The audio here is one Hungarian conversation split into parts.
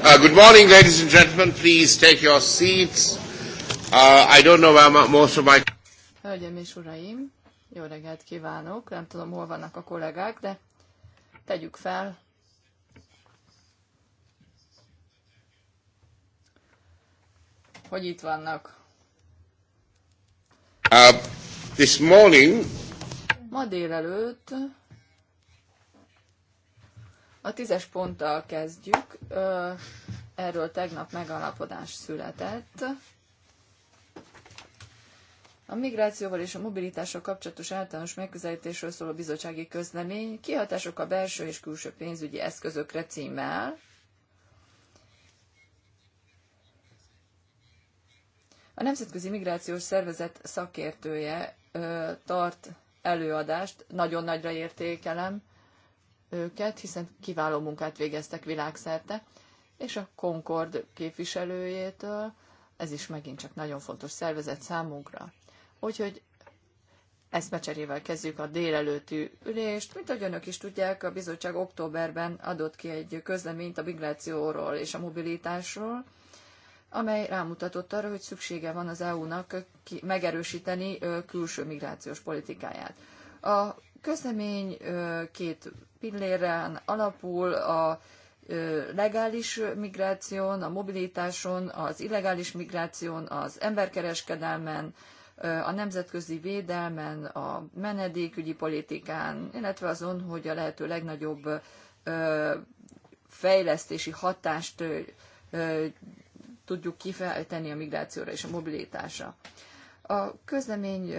Uh, good morning, ladies and gentlemen. Please take your seats. Uh, I don't know where most of my... Hölgyeim és uraim, jó reggelt kívánok. Nem tudom, hol vannak a kollégák, de tegyük fel. Hogy itt vannak? Uh, this morning... Ma délelőtt a tízes ponttal kezdjük. Erről tegnap megalapodás született. A migrációval és a mobilitással kapcsolatos általános megközelítésről szóló bizottsági közlemény kihatások a belső és külső pénzügyi eszközökre címmel. A Nemzetközi Migrációs Szervezet szakértője ö, tart előadást, nagyon nagyra értékelem, őket, hiszen kiváló munkát végeztek világszerte, és a Concord képviselőjétől, ez is megint csak nagyon fontos szervezet számunkra. Úgyhogy mecserével kezdjük a délelőtti ülést. Mint ahogy önök is tudják, a bizottság októberben adott ki egy közleményt a migrációról és a mobilitásról, amely rámutatott arra, hogy szüksége van az EU-nak megerősíteni külső migrációs politikáját. A közlemény két pilléren alapul a legális migráción, a mobilitáson, az illegális migráción, az emberkereskedelmen, a nemzetközi védelmen, a menedékügyi politikán, illetve azon, hogy a lehető legnagyobb fejlesztési hatást tudjuk kifejteni a migrációra és a mobilitásra. A közlemény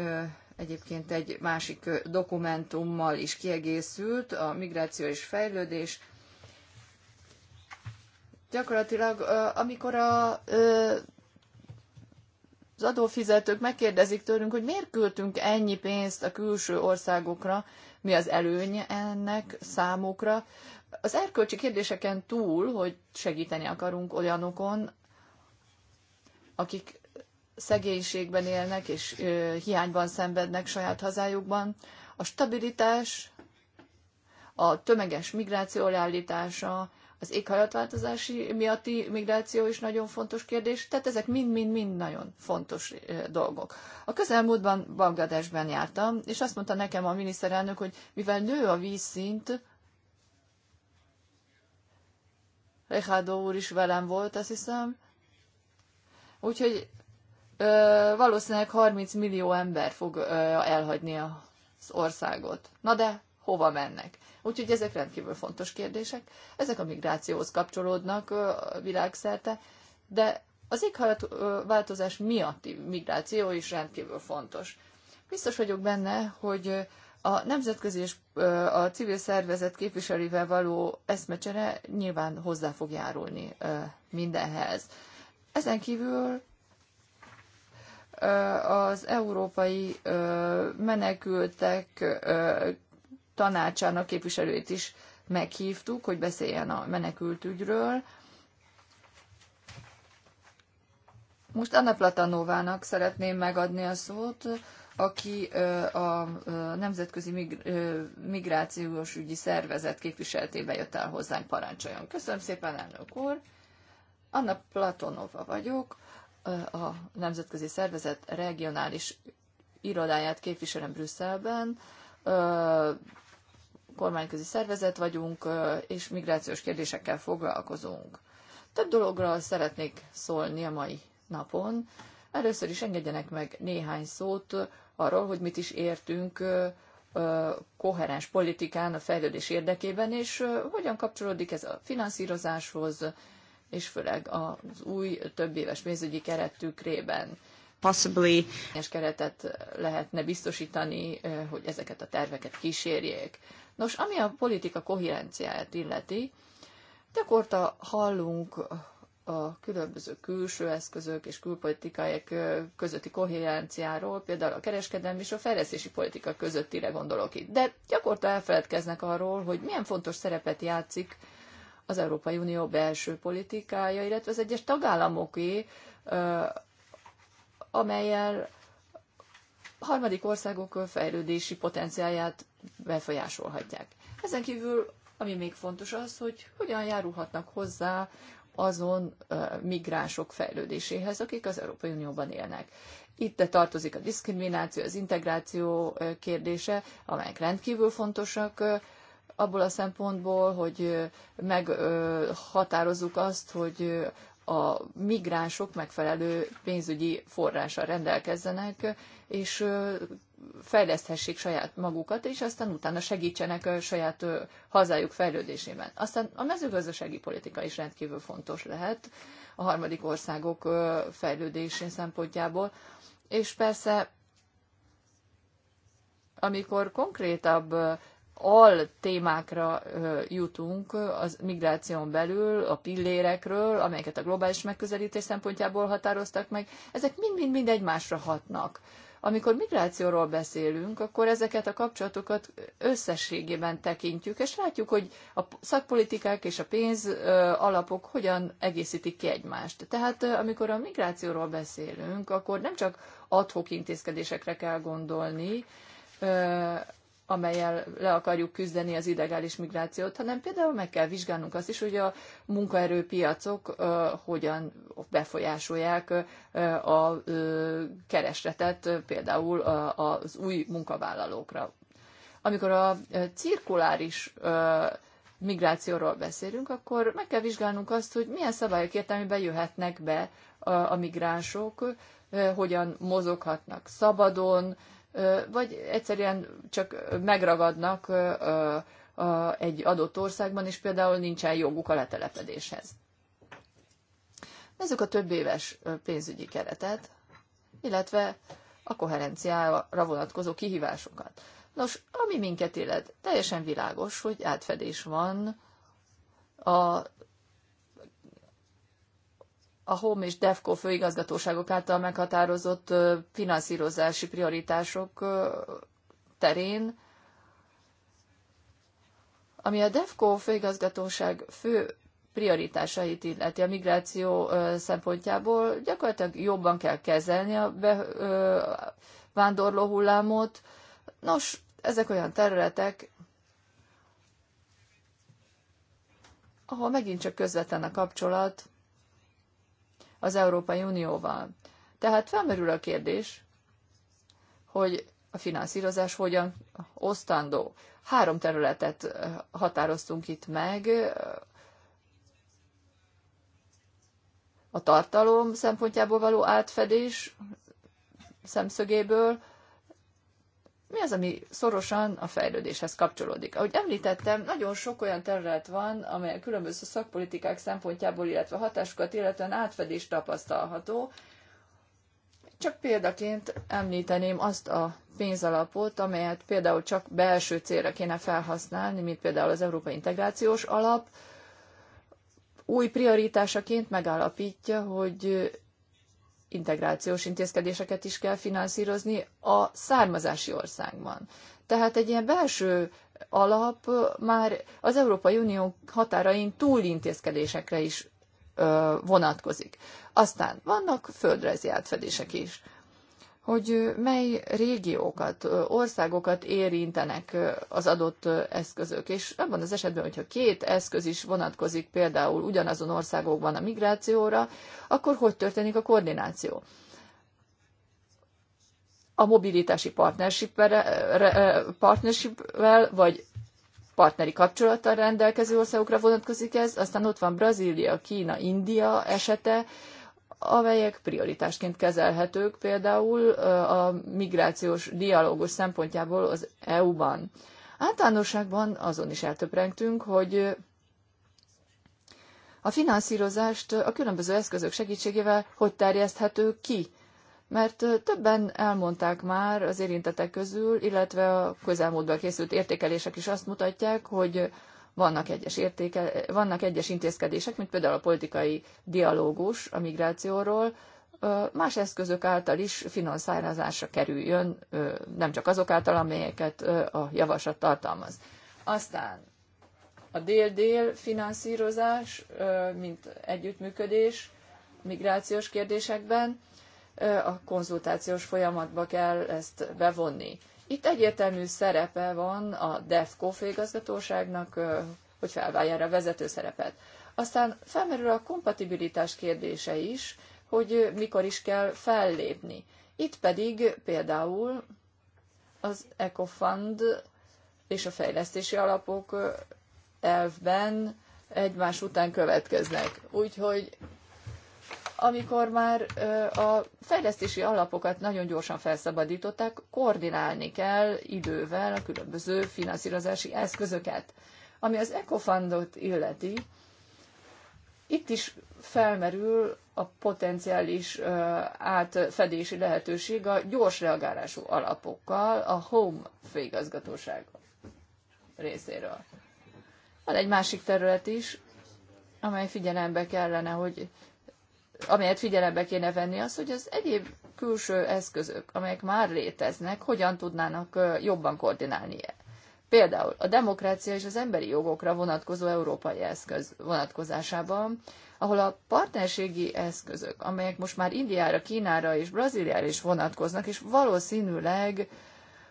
egyébként egy másik dokumentummal is kiegészült, a migráció és fejlődés. Gyakorlatilag, amikor a, az adófizetők megkérdezik tőlünk, hogy miért küldtünk ennyi pénzt a külső országokra, mi az előnye ennek számukra, az erkölcsi kérdéseken túl, hogy segíteni akarunk olyanokon, akik szegénységben élnek és hiányban szenvednek saját hazájukban. A stabilitás, a tömeges migráció leállítása, az éghajlatváltozási miatti migráció is nagyon fontos kérdés, tehát ezek mind-mind-mind nagyon fontos dolgok. A közelmúltban Bangladesben jártam, és azt mondta nekem a miniszterelnök, hogy mivel nő a vízszint, Rechádó úr is velem volt, azt hiszem, úgyhogy valószínűleg 30 millió ember fog elhagyni az országot. Na de hova mennek? Úgyhogy ezek rendkívül fontos kérdések. Ezek a migrációhoz kapcsolódnak világszerte, de az éghajlatváltozás miatti migráció is rendkívül fontos. Biztos vagyok benne, hogy a nemzetközi és a civil szervezet képviselővel való eszmecsere nyilván hozzá fog járulni mindenhez. Ezen kívül az európai menekültek tanácsának képviselőjét is meghívtuk, hogy beszéljen a menekültügyről. Most Anna Platanovának szeretném megadni a szót, aki a Nemzetközi Migrációs Ügyi Szervezet képviseltébe jött el hozzánk parancsoljon. Köszönöm szépen, elnök úr! Anna Platonova vagyok, a nemzetközi szervezet regionális irodáját képviselem Brüsszelben, kormányközi szervezet vagyunk, és migrációs kérdésekkel foglalkozunk. Több dologra szeretnék szólni a mai napon. Először is engedjenek meg néhány szót arról, hogy mit is értünk koherens politikán a fejlődés érdekében, és hogyan kapcsolódik ez a finanszírozáshoz, és főleg az új több éves pénzügyi keret tükrében possibly és keretet lehetne biztosítani, eh, hogy ezeket a terveket kísérjék. Nos, ami a politika koherenciáját illeti, gyakorta hallunk a különböző külső eszközök és külpolitikák eh, közötti koherenciáról, például a kereskedelmi és a fejlesztési politika közöttire gondolok itt. De gyakorta elfeledkeznek arról, hogy milyen fontos szerepet játszik az Európai Unió belső politikája, illetve az egyes tagállamoké, amelyel harmadik országok fejlődési potenciáját befolyásolhatják. Ezen kívül, ami még fontos az, hogy hogyan járulhatnak hozzá azon migránsok fejlődéséhez, akik az Európai Unióban élnek. Itt tartozik a diszkrimináció, az integráció kérdése, amelyek rendkívül fontosak abból a szempontból, hogy meghatározzuk azt, hogy a migránsok megfelelő pénzügyi forrással rendelkezzenek, és fejleszthessék saját magukat, és aztán utána segítsenek a saját hazájuk fejlődésében. Aztán a mezőgazdasági politika is rendkívül fontos lehet a harmadik országok fejlődésé szempontjából, és persze amikor konkrétabb al témákra jutunk az migráción belül, a pillérekről, amelyeket a globális megközelítés szempontjából határoztak meg, ezek mind-mind-mind egymásra hatnak. Amikor migrációról beszélünk, akkor ezeket a kapcsolatokat összességében tekintjük, és látjuk, hogy a szakpolitikák és a pénz alapok hogyan egészítik ki egymást. Tehát amikor a migrációról beszélünk, akkor nem csak adhok intézkedésekre kell gondolni, amelyel le akarjuk küzdeni az idegális migrációt, hanem például meg kell vizsgálnunk azt is, hogy a munkaerőpiacok hogyan befolyásolják a keresletet például az új munkavállalókra. Amikor a cirkuláris migrációról beszélünk, akkor meg kell vizsgálnunk azt, hogy milyen szabályok értelmében jöhetnek be a migránsok, hogyan mozoghatnak szabadon, vagy egyszerűen csak megragadnak egy adott országban, és például nincsen joguk a letelepedéshez. Nézzük a több éves pénzügyi keretet, illetve a koherenciára vonatkozó kihívásokat. Nos, ami minket illet, teljesen világos, hogy átfedés van a a HOME és DEFCO főigazgatóságok által meghatározott finanszírozási prioritások terén, ami a DEFCO főigazgatóság fő prioritásait illeti a migráció szempontjából, gyakorlatilag jobban kell kezelni a bevándorló hullámot. Nos, ezek olyan területek, ahol megint csak közvetlen a kapcsolat az Európai Unióval. Tehát felmerül a kérdés, hogy a finanszírozás hogyan osztandó. Három területet határoztunk itt meg, a tartalom szempontjából való átfedés szemszögéből, mi az, ami szorosan a fejlődéshez kapcsolódik? Ahogy említettem, nagyon sok olyan terület van, amely a különböző szakpolitikák szempontjából, illetve hatásukat illetően átfedés tapasztalható. Csak példaként említeném azt a pénzalapot, amelyet például csak belső célra kéne felhasználni, mint például az Európai Integrációs Alap. Új prioritásaként megállapítja, hogy integrációs intézkedéseket is kell finanszírozni a származási országban. Tehát egy ilyen belső alap már az Európai Unió határain túl intézkedésekre is vonatkozik. Aztán vannak földrajzi átfedések is hogy mely régiókat, országokat érintenek az adott eszközök. És abban az esetben, hogyha két eszköz is vonatkozik például ugyanazon országokban a migrációra, akkor hogy történik a koordináció? A mobilitási partnershipvel vagy partneri kapcsolattal rendelkező országokra vonatkozik ez, aztán ott van Brazília, Kína, India esete, amelyek prioritásként kezelhetők például a migrációs dialógus szempontjából az EU-ban. Általánosságban azon is eltöprengtünk, hogy a finanszírozást a különböző eszközök segítségével hogy terjeszthető ki, mert többen elmondták már az érintetek közül, illetve a közelmúltban készült értékelések is azt mutatják, hogy vannak egyes, értéke, vannak egyes intézkedések, mint például a politikai dialógus a migrációról, más eszközök által is finanszírozásra kerüljön, nem csak azok által, amelyeket a javaslat tartalmaz. Aztán a dél-dél finanszírozás, mint együttműködés migrációs kérdésekben, a konzultációs folyamatba kell ezt bevonni. Itt egyértelmű szerepe van a DEFCO főigazgatóságnak, hogy felvállalja a vezető szerepet. Aztán felmerül a kompatibilitás kérdése is, hogy mikor is kell fellépni. Itt pedig például az EcoFund és a fejlesztési alapok elvben egymás után következnek. Úgyhogy amikor már a fejlesztési alapokat nagyon gyorsan felszabadították, koordinálni kell idővel a különböző finanszírozási eszközöket. Ami az ECOFundot illeti, itt is felmerül a potenciális átfedési lehetőség a gyors reagálású alapokkal a Home főigazgatóság részéről. Van egy másik terület is, amely figyelembe kellene, hogy amelyet figyelembe kéne venni, az, hogy az egyéb külső eszközök, amelyek már léteznek, hogyan tudnának jobban koordinálni -e. Például a demokrácia és az emberi jogokra vonatkozó európai eszköz vonatkozásában, ahol a partnerségi eszközök, amelyek most már Indiára, Kínára és Brazíliára is vonatkoznak, és valószínűleg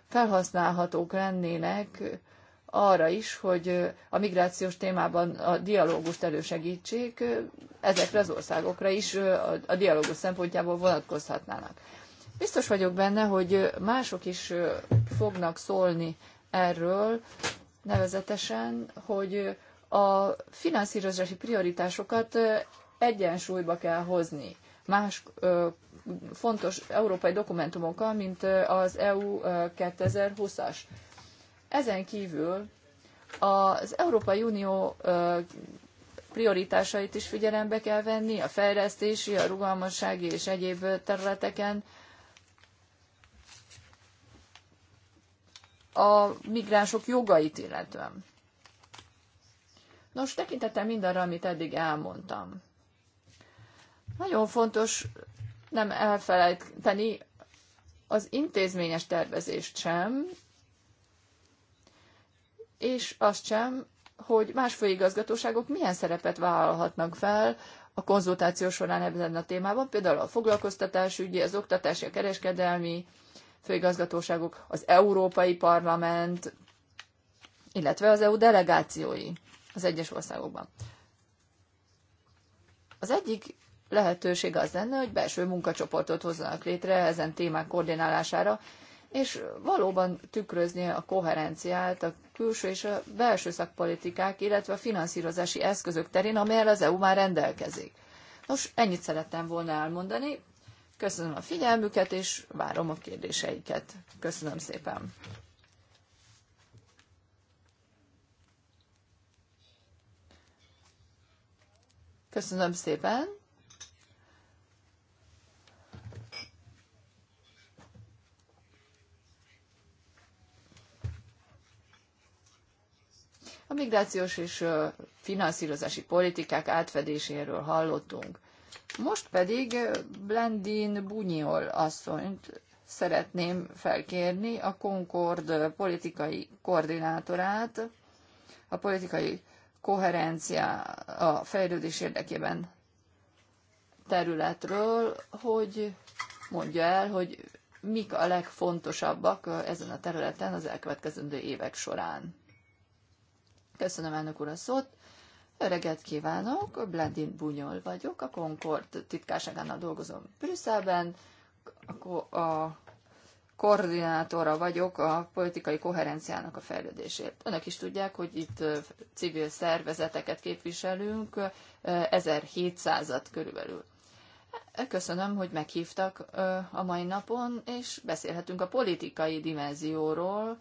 felhasználhatók lennének arra is, hogy a migrációs témában a dialógust elősegítsék, ezekre az országokra is a dialógus szempontjából vonatkozhatnának. Biztos vagyok benne, hogy mások is fognak szólni erről, nevezetesen, hogy a finanszírozási prioritásokat egyensúlyba kell hozni más fontos európai dokumentumokkal, mint az EU 2020-as ezen kívül az Európai Unió prioritásait is figyelembe kell venni, a fejlesztési, a rugalmassági és egyéb területeken. a migránsok jogait illetően. Nos, tekintettel mindarra, amit eddig elmondtam. Nagyon fontos nem elfelejteni az intézményes tervezést sem, és azt sem, hogy más főigazgatóságok milyen szerepet vállalhatnak fel a konzultáció során ebben a témában, például a foglalkoztatásügyi, az oktatási, a kereskedelmi főigazgatóságok, az Európai Parlament, illetve az EU delegációi az egyes országokban. Az egyik lehetőség az lenne, hogy belső munkacsoportot hozzanak létre ezen témák koordinálására, és valóban tükrözni a koherenciát a külső és a belső szakpolitikák, illetve a finanszírozási eszközök terén, amelyel az EU már rendelkezik. Nos, ennyit szerettem volna elmondani. Köszönöm a figyelmüket, és várom a kérdéseiket. Köszönöm szépen. Köszönöm szépen. A migrációs és finanszírozási politikák átfedéséről hallottunk. Most pedig Blendin Bunyol asszonyt szeretném felkérni, a Concord politikai koordinátorát, a politikai koherencia a fejlődés érdekében területről, hogy mondja el, hogy mik a legfontosabbak ezen a területen az elkövetkezendő évek során. Köszönöm, elnök úr, a szót. Öreget kívánok, Blendin Bunyol vagyok, a Concord titkárságánál dolgozom Brüsszelben, a, a koordinátora vagyok a politikai koherenciának a fejlődésért. Önök is tudják, hogy itt civil szervezeteket képviselünk, 1700-at körülbelül. Köszönöm, hogy meghívtak a mai napon, és beszélhetünk a politikai dimenzióról,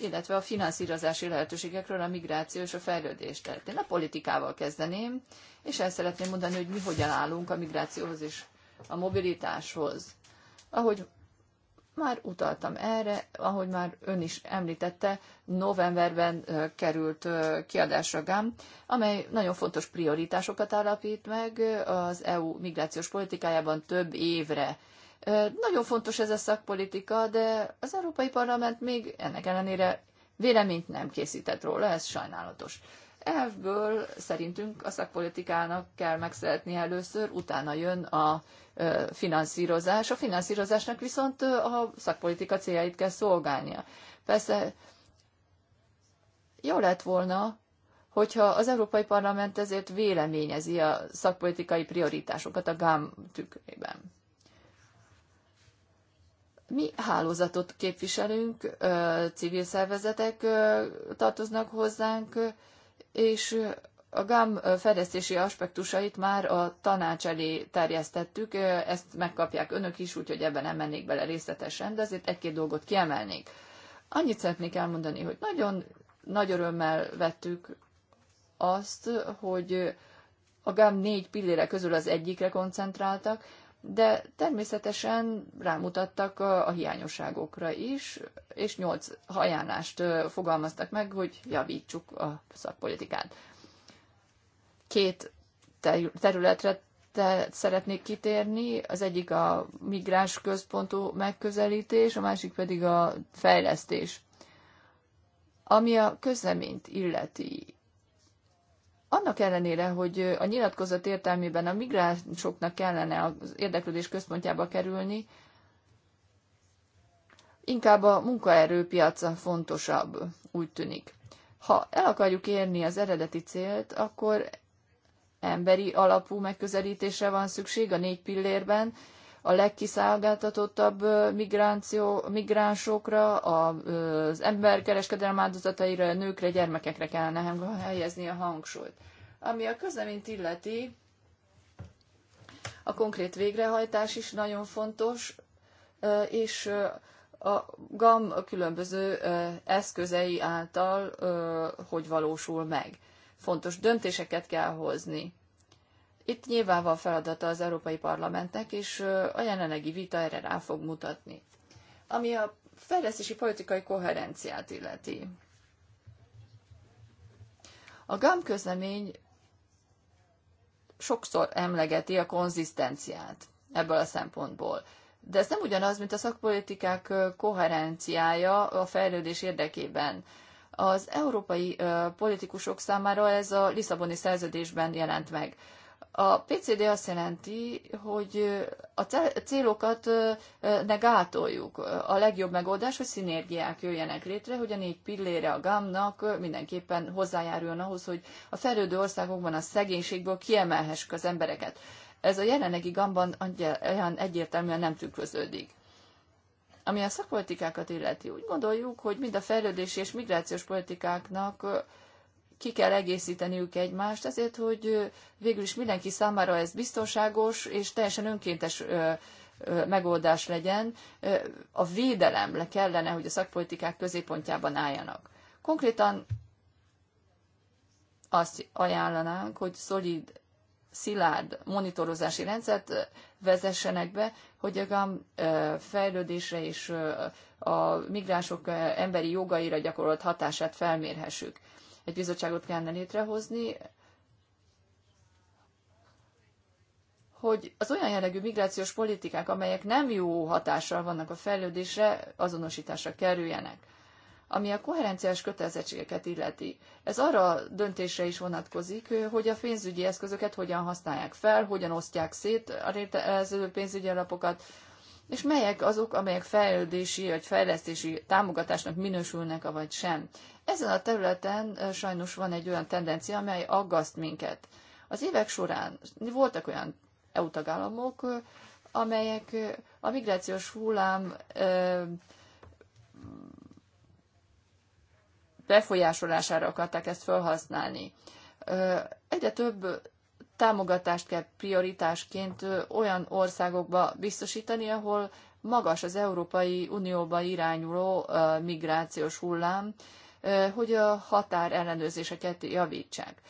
illetve a finanszírozási lehetőségekről a migráció és a fejlődés területén. A politikával kezdeném, és el szeretném mondani, hogy mi hogyan állunk a migrációhoz és a mobilitáshoz. Ahogy már utaltam erre, ahogy már ön is említette, novemberben került kiadásra GAM, amely nagyon fontos prioritásokat állapít meg az EU migrációs politikájában több évre nagyon fontos ez a szakpolitika, de az Európai Parlament még ennek ellenére véleményt nem készített róla, ez sajnálatos. Elvből szerintünk a szakpolitikának kell megszeretni először, utána jön a finanszírozás. A finanszírozásnak viszont a szakpolitika céljait kell szolgálnia. Persze jó lett volna, hogyha az Európai Parlament ezért véleményezi a szakpolitikai prioritásokat a GAM tükrében. Mi hálózatot képviselünk, civil szervezetek tartoznak hozzánk, és a GAM fejlesztési aspektusait már a tanács elé terjesztettük, ezt megkapják önök is, úgyhogy ebben nem mennék bele részletesen, de azért egy-két dolgot kiemelnék. Annyit szeretnék elmondani, hogy nagyon nagy örömmel vettük azt, hogy a GAM négy pillére közül az egyikre koncentráltak, de természetesen rámutattak a hiányosságokra is, és nyolc ajánlást fogalmaztak meg, hogy javítsuk a szakpolitikát. Két területre te szeretnék kitérni, az egyik a migráns központú megközelítés, a másik pedig a fejlesztés. Ami a közleményt illeti, annak ellenére, hogy a nyilatkozat értelmében a migránsoknak kellene az érdeklődés központjába kerülni, inkább a munkaerőpiaca fontosabb, úgy tűnik. Ha el akarjuk érni az eredeti célt, akkor emberi alapú megközelítésre van szükség a négy pillérben, a legkiszolgáltatottabb migránsokra, az emberkereskedelem áldozataira, nőkre, gyermekekre kellene helyezni a hangsúlyt. Ami a közleményt illeti, a konkrét végrehajtás is nagyon fontos, és a GAM különböző eszközei által hogy valósul meg. Fontos döntéseket kell hozni. Itt nyilvánvaló feladata az Európai Parlamentnek, és a jelenlegi vita erre rá fog mutatni. Ami a fejlesztési politikai koherenciát illeti. A GAM közlemény sokszor emlegeti a konzisztenciát ebből a szempontból. De ez nem ugyanaz, mint a szakpolitikák koherenciája a fejlődés érdekében. Az európai politikusok számára ez a Lisszaboni szerződésben jelent meg. A PCD azt jelenti, hogy a célokat ne gátoljuk. A legjobb megoldás, hogy szinergiák jöjjenek létre, hogy a négy pillére a GAM-nak mindenképpen hozzájáruljon ahhoz, hogy a fejlődő országokban a szegénységből kiemelhessük az embereket. Ez a jelenlegi GAM-ban olyan egyértelműen nem tükröződik. Ami a szakpolitikákat illeti, úgy gondoljuk, hogy mind a fejlődési és migrációs politikáknak ki kell egészíteniük egymást, azért, hogy végül is mindenki számára ez biztonságos és teljesen önkéntes megoldás legyen. A védelem le kellene, hogy a szakpolitikák középpontjában álljanak. Konkrétan azt ajánlanánk, hogy szolid, szilárd monitorozási rendszert vezessenek be, hogy a fejlődésre és a migránsok emberi jogaira gyakorolt hatását felmérhessük egy bizottságot kellene létrehozni, hogy az olyan jellegű migrációs politikák, amelyek nem jó hatással vannak a fejlődésre, azonosításra kerüljenek. Ami a koherenciás kötelezettségeket illeti, ez arra a döntésre is vonatkozik, hogy a pénzügyi eszközöket hogyan használják fel, hogyan osztják szét a létező pénzügyi alapokat, és melyek azok, amelyek fejlődési vagy fejlesztési támogatásnak minősülnek, vagy sem. Ezen a területen sajnos van egy olyan tendencia, amely aggaszt minket. Az évek során voltak olyan EU tagállamok, amelyek a migrációs hullám befolyásolására akarták ezt felhasználni. Egyre több támogatást kell prioritásként olyan országokba biztosítani, ahol magas az Európai Unióba irányuló migrációs hullám, hogy a határ ellenőrzéseket javítsák.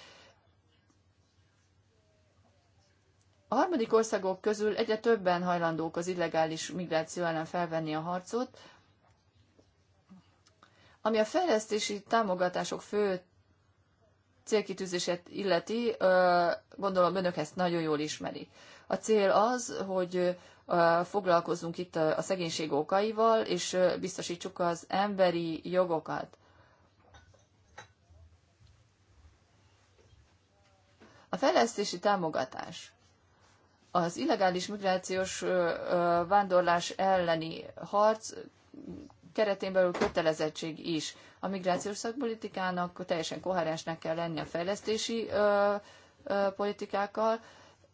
A harmadik országok közül egyre többen hajlandók az illegális migráció ellen felvenni a harcot, ami a fejlesztési támogatások fő célkitűzését illeti, gondolom önök ezt nagyon jól ismeri. A cél az, hogy foglalkozzunk itt a szegénység okaival, és biztosítsuk az emberi jogokat. A fejlesztési támogatás az illegális migrációs vándorlás elleni harc keretén belül kötelezettség is. A migrációs szakpolitikának teljesen koherensnek kell lenni a fejlesztési ö, ö, politikákkal,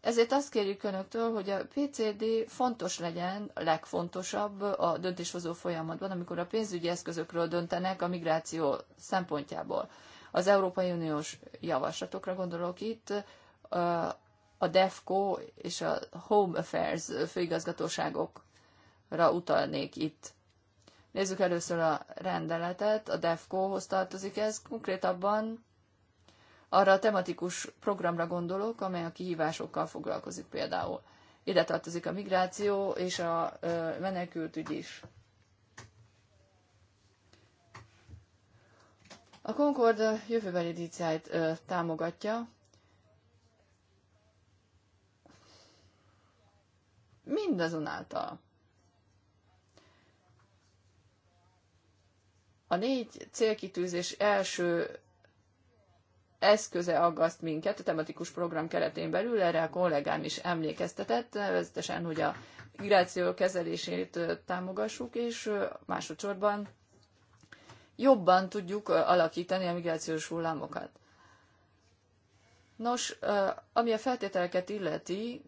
ezért azt kérjük Önöktől, hogy a PCD fontos legyen, a legfontosabb a döntéshozó folyamatban, amikor a pénzügyi eszközökről döntenek a migráció szempontjából. Az Európai Uniós javaslatokra gondolok itt, a DEFCO és a Home Affairs főigazgatóságokra utalnék itt. Nézzük először a rendeletet, a DEFCO-hoz tartozik ez, konkrétabban arra a tematikus programra gondolok, amely a kihívásokkal foglalkozik például. Ide tartozik a migráció és a menekültügy is. A Concord jövőbeli díciáit támogatja. Mindazonáltal A négy célkitűzés első eszköze aggaszt minket a tematikus program keretén belül, erre a kollégám is emlékeztetett, nevezetesen, hogy a migráció kezelését támogassuk, és másodszorban jobban tudjuk alakítani a migrációs hullámokat. Nos, ami a feltételeket illeti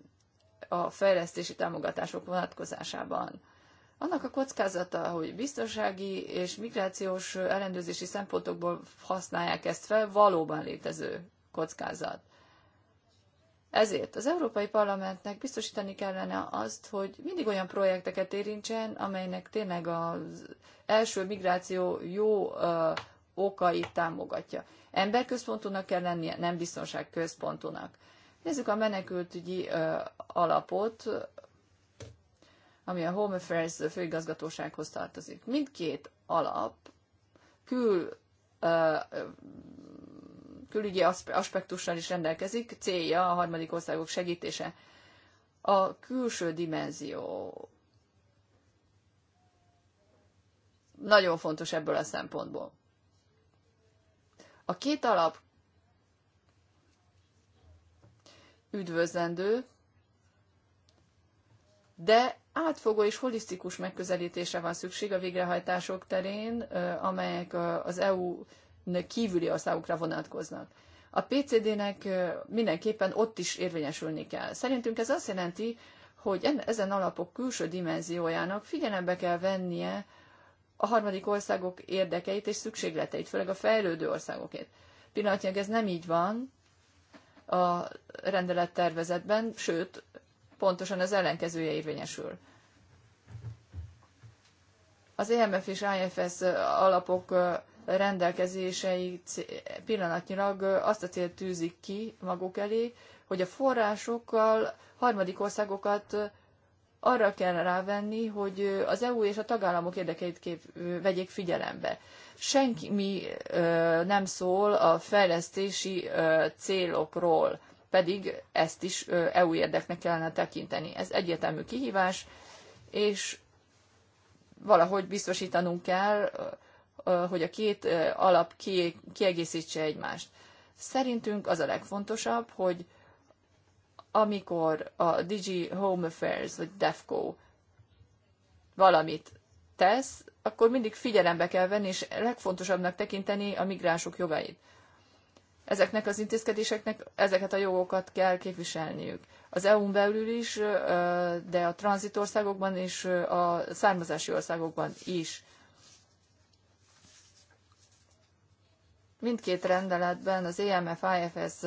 a fejlesztési támogatások vonatkozásában. Annak a kockázata, hogy biztonsági és migrációs ellenőrzési szempontokból használják ezt fel, valóban létező kockázat. Ezért az Európai Parlamentnek biztosítani kellene azt, hogy mindig olyan projekteket érintsen, amelynek tényleg az első migráció jó ö, okait támogatja. Emberközpontúnak kell lennie, nem biztonságközpontúnak. Nézzük a menekültügyi ö, alapot, ami a Home Affairs főigazgatósághoz tartozik. Mindkét alap kül, külügyi aspektussal is rendelkezik, célja a harmadik országok segítése. A külső dimenzió nagyon fontos ebből a szempontból. A két alap üdvözlendő, de átfogó és holisztikus megközelítésre van szükség a végrehajtások terén, amelyek az EU kívüli országokra vonatkoznak. A PCD-nek mindenképpen ott is érvényesülni kell. Szerintünk ez azt jelenti, hogy ezen alapok külső dimenziójának figyelembe kell vennie a harmadik országok érdekeit és szükségleteit, főleg a fejlődő országokét. Pillanatnyilag ez nem így van a rendelettervezetben, sőt, pontosan az ellenkezője érvényesül. Az EMF és IFS alapok rendelkezései pillanatnyilag azt a célt tűzik ki maguk elé, hogy a forrásokkal harmadik országokat arra kell rávenni, hogy az EU és a tagállamok érdekeit kép, vegyék figyelembe. Senki mi nem szól a fejlesztési célokról, pedig ezt is EU érdeknek kellene tekinteni. Ez egyértelmű kihívás, és valahogy biztosítanunk kell, hogy a két alap kiegészítse egymást. Szerintünk az a legfontosabb, hogy amikor a Digi Home Affairs vagy DEFCO valamit tesz, akkor mindig figyelembe kell venni, és legfontosabbnak tekinteni a migránsok jogait ezeknek az intézkedéseknek ezeket a jogokat kell képviselniük. Az EU-n belül is, de a tranzitországokban és a származási országokban is. Mindkét rendeletben, az EMF, IFS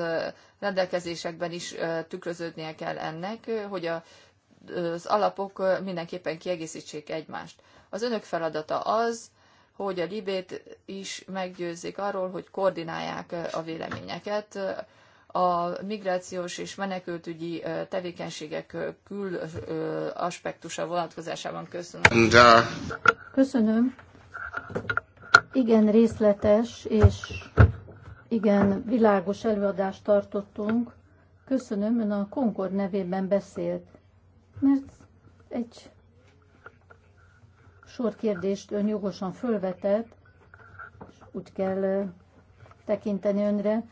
rendelkezésekben is tükröződnie kell ennek, hogy a, az alapok mindenképpen kiegészítsék egymást. Az önök feladata az, hogy a libét is meggyőzzék arról, hogy koordinálják a véleményeket a migrációs és menekültügyi tevékenységek kül aspektusa vonatkozásában köszönöm. Uh, köszönöm. Igen részletes és igen világos előadást tartottunk. Köszönöm, ön a Concord nevében beszélt, mert egy sor kérdést ön jogosan fölvetett, és úgy kell tekinteni önre,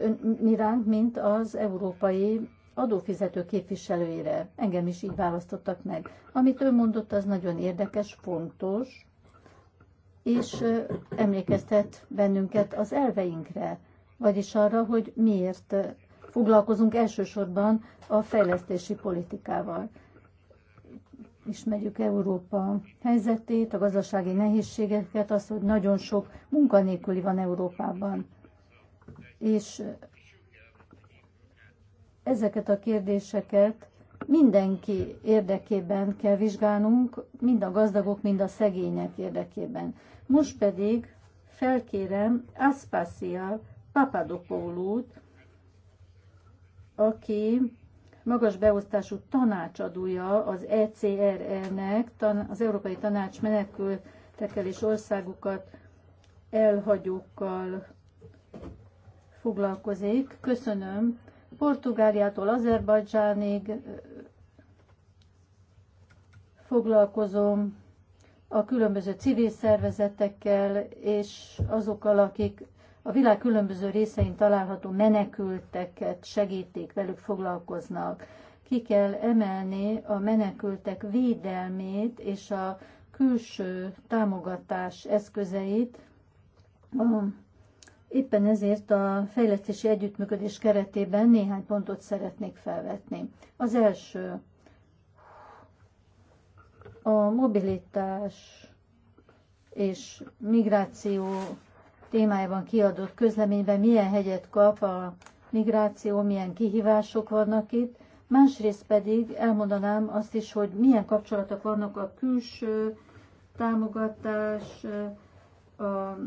ön, mi ránk, mint az európai adófizető képviselőire. Engem is így választottak meg. Amit ő mondott, az nagyon érdekes, fontos, és emlékeztet bennünket az elveinkre, vagyis arra, hogy miért foglalkozunk elsősorban a fejlesztési politikával ismerjük Európa helyzetét, a gazdasági nehézségeket, azt, hogy nagyon sok munkanélküli van Európában. És ezeket a kérdéseket mindenki érdekében kell vizsgálnunk, mind a gazdagok, mind a szegények érdekében. Most pedig felkérem Aspasia Papadopoulou-t, aki magas beosztású tanácsadója az ECRE-nek, az Európai Tanács menekültekkel és országukat elhagyókkal foglalkozik. Köszönöm. Portugáliától Azerbajdzsánig foglalkozom a különböző civil szervezetekkel és azokkal, akik a világ különböző részein található menekülteket segítik, velük foglalkoznak. Ki kell emelni a menekültek védelmét és a külső támogatás eszközeit. Éppen ezért a fejlesztési együttműködés keretében néhány pontot szeretnék felvetni. Az első, a mobilitás és migráció témájában kiadott közleményben milyen hegyet kap a migráció, milyen kihívások vannak itt, másrészt pedig elmondanám azt is, hogy milyen kapcsolatok vannak a külső támogatás, a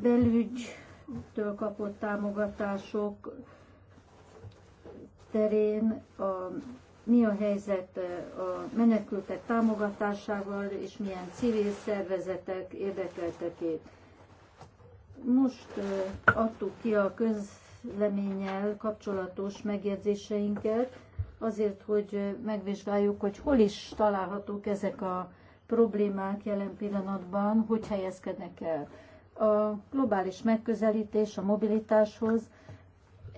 belügytől kapott támogatások terén, a, mi a helyzet a menekültek támogatásával, és milyen civil szervezetek érdekeltekét most adtuk ki a közleménnyel kapcsolatos megjegyzéseinket, azért, hogy megvizsgáljuk, hogy hol is találhatók ezek a problémák jelen pillanatban, hogy helyezkednek el. A globális megközelítés a mobilitáshoz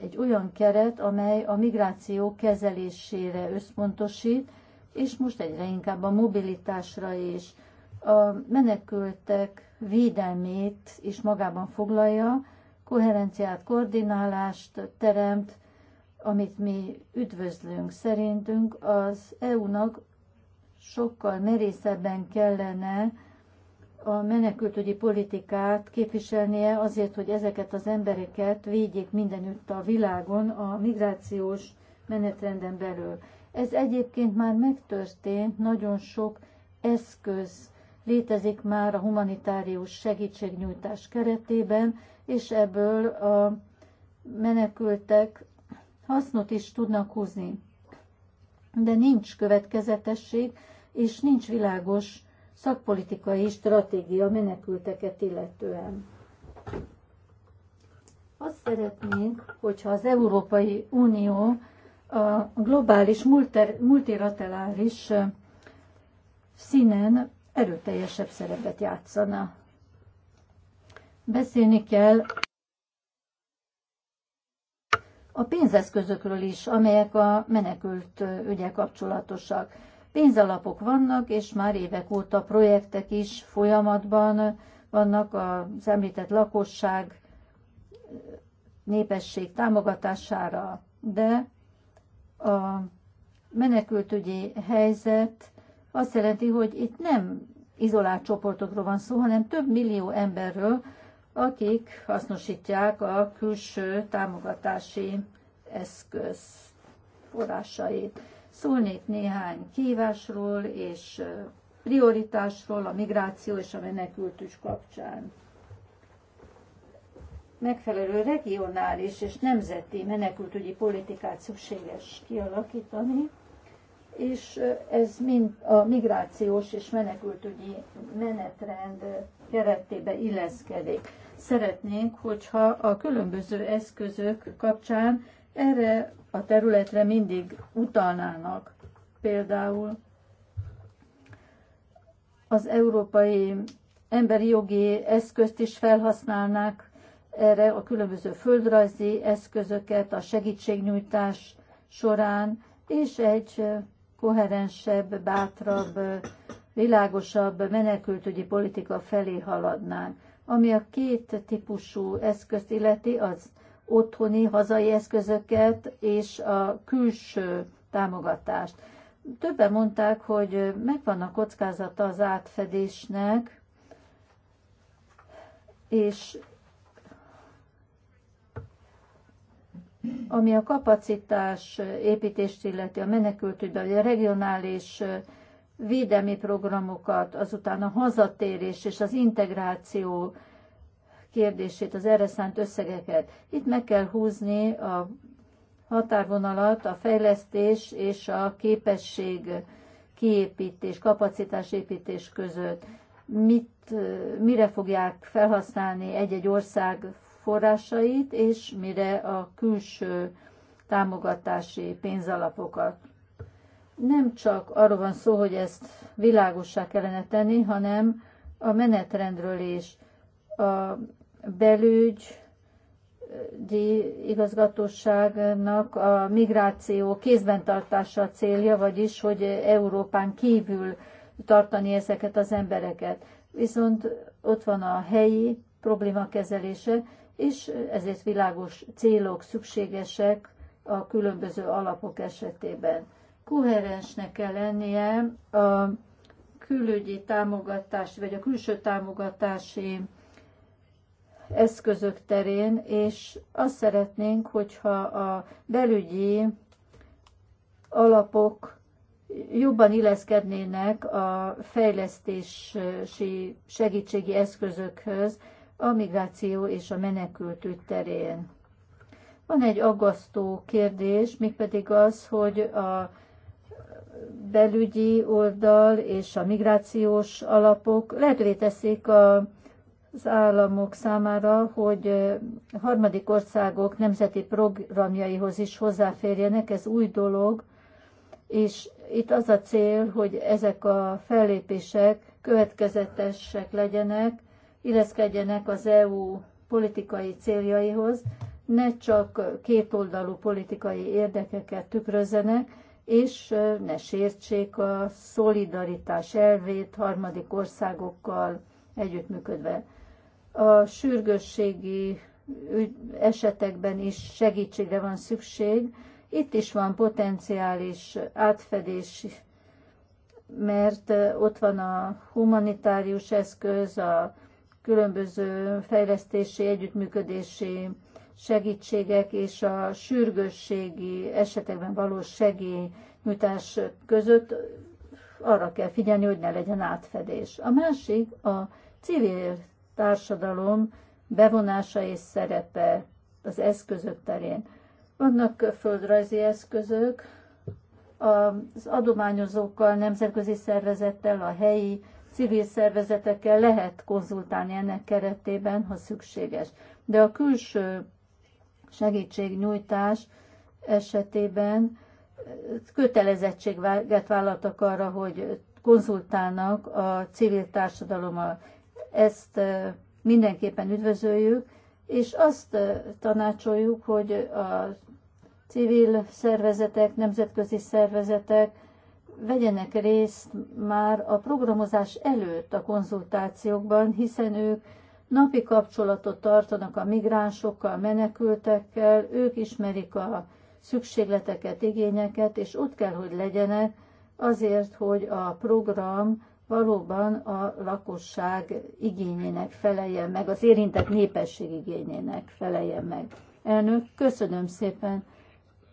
egy olyan keret, amely a migráció kezelésére összpontosít, és most egyre inkább a mobilitásra is. A menekültek védelmét is magában foglalja, koherenciát, koordinálást teremt, amit mi üdvözlünk. Szerintünk az EU-nak sokkal merészebben kellene a menekültügyi politikát képviselnie azért, hogy ezeket az embereket védjék mindenütt a világon a migrációs menetrenden belül. Ez egyébként már megtörtént, nagyon sok eszköz létezik már a humanitárius segítségnyújtás keretében, és ebből a menekültek hasznot is tudnak húzni. De nincs következetesség, és nincs világos szakpolitikai stratégia menekülteket illetően. Azt szeretnénk, hogyha az Európai Unió a globális multilaterális színen erőteljesebb szerepet játszana. Beszélni kell a pénzeszközökről is, amelyek a menekült ügyek kapcsolatosak. Pénzalapok vannak, és már évek óta projektek is folyamatban vannak az említett lakosság népesség támogatására, de a menekültügyi helyzet azt jelenti, hogy itt nem izolált csoportokról van szó, hanem több millió emberről, akik hasznosítják a külső támogatási eszköz forrásait. Szólnék néhány kívásról és prioritásról a migráció és a menekültügy kapcsán. Megfelelő regionális és nemzeti menekültügyi politikát szükséges kialakítani, és ez mind a migrációs és menekültügyi menetrend keretébe illeszkedik. Szeretnénk, hogyha a különböző eszközök kapcsán erre a területre mindig utalnának. Például az európai emberi jogi eszközt is felhasználnák erre a különböző földrajzi eszközöket a segítségnyújtás során, és egy koherensebb, bátrabb, világosabb menekültügyi politika felé haladnánk. Ami a két típusú eszközt illeti, az otthoni, hazai eszközöket és a külső támogatást. Többen mondták, hogy megvan a kockázata az átfedésnek, és Ami a kapacitás építést illeti, a menekültügyben, vagy a regionális védelmi programokat, azután a hazatérés és az integráció kérdését, az erre szánt összegeket. Itt meg kell húzni a határvonalat, a fejlesztés és a képesség kiépítés, kapacitásépítés között. Mit, mire fogják felhasználni egy-egy ország forrásait, és mire a külső támogatási pénzalapokat. Nem csak arról van szó, hogy ezt világossá kellene tenni, hanem a menetrendről is. A belügy igazgatóságnak a migráció kézben tartása a célja, vagyis, hogy Európán kívül tartani ezeket az embereket. Viszont ott van a helyi problémakezelése, és ezért világos célok szükségesek a különböző alapok esetében. Koherensnek kell lennie a külügyi támogatás, vagy a külső támogatási eszközök terén, és azt szeretnénk, hogyha a belügyi alapok jobban illeszkednének a fejlesztési segítségi eszközökhöz, a migráció és a menekültügy terén. Van egy aggasztó kérdés, mégpedig az, hogy a belügyi oldal és a migrációs alapok lehetővé teszik a az államok számára, hogy harmadik országok nemzeti programjaihoz is hozzáférjenek, ez új dolog, és itt az a cél, hogy ezek a fellépések következetesek legyenek, illeszkedjenek az EU politikai céljaihoz, ne csak kétoldalú politikai érdekeket tükrözzenek, és ne sértsék a szolidaritás elvét harmadik országokkal együttműködve. A sürgősségi esetekben is segítségre van szükség. Itt is van potenciális átfedés, mert ott van a humanitárius eszköz, a különböző fejlesztési, együttműködési segítségek és a sürgősségi esetekben való segélynyújtás között arra kell figyelni, hogy ne legyen átfedés. A másik a civil társadalom bevonása és szerepe az eszközök terén. Vannak földrajzi eszközök, az adományozókkal, nemzetközi szervezettel, a helyi civil szervezetekkel lehet konzultálni ennek keretében, ha szükséges. De a külső segítségnyújtás esetében kötelezettséget vállaltak arra, hogy konzultálnak a civil társadalommal. Ezt mindenképpen üdvözöljük, és azt tanácsoljuk, hogy a civil szervezetek, nemzetközi szervezetek vegyenek részt már a programozás előtt a konzultációkban, hiszen ők napi kapcsolatot tartanak a migránsokkal, menekültekkel, ők ismerik a szükségleteket, igényeket, és ott kell, hogy legyenek azért, hogy a program valóban a lakosság igényének feleljen meg, az érintett népesség igényének feleljen meg. Elnök, köszönöm szépen.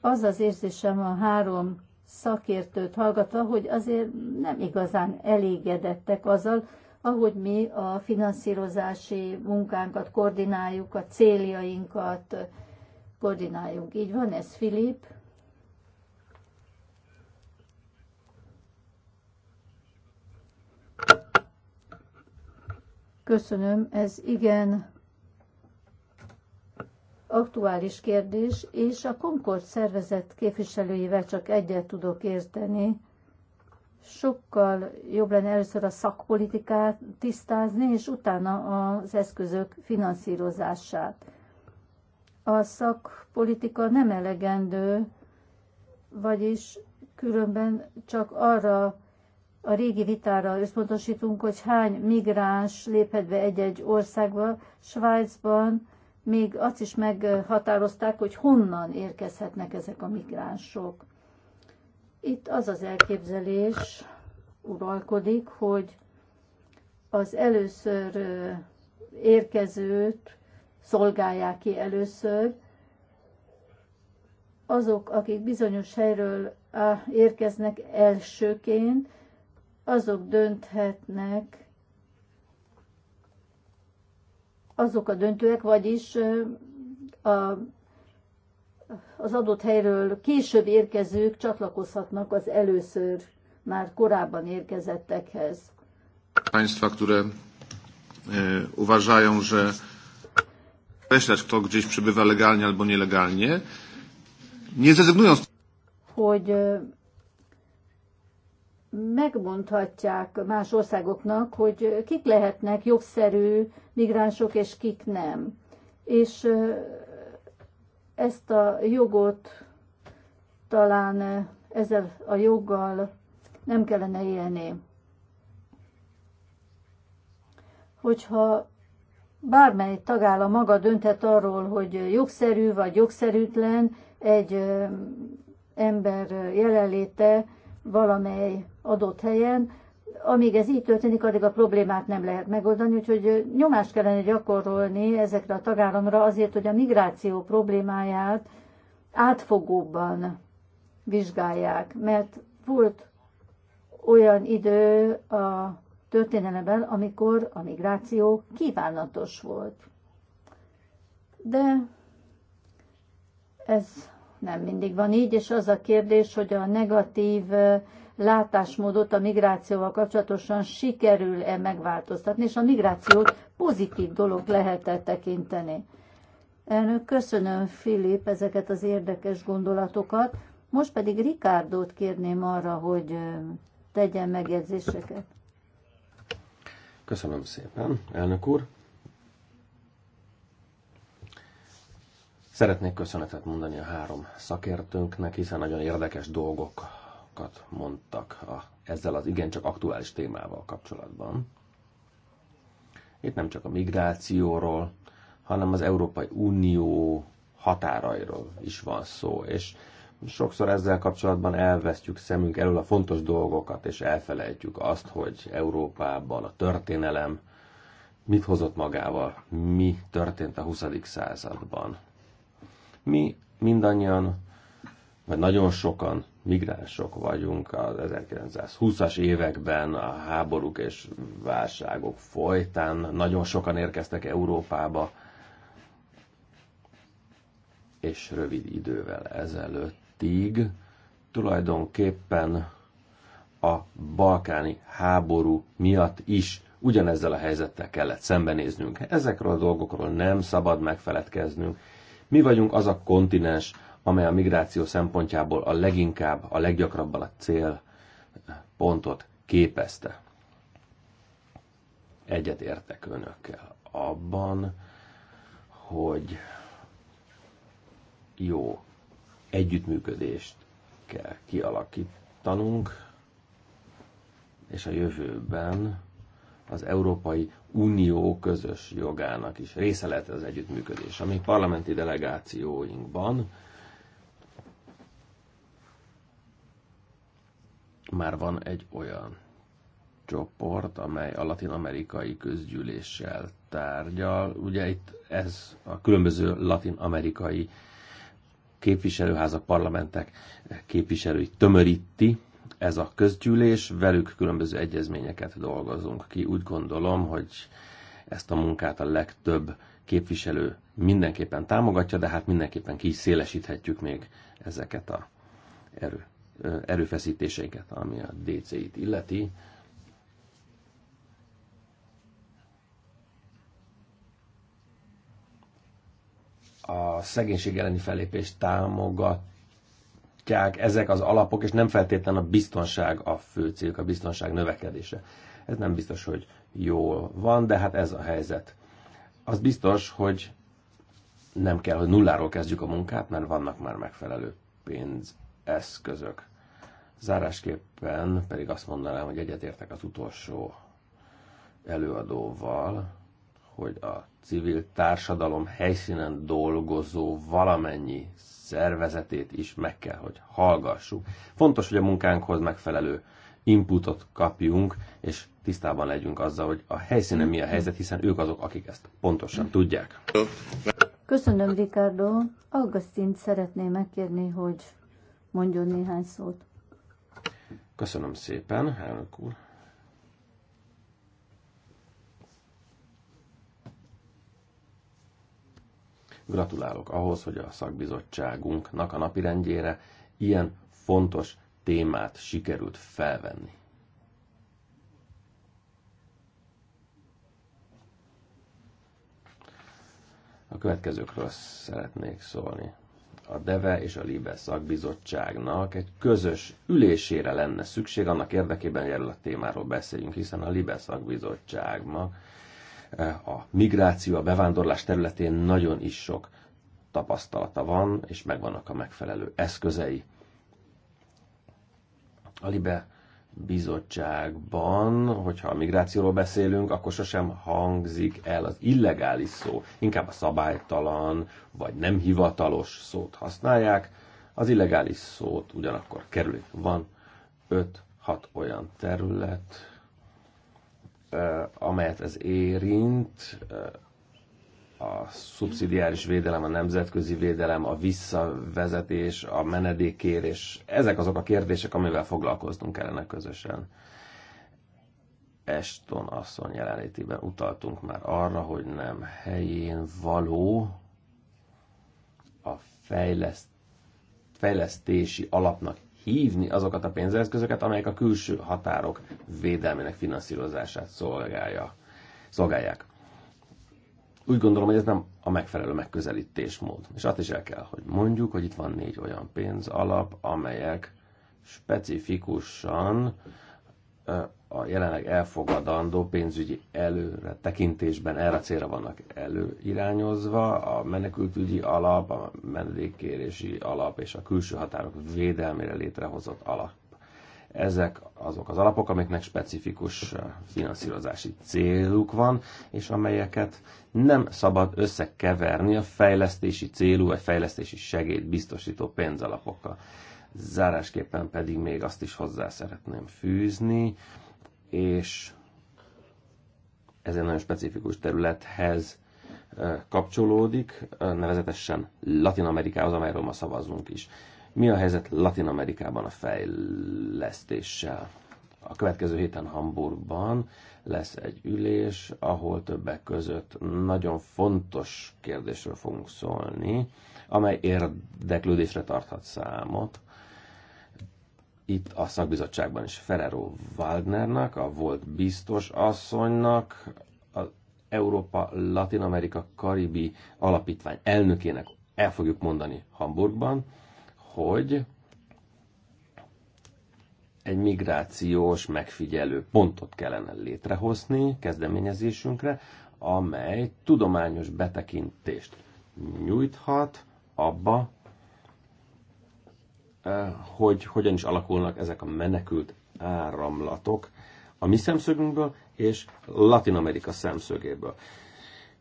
Az az érzésem a három szakértőt hallgatva, hogy azért nem igazán elégedettek azzal, ahogy mi a finanszírozási munkánkat koordináljuk, a céljainkat koordináljuk. Így van ez, Filip? Köszönöm, ez igen aktuális kérdés, és a Concord szervezet képviselőivel csak egyet tudok érteni. Sokkal jobb lenne először a szakpolitikát tisztázni, és utána az eszközök finanszírozását. A szakpolitika nem elegendő, vagyis különben csak arra a régi vitára összpontosítunk, hogy hány migráns léphet be egy-egy országba. Svájcban még azt is meghatározták, hogy honnan érkezhetnek ezek a migránsok. Itt az az elképzelés uralkodik, hogy az először érkezőt szolgálják ki először, azok, akik bizonyos helyről érkeznek elsőként, azok dönthetnek azok a döntőek, vagyis a, az adott helyről később érkezők csatlakozhatnak az először már korábban érkezettekhez. Państwa, które e, uważają, że określać, kto gdzieś przebywa legalnie albo nielegalnie, nie zrezygnują z... Hogy e, megmondhatják más országoknak, hogy kik lehetnek jogszerű migránsok, és kik nem. És ezt a jogot talán ezzel a joggal nem kellene élni. Hogyha bármely tagállam maga dönthet arról, hogy jogszerű vagy jogszerűtlen egy ember jelenléte valamely adott helyen. Amíg ez így történik, addig a problémát nem lehet megoldani, úgyhogy nyomást kellene gyakorolni ezekre a tagállamra azért, hogy a migráció problémáját átfogóban vizsgálják, mert volt olyan idő a történelemben, amikor a migráció kívánatos volt. De ez nem mindig van így, és az a kérdés, hogy a negatív látásmódot a migrációval kapcsolatosan sikerül-e megváltoztatni, és a migrációt pozitív dolog lehet-e tekinteni. Elnök, köszönöm Filip ezeket az érdekes gondolatokat. Most pedig Rikárdót kérném arra, hogy tegyen megjegyzéseket. Köszönöm szépen, elnök úr. Szeretnék köszönetet mondani a három szakértőnknek, hiszen nagyon érdekes dolgok dolgokat mondtak a, ezzel az igencsak aktuális témával kapcsolatban. Itt nem csak a migrációról, hanem az Európai Unió határairól is van szó, és sokszor ezzel kapcsolatban elvesztjük szemünk elől a fontos dolgokat, és elfelejtjük azt, hogy Európában a történelem mit hozott magával, mi történt a 20. században. Mi mindannyian mert nagyon sokan migránsok vagyunk az 1920-as években a háborúk és válságok folytán. Nagyon sokan érkeztek Európába, és rövid idővel ezelőttig tulajdonképpen a balkáni háború miatt is ugyanezzel a helyzettel kellett szembenéznünk. Ezekről a dolgokról nem szabad megfeledkeznünk. Mi vagyunk az a kontinens, amely a migráció szempontjából a leginkább, a leggyakrabban a cél pontot képezte. Egyet értek önökkel abban, hogy jó együttműködést kell kialakítanunk, és a jövőben az Európai Unió közös jogának is része lehet az együttműködés. A mi parlamenti delegációinkban már van egy olyan csoport, amely a latin-amerikai közgyűléssel tárgyal. Ugye itt ez a különböző latin-amerikai képviselőházak, parlamentek képviselői tömöríti, ez a közgyűlés, velük különböző egyezményeket dolgozunk ki. Úgy gondolom, hogy ezt a munkát a legtöbb képviselő mindenképpen támogatja, de hát mindenképpen ki szélesíthetjük még ezeket a erőt erőfeszítéseinket, ami a DC-t illeti. A szegénység elleni fellépést támogatják ezek az alapok, és nem feltétlenül a biztonság a fő cél, a biztonság növekedése. Ez nem biztos, hogy jól van, de hát ez a helyzet. Az biztos, hogy nem kell, hogy nulláról kezdjük a munkát, mert vannak már megfelelő pénzeszközök. Zárásképpen pedig azt mondanám, hogy egyetértek az utolsó előadóval, hogy a civil társadalom helyszínen dolgozó valamennyi szervezetét is meg kell, hogy hallgassuk. Fontos, hogy a munkánkhoz megfelelő inputot kapjunk, és tisztában legyünk azzal, hogy a helyszínen mi a helyzet, hiszen ők azok, akik ezt pontosan tudják. Köszönöm, Ricardo. Augustint szeretném megkérni, hogy mondjon néhány szót. Köszönöm szépen, elnök úr. Gratulálok ahhoz, hogy a szakbizottságunknak a napirendjére ilyen fontos témát sikerült felvenni. A következőkről szeretnék szólni a DEVE és a LIBE szakbizottságnak egy közös ülésére lenne szükség, annak érdekében erről a témáról beszéljünk, hiszen a LIBE szakbizottságnak eh, a migráció, a bevándorlás területén nagyon is sok tapasztalata van, és megvannak a megfelelő eszközei. A LIBE bizottságban, hogyha a migrációról beszélünk, akkor sosem hangzik el az illegális szó, inkább a szabálytalan vagy nem hivatalos szót használják. Az illegális szót ugyanakkor kerülik. Van 5-6 olyan terület, eh, amelyet ez érint, eh, a szubszidiáris védelem, a nemzetközi védelem, a visszavezetés, a menedékkérés, ezek azok a kérdések, amivel foglalkoznunk kellene közösen. Eston asszony jelenlétében utaltunk már arra, hogy nem helyén való a fejleszt, fejlesztési alapnak hívni azokat a pénzeszközöket, amelyek a külső határok védelmének finanszírozását szolgálja, szolgálják úgy gondolom, hogy ez nem a megfelelő megközelítésmód. És azt is el kell, hogy mondjuk, hogy itt van négy olyan pénz alap, amelyek specifikusan a jelenleg elfogadandó pénzügyi előre tekintésben erre a célra vannak előirányozva, a menekültügyi alap, a menedékkérési alap és a külső határok védelmére létrehozott alap. Ezek azok az alapok, amiknek specifikus uh, finanszírozási céluk van, és amelyeket nem szabad összekeverni a fejlesztési célú vagy fejlesztési segéd biztosító pénzalapokkal. Zárásképpen pedig még azt is hozzá szeretném fűzni, és ez egy nagyon specifikus területhez uh, kapcsolódik, uh, nevezetesen Latin Amerikához, amelyről ma szavazunk is. Mi a helyzet Latin Amerikában a fejlesztéssel? A következő héten Hamburgban lesz egy ülés, ahol többek között nagyon fontos kérdésről fogunk szólni, amely érdeklődésre tarthat számot. Itt a szakbizottságban is Ferrero Waldnernak, a volt biztos asszonynak, az Európa, Latin Amerika, Karibi Alapítvány elnökének el fogjuk mondani Hamburgban, hogy egy migrációs megfigyelő pontot kellene létrehozni kezdeményezésünkre, amely tudományos betekintést nyújthat abba, eh, hogy hogyan is alakulnak ezek a menekült áramlatok a mi szemszögünkből és Latin Amerika szemszögéből.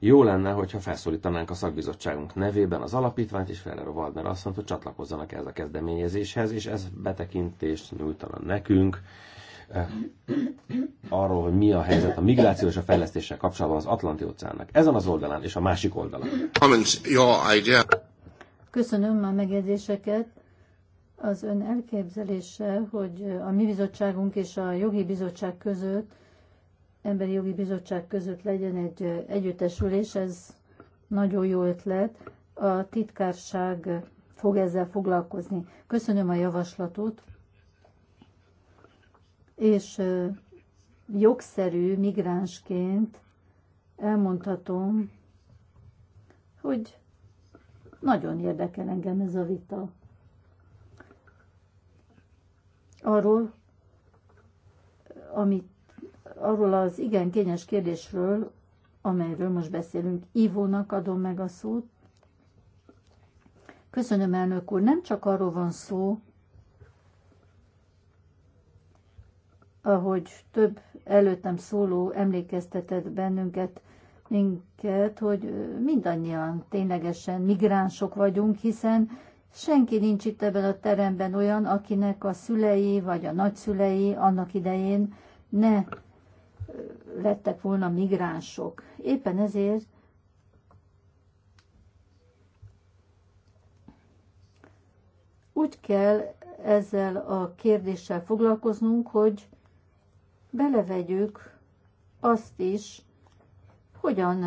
Jó lenne, hogyha felszólítanánk a szakbizottságunk nevében az alapítványt, és Ferrer Waldner azt mondta, hogy csatlakozzanak ez a kezdeményezéshez, és ez betekintést nyújtana nekünk eh, arról, hogy mi a helyzet a migráció és a fejlesztéssel kapcsolatban az Atlanti óceánnak. Ezen az oldalán és a másik oldalán. Köszönöm a megjegyzéseket. Az ön elképzelése, hogy a mi bizottságunk és a jogi bizottság között Emberi Jogi Bizottság között legyen egy együttesülés, ez nagyon jó ötlet. A titkárság fog ezzel foglalkozni. Köszönöm a javaslatot, és jogszerű migránsként elmondhatom, hogy nagyon érdekel engem ez a vita. Arról, amit arról az igen kényes kérdésről, amelyről most beszélünk. Ivónak adom meg a szót. Köszönöm, elnök úr. Nem csak arról van szó, ahogy több előttem szóló emlékeztetett bennünket, minket, hogy mindannyian ténylegesen migránsok vagyunk, hiszen senki nincs itt ebben a teremben olyan, akinek a szülei vagy a nagyszülei annak idején ne lettek volna migránsok. Éppen ezért úgy kell ezzel a kérdéssel foglalkoznunk, hogy belevegyük azt is, hogyan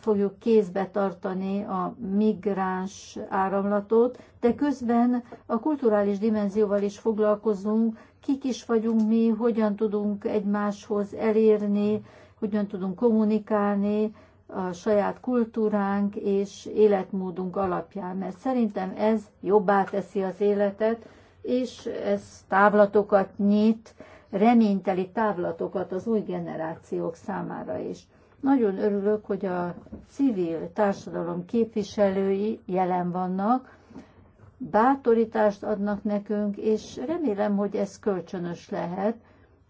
fogjuk kézbe tartani a migráns áramlatot, de közben a kulturális dimenzióval is foglalkozunk, kik is vagyunk mi, hogyan tudunk egymáshoz elérni, hogyan tudunk kommunikálni a saját kultúránk és életmódunk alapján, mert szerintem ez jobbá teszi az életet, és ez távlatokat nyit, reményteli távlatokat az új generációk számára is. Nagyon örülök, hogy a civil társadalom képviselői jelen vannak, bátorítást adnak nekünk, és remélem, hogy ez kölcsönös lehet,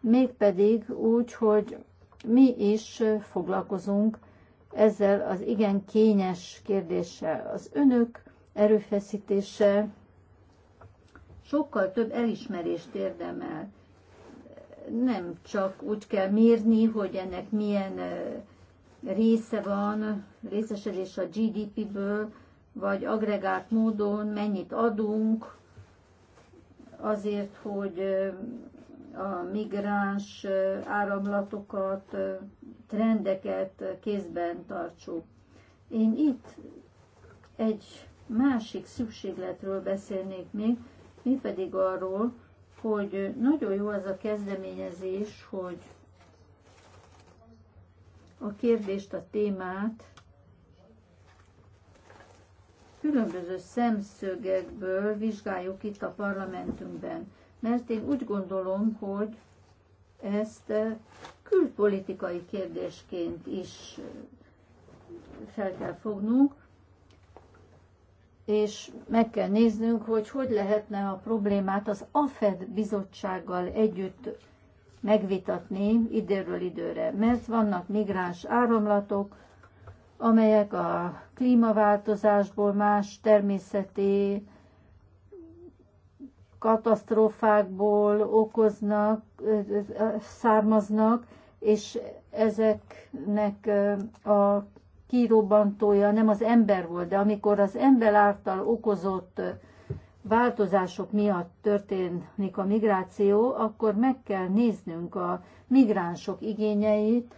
mégpedig úgy, hogy mi is foglalkozunk ezzel az igen kényes kérdéssel. Az önök erőfeszítése sokkal több elismerést érdemel. Nem csak úgy kell mérni, hogy ennek milyen eh, része van, részesedés a GDP-ből, vagy agregált módon mennyit adunk azért, hogy a migráns áramlatokat, trendeket kézben tartsuk. Én itt egy másik szükségletről beszélnék még, mi pedig arról, hogy nagyon jó az a kezdeményezés, hogy a kérdést, a témát különböző szemszögekből vizsgáljuk itt a parlamentünkben. Mert én úgy gondolom, hogy ezt eh, külpolitikai kérdésként is eh, fel kell fognunk, és meg kell néznünk, hogy hogy lehetne a problémát az AFED bizottsággal együtt megvitatni időről időre, mert vannak migráns áramlatok, amelyek a klímaváltozásból, más természeti katasztrófákból okoznak, származnak, és ezeknek a kirobbantója nem az ember volt, de amikor az ember által okozott változások miatt történik a migráció, akkor meg kell néznünk a migránsok igényeit,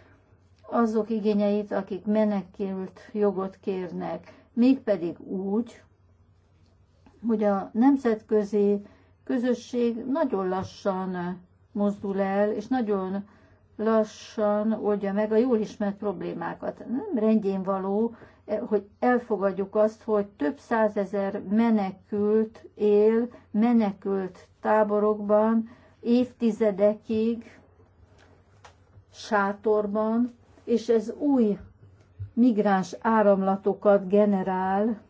azok igényeit, akik menekült jogot kérnek, mégpedig úgy, hogy a nemzetközi közösség nagyon lassan mozdul el, és nagyon lassan oldja meg a jól ismert problémákat. Nem rendjén való, eh, hogy elfogadjuk azt, hogy több százezer menekült él, menekült táborokban, évtizedekig, sátorban, és ez új migráns áramlatokat generál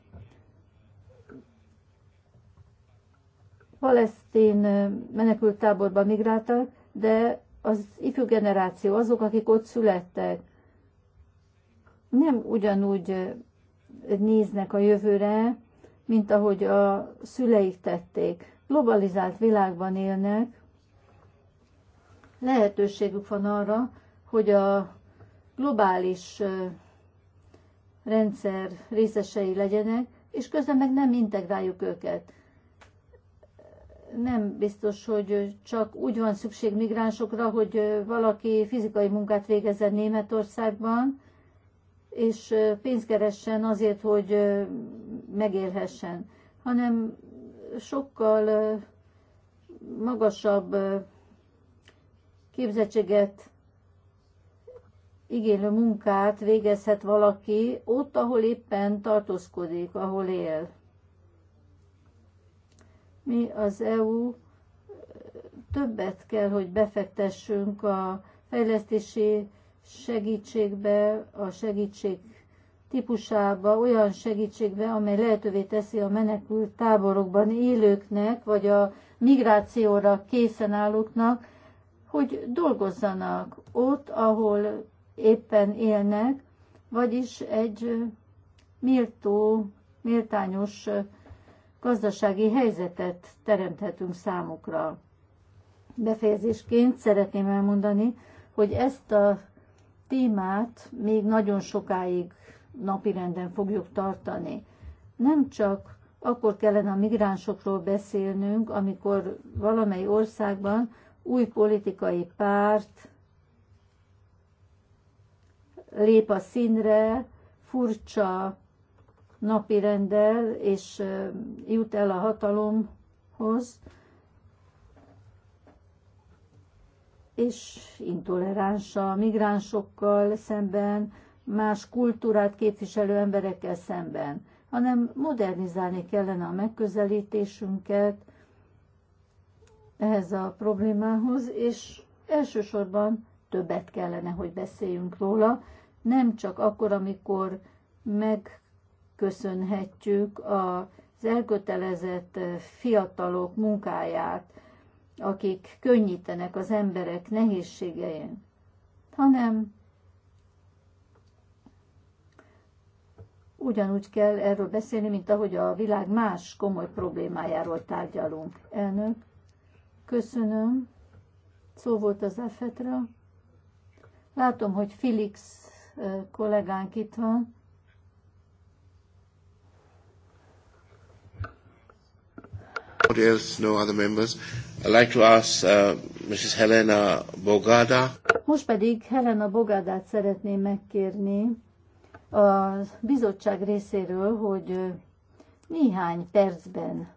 palesztin menekültáborba migráltak, de az ifjú generáció, azok, akik ott születtek, nem ugyanúgy néznek a jövőre, mint ahogy a szüleik tették. Globalizált világban élnek, lehetőségük van arra, hogy a globális rendszer részesei legyenek, és közben meg nem integráljuk őket. Nem biztos, hogy csak úgy van szükség migránsokra, hogy valaki fizikai munkát végezzen Németországban, és pénzt keressen azért, hogy megélhessen, hanem sokkal magasabb képzettséget igénylő munkát végezhet valaki ott, ahol éppen tartózkodik, ahol él. Mi az EU többet kell, hogy befektessünk a fejlesztési segítségbe, a segítség típusába, olyan segítségbe, amely lehetővé teszi a menekült táborokban élőknek, vagy a migrációra készen állóknak, hogy dolgozzanak ott, ahol éppen élnek, vagyis egy méltó, méltányos gazdasági helyzetet teremthetünk számukra. Befejezésként szeretném elmondani, hogy ezt a témát még nagyon sokáig napirenden fogjuk tartani. Nem csak akkor kellene a migránsokról beszélnünk, amikor valamely országban új politikai párt lép a színre, furcsa napi rendel, és jut el a hatalomhoz, és intoleráns a migránsokkal szemben, más kultúrát képviselő emberekkel szemben, hanem modernizálni kellene a megközelítésünket ehhez a problémához, és elsősorban többet kellene, hogy beszéljünk róla, nem csak akkor, amikor megköszönhetjük az elkötelezett fiatalok munkáját, akik könnyítenek az emberek nehézségein, hanem ugyanúgy kell erről beszélni, mint ahogy a világ más komoly problémájáról tárgyalunk. Elnök, köszönöm. Szó volt az afet Látom, hogy Felix kollégánk itt van. Else, no other members. I'd like to ask uh, Mrs. Helena Bogada. Most pedig Helena Bogadát szeretném megkérni a bizottság részéről, hogy néhány percben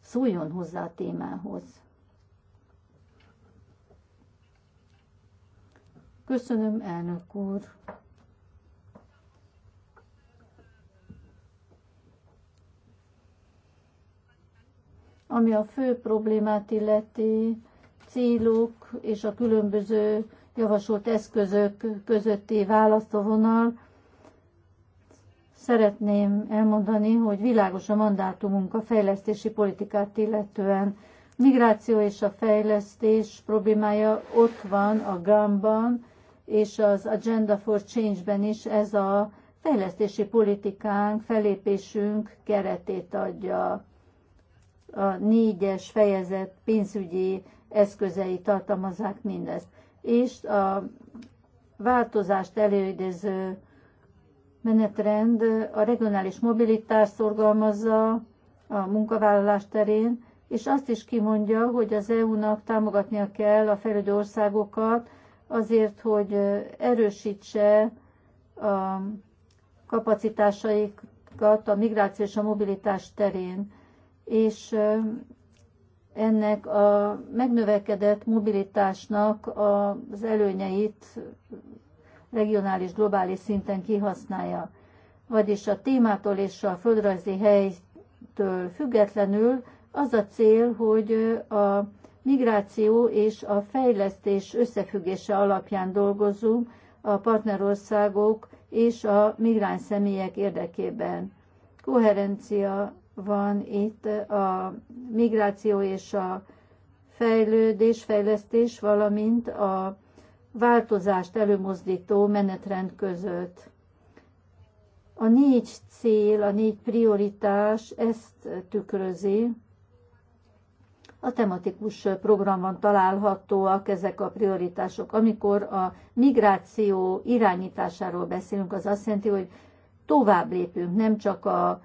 szóljon hozzá a témához. Köszönöm, elnök úr! Ami a fő problémát illeti, célok és a különböző javasolt eszközök közötti választóvonal, szeretném elmondani, hogy világos a mandátumunk a fejlesztési politikát illetően. Migráció és a fejlesztés problémája ott van a GAM-ban, és az Agenda for Change-ben is ez a fejlesztési politikánk, felépésünk keretét adja a négyes fejezet pénzügyi eszközei tartalmazzák mindezt. És a változást előidéző menetrend a regionális mobilitást szorgalmazza a munkavállalás terén, és azt is kimondja, hogy az EU-nak támogatnia kell a fejlődő országokat azért, hogy erősítse a kapacitásaikat a migráció és a mobilitás terén és ennek a megnövekedett mobilitásnak az előnyeit regionális, globális szinten kihasználja. Vagyis a témától és a földrajzi helytől függetlenül az a cél, hogy a migráció és a fejlesztés összefüggése alapján dolgozunk a partnerországok és a migráns személyek érdekében. Koherencia van itt a migráció és a fejlődés, fejlesztés, valamint a változást előmozdító menetrend között. A négy cél, a négy prioritás ezt tükrözi. A tematikus programban találhatóak ezek a prioritások. Amikor a migráció irányításáról beszélünk, az azt jelenti, hogy tovább lépünk, nem csak a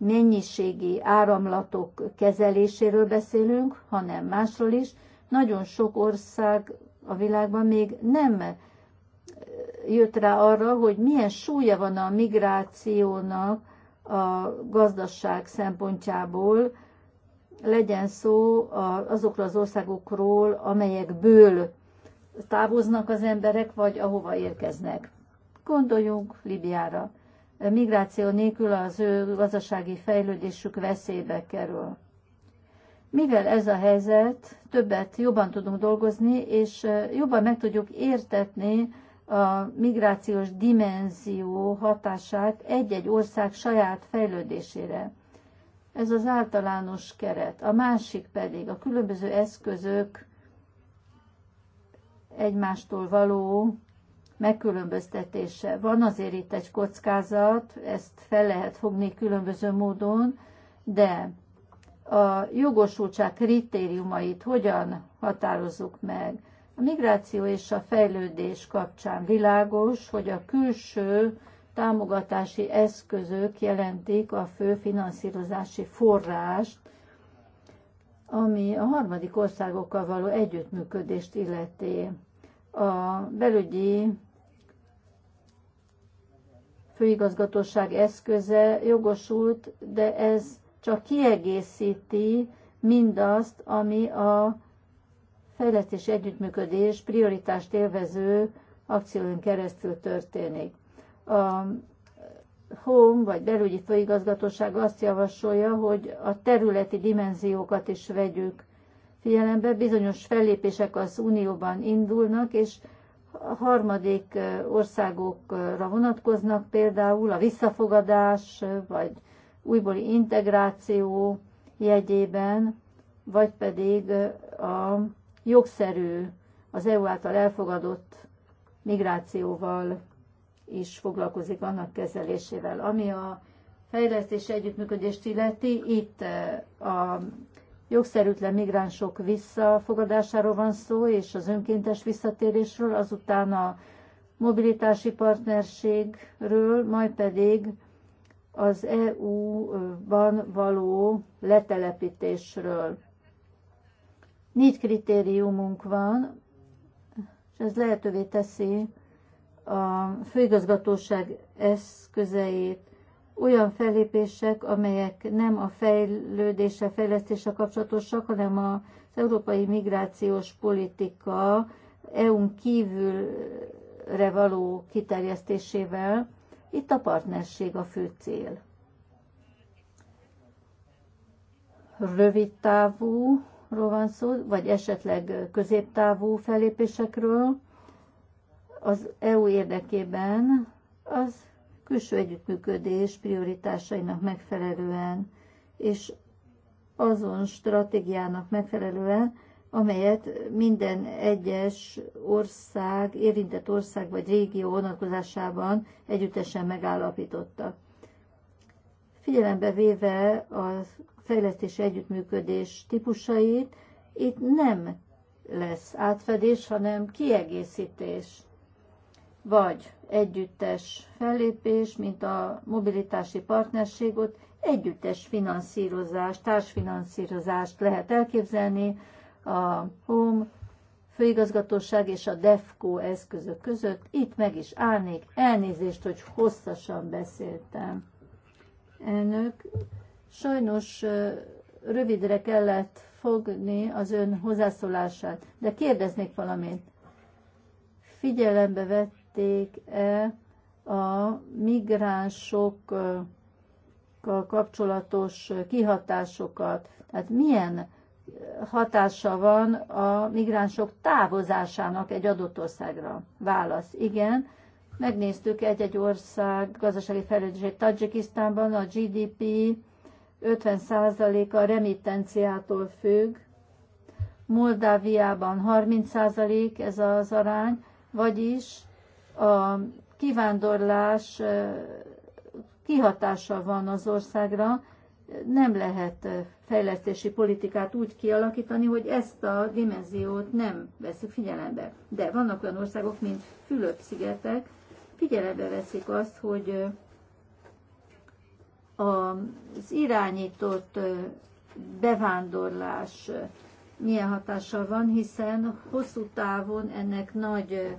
mennyiségi áramlatok kezeléséről beszélünk, hanem másról is. Nagyon sok ország a világban még nem eh, jött rá arra, hogy milyen súlya van a migrációnak a gazdaság szempontjából, legyen szó azokról az országokról, amelyekből távoznak az emberek, vagy ahova érkeznek. Gondoljunk Libiára migráció nélkül az ő gazdasági fejlődésük veszélybe kerül. Mivel ez a helyzet, többet jobban tudunk dolgozni, és jobban meg tudjuk értetni a migrációs dimenzió hatását egy-egy ország saját fejlődésére. Ez az általános keret. A másik pedig a különböző eszközök egymástól való megkülönböztetése. Van azért itt egy kockázat, ezt fel lehet fogni különböző módon, de a jogosultság kritériumait hogyan határozzuk meg? A migráció és a fejlődés kapcsán világos, hogy a külső támogatási eszközök jelentik a fő finanszírozási forrást, ami a harmadik országokkal való együttműködést illeti. A belügyi főigazgatóság eszköze jogosult, de ez csak kiegészíti mindazt, ami a fejlesztés együttműködés prioritást élvező akcióin keresztül történik. A Home vagy belügyi főigazgatóság azt javasolja, hogy a területi dimenziókat is vegyük figyelembe. Bizonyos fellépések az Unióban indulnak, és a harmadik országokra vonatkoznak, például a visszafogadás, vagy újbóli integráció jegyében, vagy pedig a jogszerű, az EU által elfogadott migrációval is foglalkozik annak kezelésével. Ami a fejlesztés együttműködést illeti, itt a jogszerűtlen migránsok visszafogadásáról van szó, és az önkéntes visszatérésről, azután a mobilitási partnerségről, majd pedig az EU-ban való letelepítésről. Négy kritériumunk van, és ez lehetővé teszi a főigazgatóság eszközeit, olyan fellépések, amelyek nem a fejlődése, fejlesztése kapcsolatosak, hanem az európai migrációs politika EU-n kívülre való kiterjesztésével. Itt a partnerség a fő cél. Rövid távú van szó, vagy esetleg középtávú fellépésekről az EU érdekében az külső együttműködés prioritásainak megfelelően, és azon stratégiának megfelelően, amelyet minden egyes ország, érintett ország vagy régió vonatkozásában együttesen megállapítottak. Figyelembe véve a fejlesztési együttműködés típusait, itt nem lesz átfedés, hanem kiegészítés. Vagy együttes fellépés, mint a mobilitási partnerségot, együttes finanszírozás, társfinanszírozást lehet elképzelni a HOME főigazgatóság és a DEFCO eszközök között. Itt meg is állnék, elnézést, hogy hosszasan beszéltem. Elnök, sajnos rövidre kellett fogni az ön hozzászólását, de kérdeznék valamit. Figyelembe vett megtették-e a migránsokkal kapcsolatos kihatásokat. Tehát milyen hatása van a migránsok távozásának egy adott országra? Válasz, igen. Megnéztük egy-egy ország gazdasági fejlődését. Tajikisztánban a GDP 50%-a remittenciától függ, Moldáviában 30% ez az arány, vagyis a kivándorlás kihatása van az országra, nem lehet fejlesztési politikát úgy kialakítani, hogy ezt a dimenziót nem veszük figyelembe. De vannak olyan országok, mint Fülöp-szigetek, figyelembe veszik azt, hogy az irányított bevándorlás milyen hatással van, hiszen hosszú távon ennek nagy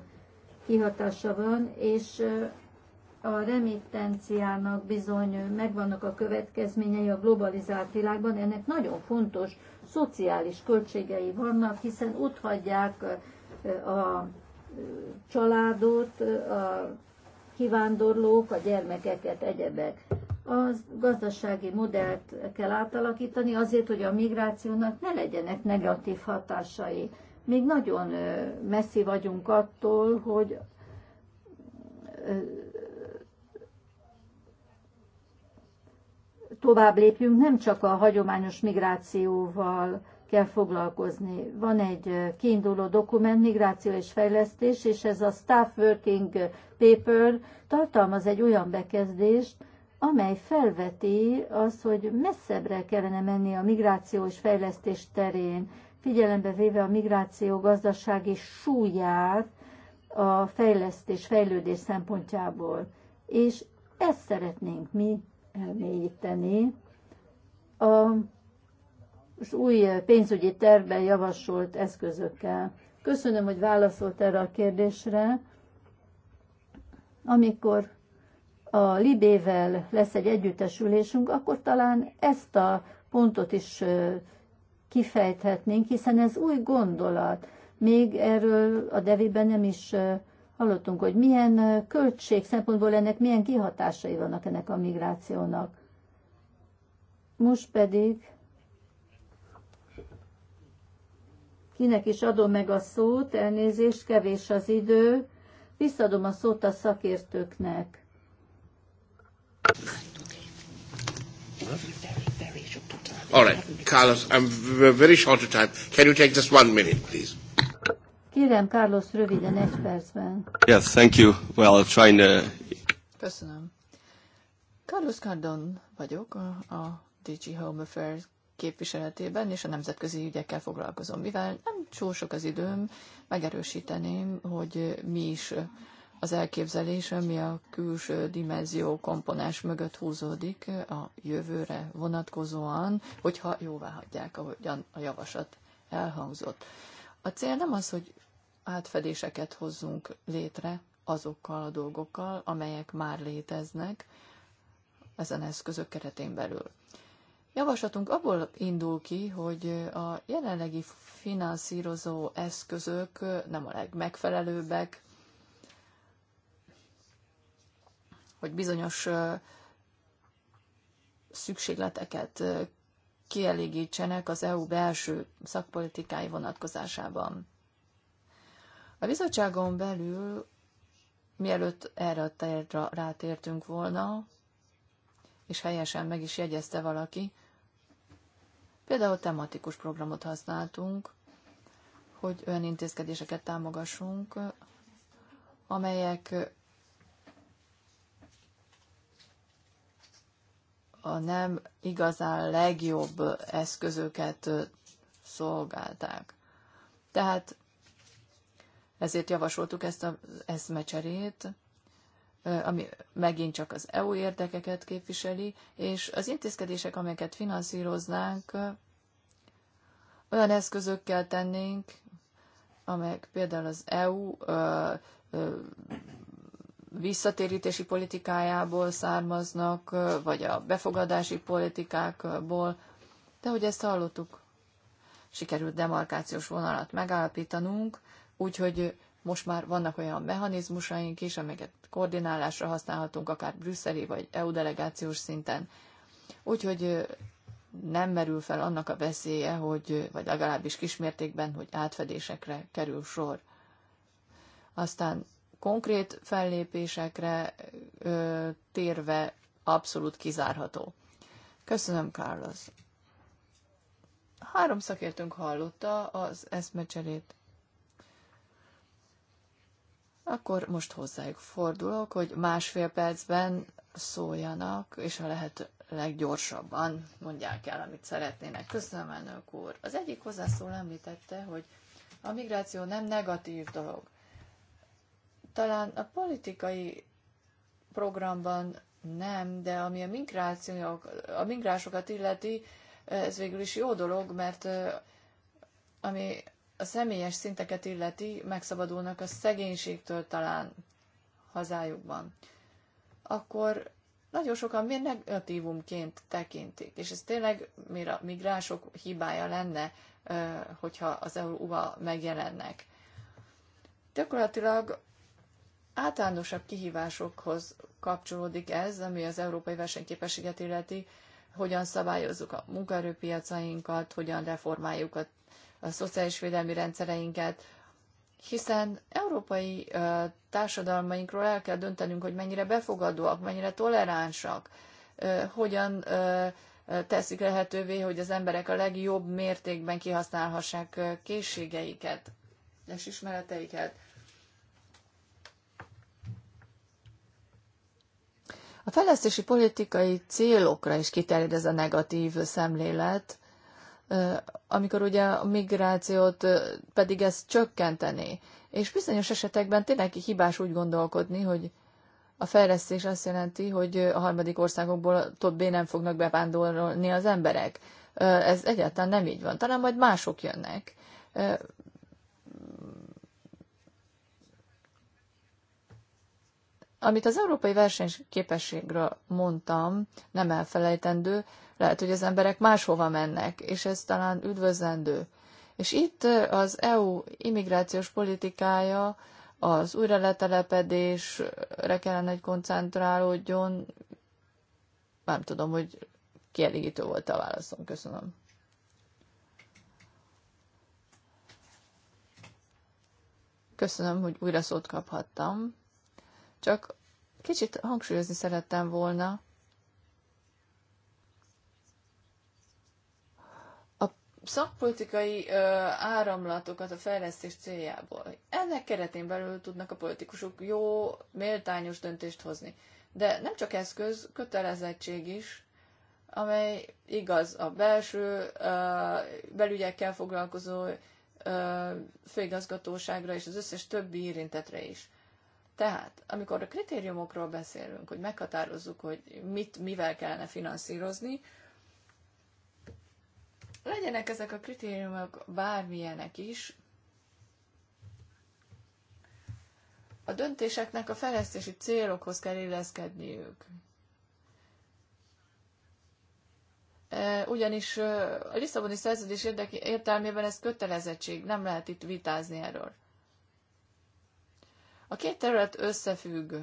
kihatása van, és a remittenciának bizony megvannak a következményei a globalizált világban, ennek nagyon fontos szociális költségei vannak, hiszen ott hagyják a családot, a kivándorlók, a gyermekeket, egyebek. A gazdasági modellt kell átalakítani azért, hogy a migrációnak ne legyenek negatív hatásai. Még nagyon messzi vagyunk attól, hogy tovább lépjünk, nem csak a hagyományos migrációval kell foglalkozni. Van egy kiinduló dokument, migráció és fejlesztés, és ez a Staff Working Paper tartalmaz egy olyan bekezdést, amely felveti az, hogy messzebbre kellene menni a migráció és fejlesztés terén figyelembe véve a migráció gazdasági súlyát a fejlesztés, fejlődés szempontjából. És ezt szeretnénk mi elmélyíteni. A, az új pénzügyi tervben javasolt eszközökkel. Köszönöm, hogy válaszolt erre a kérdésre. Amikor a Libével lesz egy együttesülésünk, akkor talán ezt a pontot is kifejthetnénk, hiszen ez új gondolat. Még erről a devében nem is hallottunk, hogy milyen költség szempontból ennek milyen kihatásai vannak ennek a migrációnak. Most pedig kinek is adom meg a szót, elnézést, kevés az idő, visszadom a szót a szakértőknek. Köszönöm. All right, Carlos, I'm very short of time. Can you take just one minute, please? Kérem, Carlos, röviden, egy percben. Yes, thank you. Well, I'm trying to... Köszönöm. Carlos Cardon vagyok, a, a DG Home Affairs képviseletében és a nemzetközi ügyekkel foglalkozom. Mivel nem túl sok az időm, megerősíteném, hogy mi is az elképzelés, ami a külső dimenzió komponás mögött húzódik a jövőre vonatkozóan, hogyha jóvá hagyják, ahogyan a javaslat elhangzott. A cél nem az, hogy átfedéseket hozzunk létre azokkal a dolgokkal, amelyek már léteznek ezen eszközök keretén belül. Javaslatunk abból indul ki, hogy a jelenlegi finanszírozó eszközök nem a legmegfelelőbbek, hogy bizonyos szükségleteket kielégítsenek az EU belső szakpolitikái vonatkozásában. A bizottságon belül, mielőtt erre a térra rátértünk volna, és helyesen meg is jegyezte valaki, például tematikus programot használtunk, hogy olyan intézkedéseket támogassunk, amelyek a nem igazán legjobb eszközöket szolgálták. Tehát ezért javasoltuk ezt az eszmecserét, ami megint csak az EU érdekeket képviseli, és az intézkedések, amelyeket finanszíroznánk, olyan eszközökkel tennénk, amelyek például az EU visszatérítési politikájából származnak, vagy a befogadási politikákból, de hogy ezt hallottuk, sikerült demarkációs vonalat megállapítanunk, úgyhogy most már vannak olyan mechanizmusaink is, amiket koordinálásra használhatunk, akár brüsszeli vagy EU delegációs szinten. Úgyhogy nem merül fel annak a veszélye, hogy, vagy legalábbis kismértékben, hogy átfedésekre kerül sor. Aztán konkrét fellépésekre ö, térve abszolút kizárható. Köszönöm, Carlos. Három szakértőnk hallotta az eszmecserét. Akkor most hozzájuk fordulok, hogy másfél percben szóljanak, és a lehet leggyorsabban mondják el, amit szeretnének. Köszönöm, elnök úr. Az egyik hozzászól említette, hogy a migráció nem negatív dolog. Talán a politikai programban nem, de ami a, migrációk, a migránsokat illeti, ez végül is jó dolog, mert ami a személyes szinteket illeti, megszabadulnak a szegénységtől talán hazájukban. Akkor nagyon sokan miért negatívumként tekintik, és ez tényleg miért a migránsok hibája lenne, hogyha az eu val megjelennek. Gyakorlatilag általánosabb kihívásokhoz kapcsolódik ez, ami az európai versenyképességet illeti, hogyan szabályozzuk a munkaerőpiacainkat, hogyan reformáljuk a, a szociális védelmi rendszereinket, hiszen európai uh, társadalmainkról el kell döntenünk, hogy mennyire befogadóak, mennyire toleránsak, uh, hogyan uh, teszik lehetővé, hogy az emberek a legjobb mértékben kihasználhassák készségeiket és ismereteiket. A fejlesztési politikai célokra is kiterjed ez a negatív szemlélet, amikor ugye a migrációt pedig ez csökkenteni. És bizonyos esetekben tényleg hibás úgy gondolkodni, hogy a fejlesztés azt jelenti, hogy a harmadik országokból többé nem fognak bevándorolni az emberek. Ez egyáltalán nem így van. Talán majd mások jönnek. Amit az európai versenyképességről mondtam, nem elfelejtendő, lehet, hogy az emberek máshova mennek, és ez talán üdvözlendő. És itt az EU immigrációs politikája az letelepedésre kellene, egy koncentrálódjon. Nem tudom, hogy kielégítő volt a válaszom. Köszönöm. Köszönöm, hogy újra szót kaphattam. Csak kicsit hangsúlyozni szerettem volna a szakpolitikai áramlatokat a fejlesztés céljából. Ennek keretén belül tudnak a politikusok jó, méltányos döntést hozni. De nem csak eszköz, kötelezettség is, amely igaz a belső belügyekkel foglalkozó főigazgatóságra és az összes többi érintetre is. Tehát, amikor a kritériumokról beszélünk, hogy meghatározzuk, hogy mit, mivel kellene finanszírozni, legyenek ezek a kritériumok bármilyenek is, a döntéseknek a fejlesztési célokhoz kell illeszkedniük. E, ugyanis e, a Lisszaboni szerződés értelmében ez kötelezettség, nem lehet itt vitázni erről. A két terület összefügg.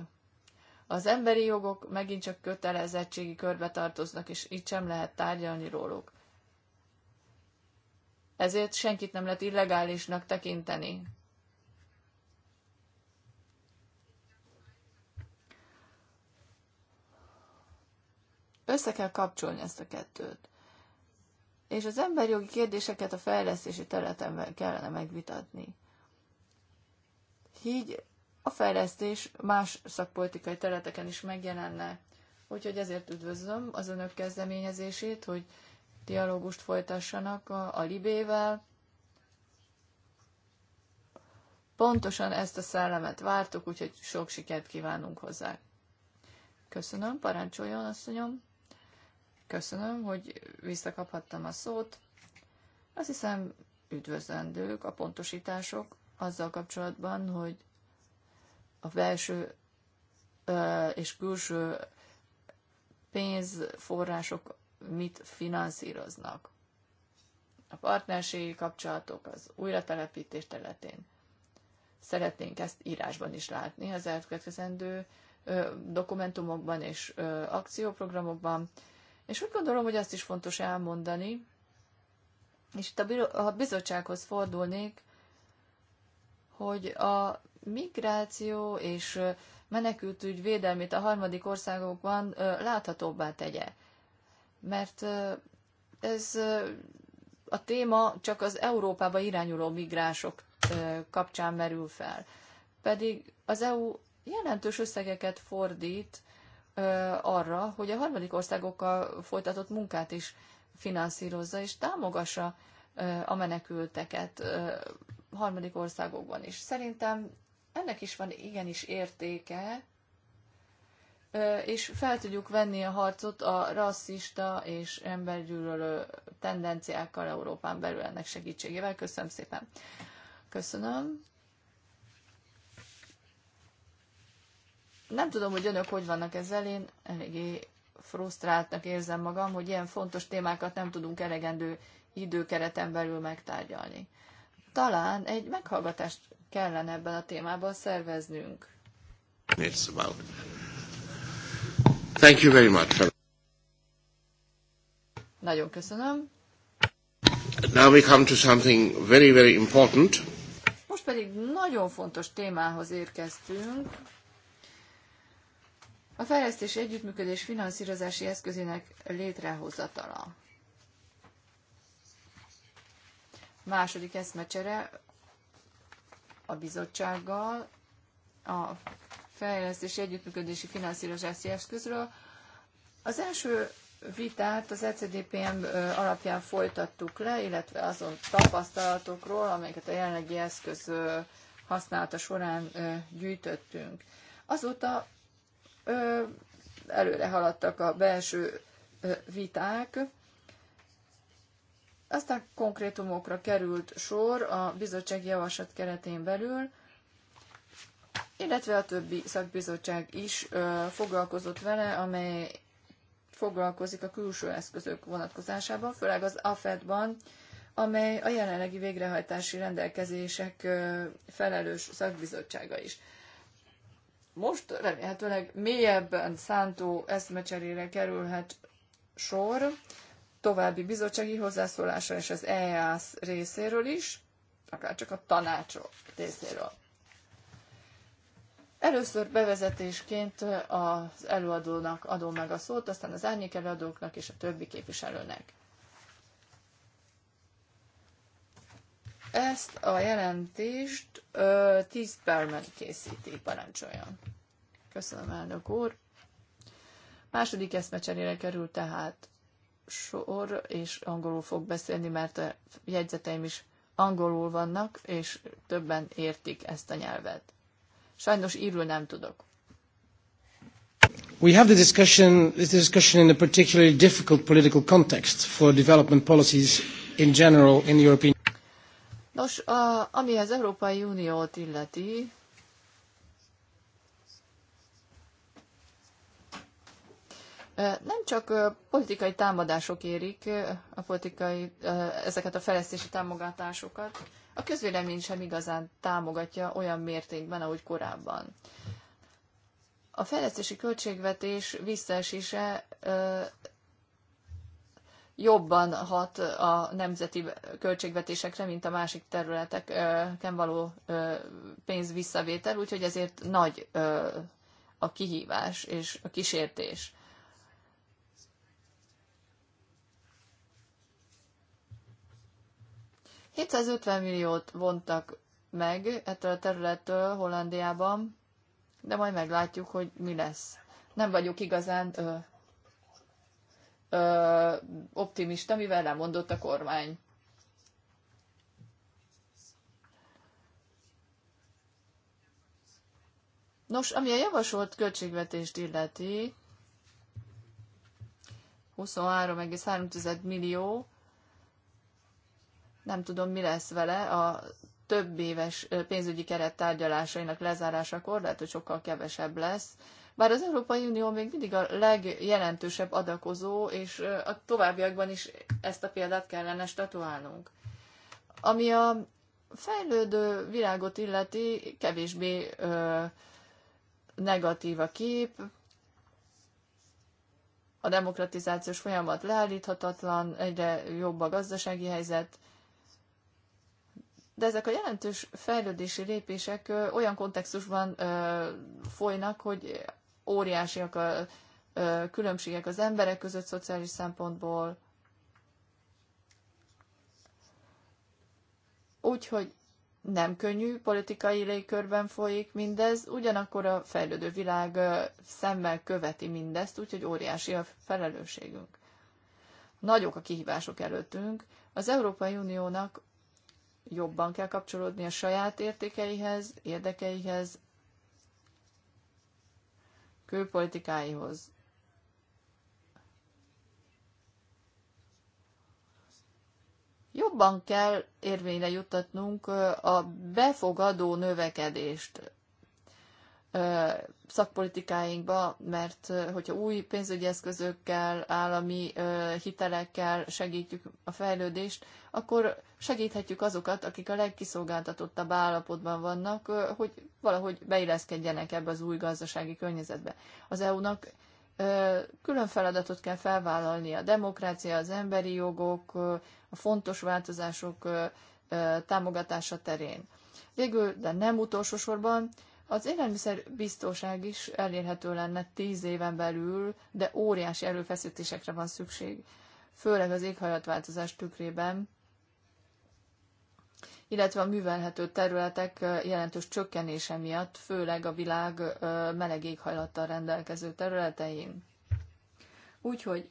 Az emberi jogok megint csak kötelezettségi körbe tartoznak, és itt sem lehet tárgyalni róluk. Ezért senkit nem lehet illegálisnak tekinteni. Össze kell kapcsolni ezt a kettőt. És az emberi jogi kérdéseket a fejlesztési területen kellene megvitatni. Így a fejlesztés más szakpolitikai területeken is megjelenne. Úgyhogy ezért üdvözlöm az önök kezdeményezését, hogy dialógust folytassanak a, a Libével. Pontosan ezt a szellemet vártuk, úgyhogy sok sikert kívánunk hozzá. Köszönöm, parancsoljon, asszonyom. Köszönöm, hogy visszakaphattam a szót. Azt hiszem, üdvözlendők a pontosítások azzal kapcsolatban, hogy a belső és külső pénzforrások mit finanszíroznak. A partnerségi kapcsolatok az újratelepítés területén. Szeretnénk ezt írásban is látni az elkövetkezendő dokumentumokban és akcióprogramokban. És úgy gondolom, hogy azt is fontos elmondani, és itt a bizottsághoz fordulnék, hogy a migráció és menekültügy védelmét a harmadik országokban láthatóbbá tegye. Mert ez a téma csak az Európába irányuló migránsok kapcsán merül fel. Pedig az EU jelentős összegeket fordít arra, hogy a harmadik országokkal folytatott munkát is finanszírozza és támogassa a menekülteket harmadik országokban is. Szerintem ennek is van igenis értéke, és fel tudjuk venni a harcot a rasszista és embergyűlölő tendenciákkal Európán belül ennek segítségével. Köszönöm szépen. Köszönöm. Nem tudom, hogy önök hogy vannak ezzel, én eléggé frusztráltnak érzem magam, hogy ilyen fontos témákat nem tudunk elegendő időkereten belül megtárgyalni. Talán egy meghallgatást kellene ebben a témában szerveznünk. It's about. Thank you very much. Nagyon köszönöm. Now we come to something very, very important. Most pedig nagyon fontos témához érkeztünk. A fejlesztés együttműködés finanszírozási eszközének létrehozatala. Második eszmecsere a bizottsággal a fejlesztési együttműködési finanszírozási eszközről. Az első vitát az ECDPM alapján folytattuk le, illetve azon tapasztalatokról, amelyeket a jelenlegi eszköz használata során gyűjtöttünk. Azóta előre haladtak a belső viták, aztán konkrétumokra került sor a bizottság javaslat keretén belül, illetve a többi szakbizottság is ö, foglalkozott vele, amely foglalkozik a külső eszközök vonatkozásában, főleg az AFED-ban, amely a jelenlegi végrehajtási rendelkezések ö, felelős szakbizottsága is. Most remélhetőleg mélyebben szántó eszmecserére kerülhet sor további bizottsági hozzászólásra és az EAS részéről is, akár csak a tanácsok részéről. Először bevezetésként az előadónak adom meg a szót, aztán az árnyék előadóknak és a többi képviselőnek. Ezt a jelentést ö, 10 Berman készíti, parancsolja. Köszönöm, elnök úr. Második eszmecserére került tehát sor, és angolul fog beszélni, mert a jegyzeteim is angolul vannak, és többen értik ezt a nyelvet. Sajnos írul nem tudok. We have the discussion, this discussion in a particularly difficult political context for development policies in general in the European Nos, a, ami az Európai Uniót illeti, Nem csak politikai támadások érik a politikai, ezeket a fejlesztési támogatásokat, a közvélemény sem igazán támogatja olyan mértékben, ahogy korábban. A fejlesztési költségvetés visszaesése jobban hat a nemzeti költségvetésekre, mint a másik területeken való pénz visszavétel, úgyhogy ezért nagy a kihívás és a kísértés. 750 milliót vontak meg ettől a területtől Hollandiában, de majd meglátjuk, hogy mi lesz. Nem vagyok igazán ö, ö, optimista, mivel lemondott a kormány. Nos, ami a javasolt költségvetést illeti, 23,3 millió, nem tudom, mi lesz vele a több éves pénzügyi keret tárgyalásainak lezárásakor, lehet, hogy sokkal kevesebb lesz. Bár az Európai Unió még mindig a legjelentősebb adakozó, és a továbbiakban is ezt a példát kellene statuálnunk. Ami a fejlődő világot illeti, kevésbé ö, negatív a kép, a demokratizációs folyamat leállíthatatlan, egyre jobb a gazdasági helyzet, de ezek a jelentős fejlődési lépések olyan kontextusban folynak, hogy óriásiak a különbségek az emberek között szociális szempontból. Úgyhogy nem könnyű, politikai légkörben folyik mindez, ugyanakkor a fejlődő világ szemmel követi mindezt, úgyhogy óriási a felelősségünk. Nagyok a kihívások előttünk. Az Európai Uniónak jobban kell kapcsolódni a saját értékeihez, érdekeihez, külpolitikáihoz. Jobban kell érvényre juttatnunk a befogadó növekedést, szakpolitikáinkba, mert hogyha új pénzügyi eszközökkel, állami hitelekkel segítjük a fejlődést, akkor segíthetjük azokat, akik a legkiszolgáltatottabb állapotban vannak, hogy valahogy beilleszkedjenek ebbe az új gazdasági környezetbe. Az EU-nak külön feladatot kell felvállalni a demokrácia, az emberi jogok, a fontos változások támogatása terén. Végül, de nem utolsó sorban, az élelmiszerbiztonság is elérhető lenne tíz éven belül, de óriási erőfeszítésekre van szükség, főleg az éghajlatváltozás tükrében, illetve a művelhető területek jelentős csökkenése miatt, főleg a világ meleg éghajlattal rendelkező területein. Úgyhogy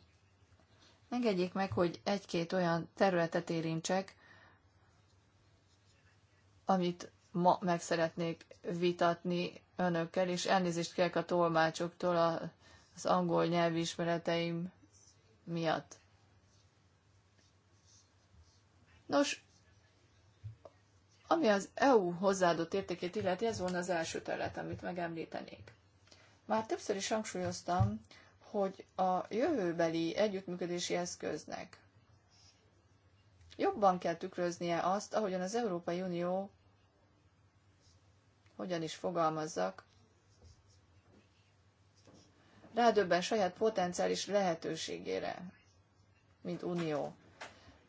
engedjék meg, hogy egy-két olyan területet érintsek, amit ma meg szeretnék vitatni önökkel, és elnézést kérek a tolmácsoktól a, az angol nyelvi ismereteim miatt. Nos, ami az EU hozzáadott értékét illeti, ez volna az első terület, amit megemlítenék. Már többször is hangsúlyoztam, hogy a jövőbeli együttműködési eszköznek jobban kell tükröznie azt, ahogyan az Európai Unió hogyan is fogalmazzak, rádöbben saját potenciális lehetőségére, mint unió,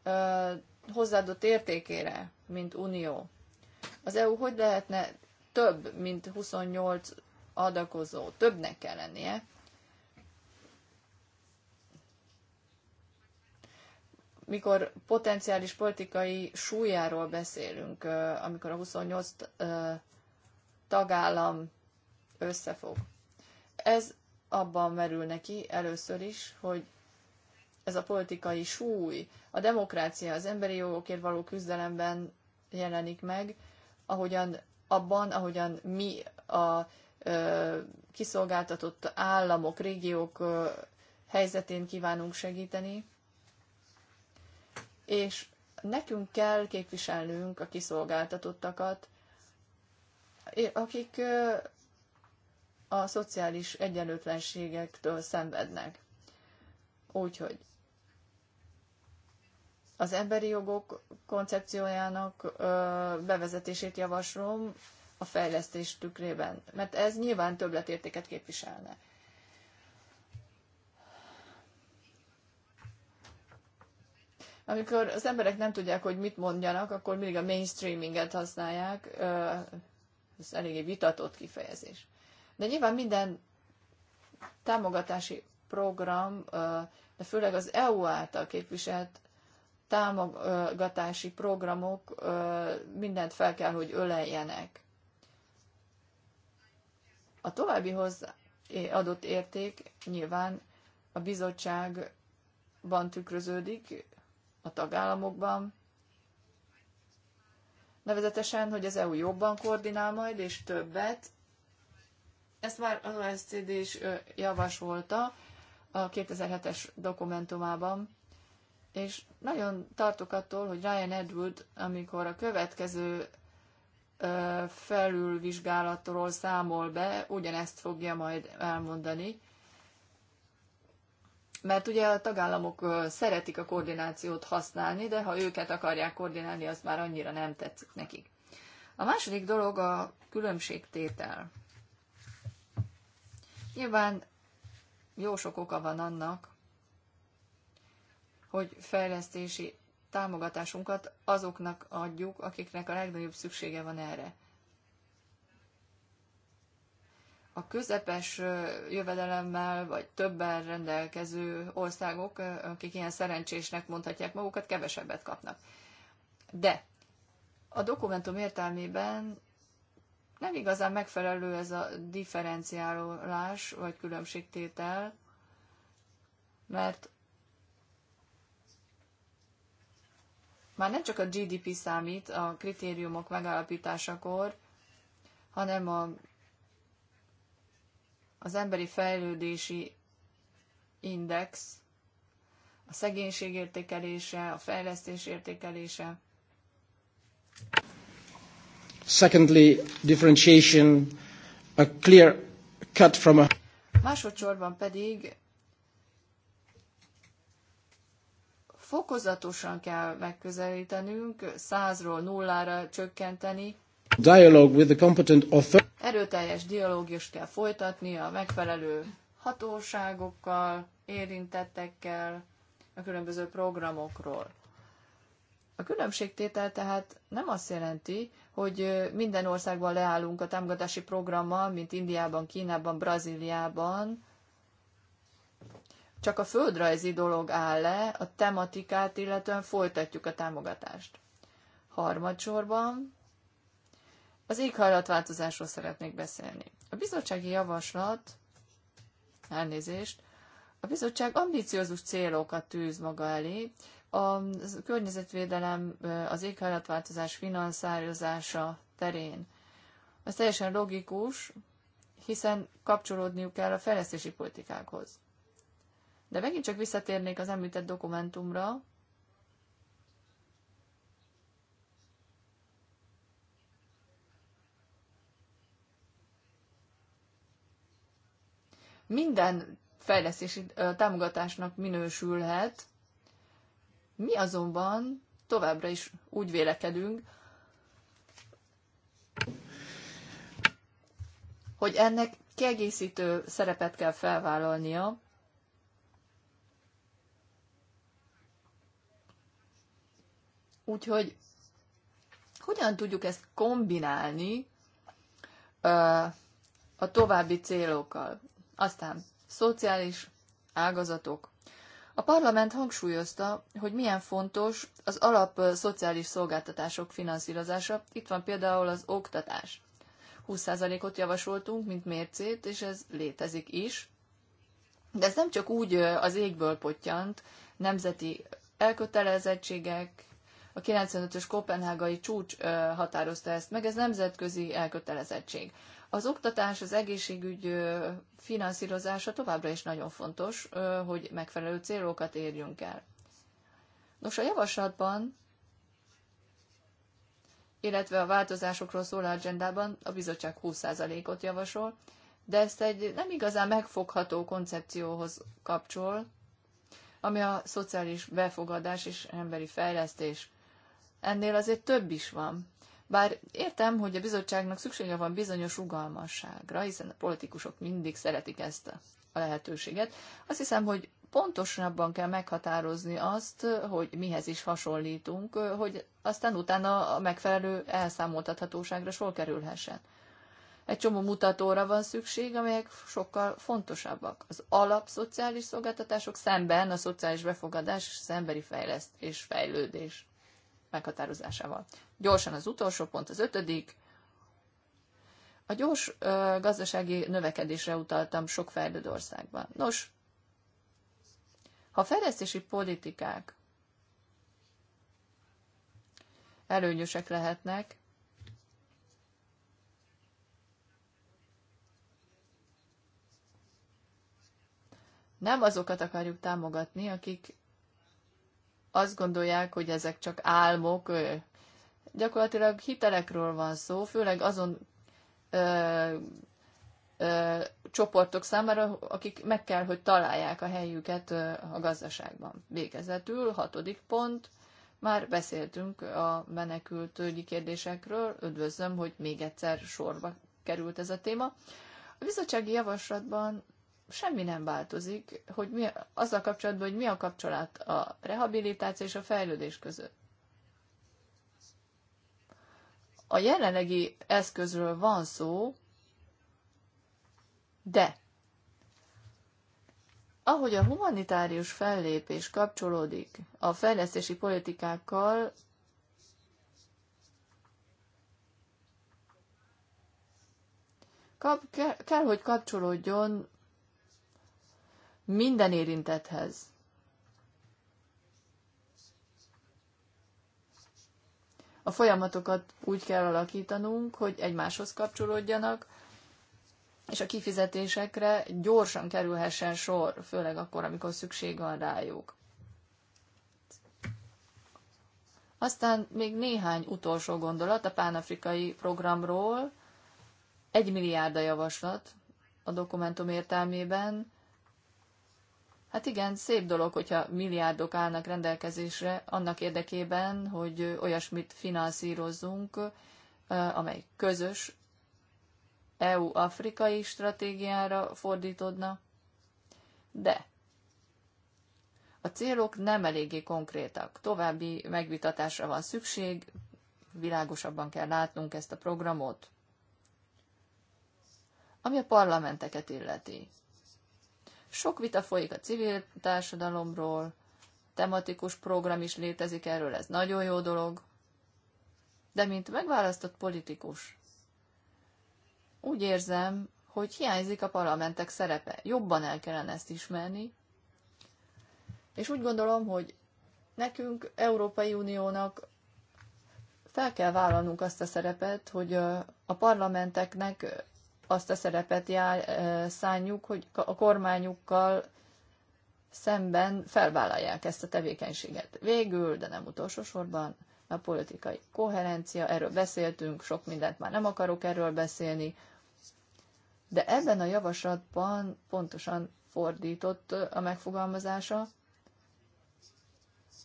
ö, hozzáadott értékére, mint unió. Az EU hogy lehetne több, mint 28 adakozó, többnek kell lennie. Mikor potenciális politikai súlyáról beszélünk, amikor a 28 tagállam összefog. Ez abban merül neki először is, hogy ez a politikai súly, a demokrácia, az emberi jogokért való küzdelemben jelenik meg, ahogyan abban, ahogyan mi a ö, kiszolgáltatott államok, régiók ö, helyzetén kívánunk segíteni, és nekünk kell képviselnünk a kiszolgáltatottakat, akik a szociális egyenlőtlenségektől szenvednek. Úgyhogy az emberi jogok koncepciójának bevezetését javaslom a fejlesztés tükrében, mert ez nyilván többletértéket képviselne. Amikor az emberek nem tudják, hogy mit mondjanak, akkor mindig a mainstreaminget használják, ez eléggé vitatott kifejezés. De nyilván minden támogatási program, de főleg az EU által képviselt támogatási programok mindent fel kell, hogy öleljenek. A további adott érték nyilván a bizottságban tükröződik, a tagállamokban, nevezetesen, hogy az EU jobban koordinál majd, és többet. Ezt már az OSCD is javasolta a 2007-es dokumentumában, és nagyon tartok attól, hogy Ryan Edward, amikor a következő felülvizsgálatról számol be, ugyanezt fogja majd elmondani, mert ugye a tagállamok szeretik a koordinációt használni, de ha őket akarják koordinálni, az már annyira nem tetszik nekik. A második dolog a különbségtétel. Nyilván jó sok oka van annak, hogy fejlesztési támogatásunkat azoknak adjuk, akiknek a legnagyobb szüksége van erre. a közepes jövedelemmel vagy többen rendelkező országok, akik ilyen szerencsésnek mondhatják magukat, kevesebbet kapnak. De a dokumentum értelmében nem igazán megfelelő ez a differenciálás vagy különbségtétel, mert már nem csak a GDP számít a kritériumok megállapításakor, hanem a az emberi fejlődési index, a szegénység értékelése, a fejlesztés értékelése. Secondly, differentiation, a clear cut from a... Másodszorban pedig fokozatosan kell megközelítenünk, százról nullára csökkenteni. Dialogue with the competent author erőteljes dialógus kell folytatni a megfelelő hatóságokkal, érintettekkel, a különböző programokról. A különbségtétel tehát nem azt jelenti, hogy minden országban leállunk a támogatási programmal, mint Indiában, Kínában, Brazíliában, csak a földrajzi dolog áll le, a tematikát illetően folytatjuk a támogatást. Harmadsorban az éghajlatváltozásról szeretnék beszélni. A bizottsági javaslat, elnézést, a bizottság ambiciózus célokat tűz maga elé, a környezetvédelem, az éghajlatváltozás finanszározása terén. Ez teljesen logikus, hiszen kapcsolódniuk kell a fejlesztési politikákhoz. De megint csak visszatérnék az említett dokumentumra, minden fejlesztési támogatásnak minősülhet. Mi azonban továbbra is úgy vélekedünk, hogy ennek kiegészítő szerepet kell felvállalnia, Úgyhogy hogyan tudjuk ezt kombinálni a további célokkal? Aztán szociális ágazatok. A parlament hangsúlyozta, hogy milyen fontos az alap szociális szolgáltatások finanszírozása. Itt van például az oktatás. 20%-ot javasoltunk, mint mércét, és ez létezik is. De ez nem csak úgy az égből potyant, nemzeti elkötelezettségek, a 95-ös kopenhágai csúcs határozta ezt meg, ez nemzetközi elkötelezettség. Az oktatás, az egészségügy finanszírozása továbbra is nagyon fontos, hogy megfelelő célokat érjünk el. Nos, a javaslatban, illetve a változásokról szóló agendában a bizottság 20%-ot javasol, de ezt egy nem igazán megfogható koncepcióhoz kapcsol, ami a szociális befogadás és emberi fejlesztés. Ennél azért több is van. Bár értem, hogy a bizottságnak szüksége van bizonyos rugalmasságra, hiszen a politikusok mindig szeretik ezt a lehetőséget, azt hiszem, hogy pontosabban kell meghatározni azt, hogy mihez is hasonlítunk, hogy aztán utána a megfelelő elszámoltathatóságra sor kerülhessen. Egy csomó mutatóra van szükség, amelyek sokkal fontosabbak. Az alapszociális szolgáltatások szemben a szociális befogadás és az emberi fejlesztés, fejlődés meghatározásával. Gyorsan az utolsó pont, az ötödik. A gyors ö, gazdasági növekedésre utaltam sok fejlődő országban. Nos, ha fejlesztési politikák előnyösek lehetnek, nem azokat akarjuk támogatni, akik azt gondolják, hogy ezek csak álmok. Gyakorlatilag hitelekről van szó, főleg azon ö, ö, csoportok számára, akik meg kell, hogy találják a helyüket a gazdaságban. Végezetül, hatodik pont, már beszéltünk a menekültügyi kérdésekről, üdvözlöm, hogy még egyszer sorba került ez a téma. A bizottsági javaslatban semmi nem változik, hogy mi, azzal kapcsolatban, hogy mi a kapcsolat a rehabilitáció és a fejlődés között. A jelenlegi eszközről van szó, de ahogy a humanitárius fellépés kapcsolódik a fejlesztési politikákkal, kap, kell, kell, hogy kapcsolódjon minden érintethez. A folyamatokat úgy kell alakítanunk, hogy egymáshoz kapcsolódjanak, és a kifizetésekre gyorsan kerülhessen sor, főleg akkor, amikor szükség van rájuk. Aztán még néhány utolsó gondolat a pánafrikai programról. Egy milliárd a javaslat a dokumentum értelmében, Hát igen, szép dolog, hogyha milliárdok állnak rendelkezésre annak érdekében, hogy olyasmit finanszírozzunk, amely közös EU-afrikai stratégiára fordítodna. De a célok nem eléggé konkrétak. További megvitatásra van szükség, világosabban kell látnunk ezt a programot. Ami a parlamenteket illeti. Sok vita folyik a civil társadalomról, tematikus program is létezik erről, ez nagyon jó dolog. De mint megválasztott politikus, úgy érzem, hogy hiányzik a parlamentek szerepe. Jobban el kellene ezt ismerni. És úgy gondolom, hogy nekünk, Európai Uniónak fel kell vállalnunk azt a szerepet, hogy a parlamenteknek azt a szerepet jár, szánjuk, hogy a kormányukkal szemben felvállalják ezt a tevékenységet. Végül, de nem utolsó sorban, a politikai koherencia, erről beszéltünk, sok mindent már nem akarok erről beszélni, de ebben a javaslatban pontosan fordított a megfogalmazása,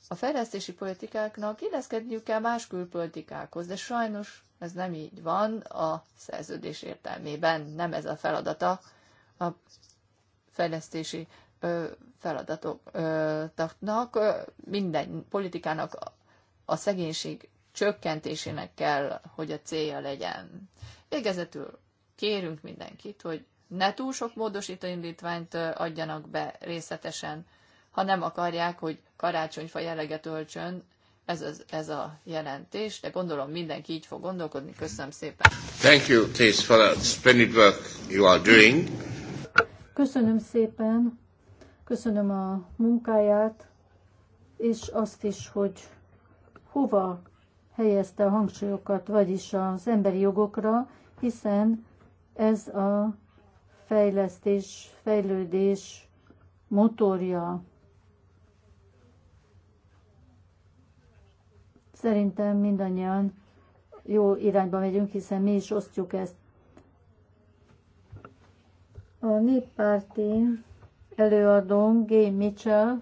a fejlesztési politikáknak illeszkedniük kell más külpolitikákhoz, de sajnos ez nem így van a szerződés értelmében, nem ez a feladata a fejlesztési feladatoknak, minden politikának a szegénység csökkentésének kell, hogy a célja legyen. Végezetül kérünk mindenkit, hogy ne túl sok módosító indítványt adjanak be részletesen, ha nem akarják, hogy karácsonyfa jelleget öltsön ez, az, ez a jelentés, de gondolom mindenki így fog gondolkodni. Köszönöm szépen. Thank you, Tész, for the splendid work you are doing. Köszönöm szépen, köszönöm a munkáját, és azt is, hogy hova helyezte a hangsúlyokat, vagyis az emberi jogokra, hiszen ez a fejlesztés, fejlődés motorja Szerintem mindannyian jó irányba megyünk, hiszen mi is osztjuk ezt. A néppárti előadónk Gay Mitchell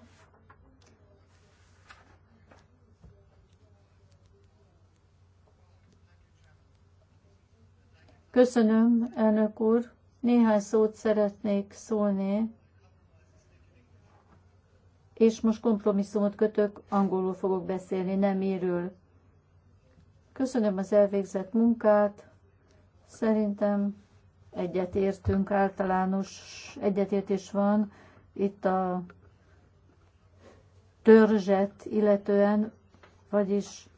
Köszönöm, elnök úr. Néhány szót szeretnék szólni és most kompromisszumot kötök, angolul fogok beszélni, nem érül. Köszönöm az elvégzett munkát, szerintem egyetértünk, általános egyetértés van itt a törzset illetően, vagyis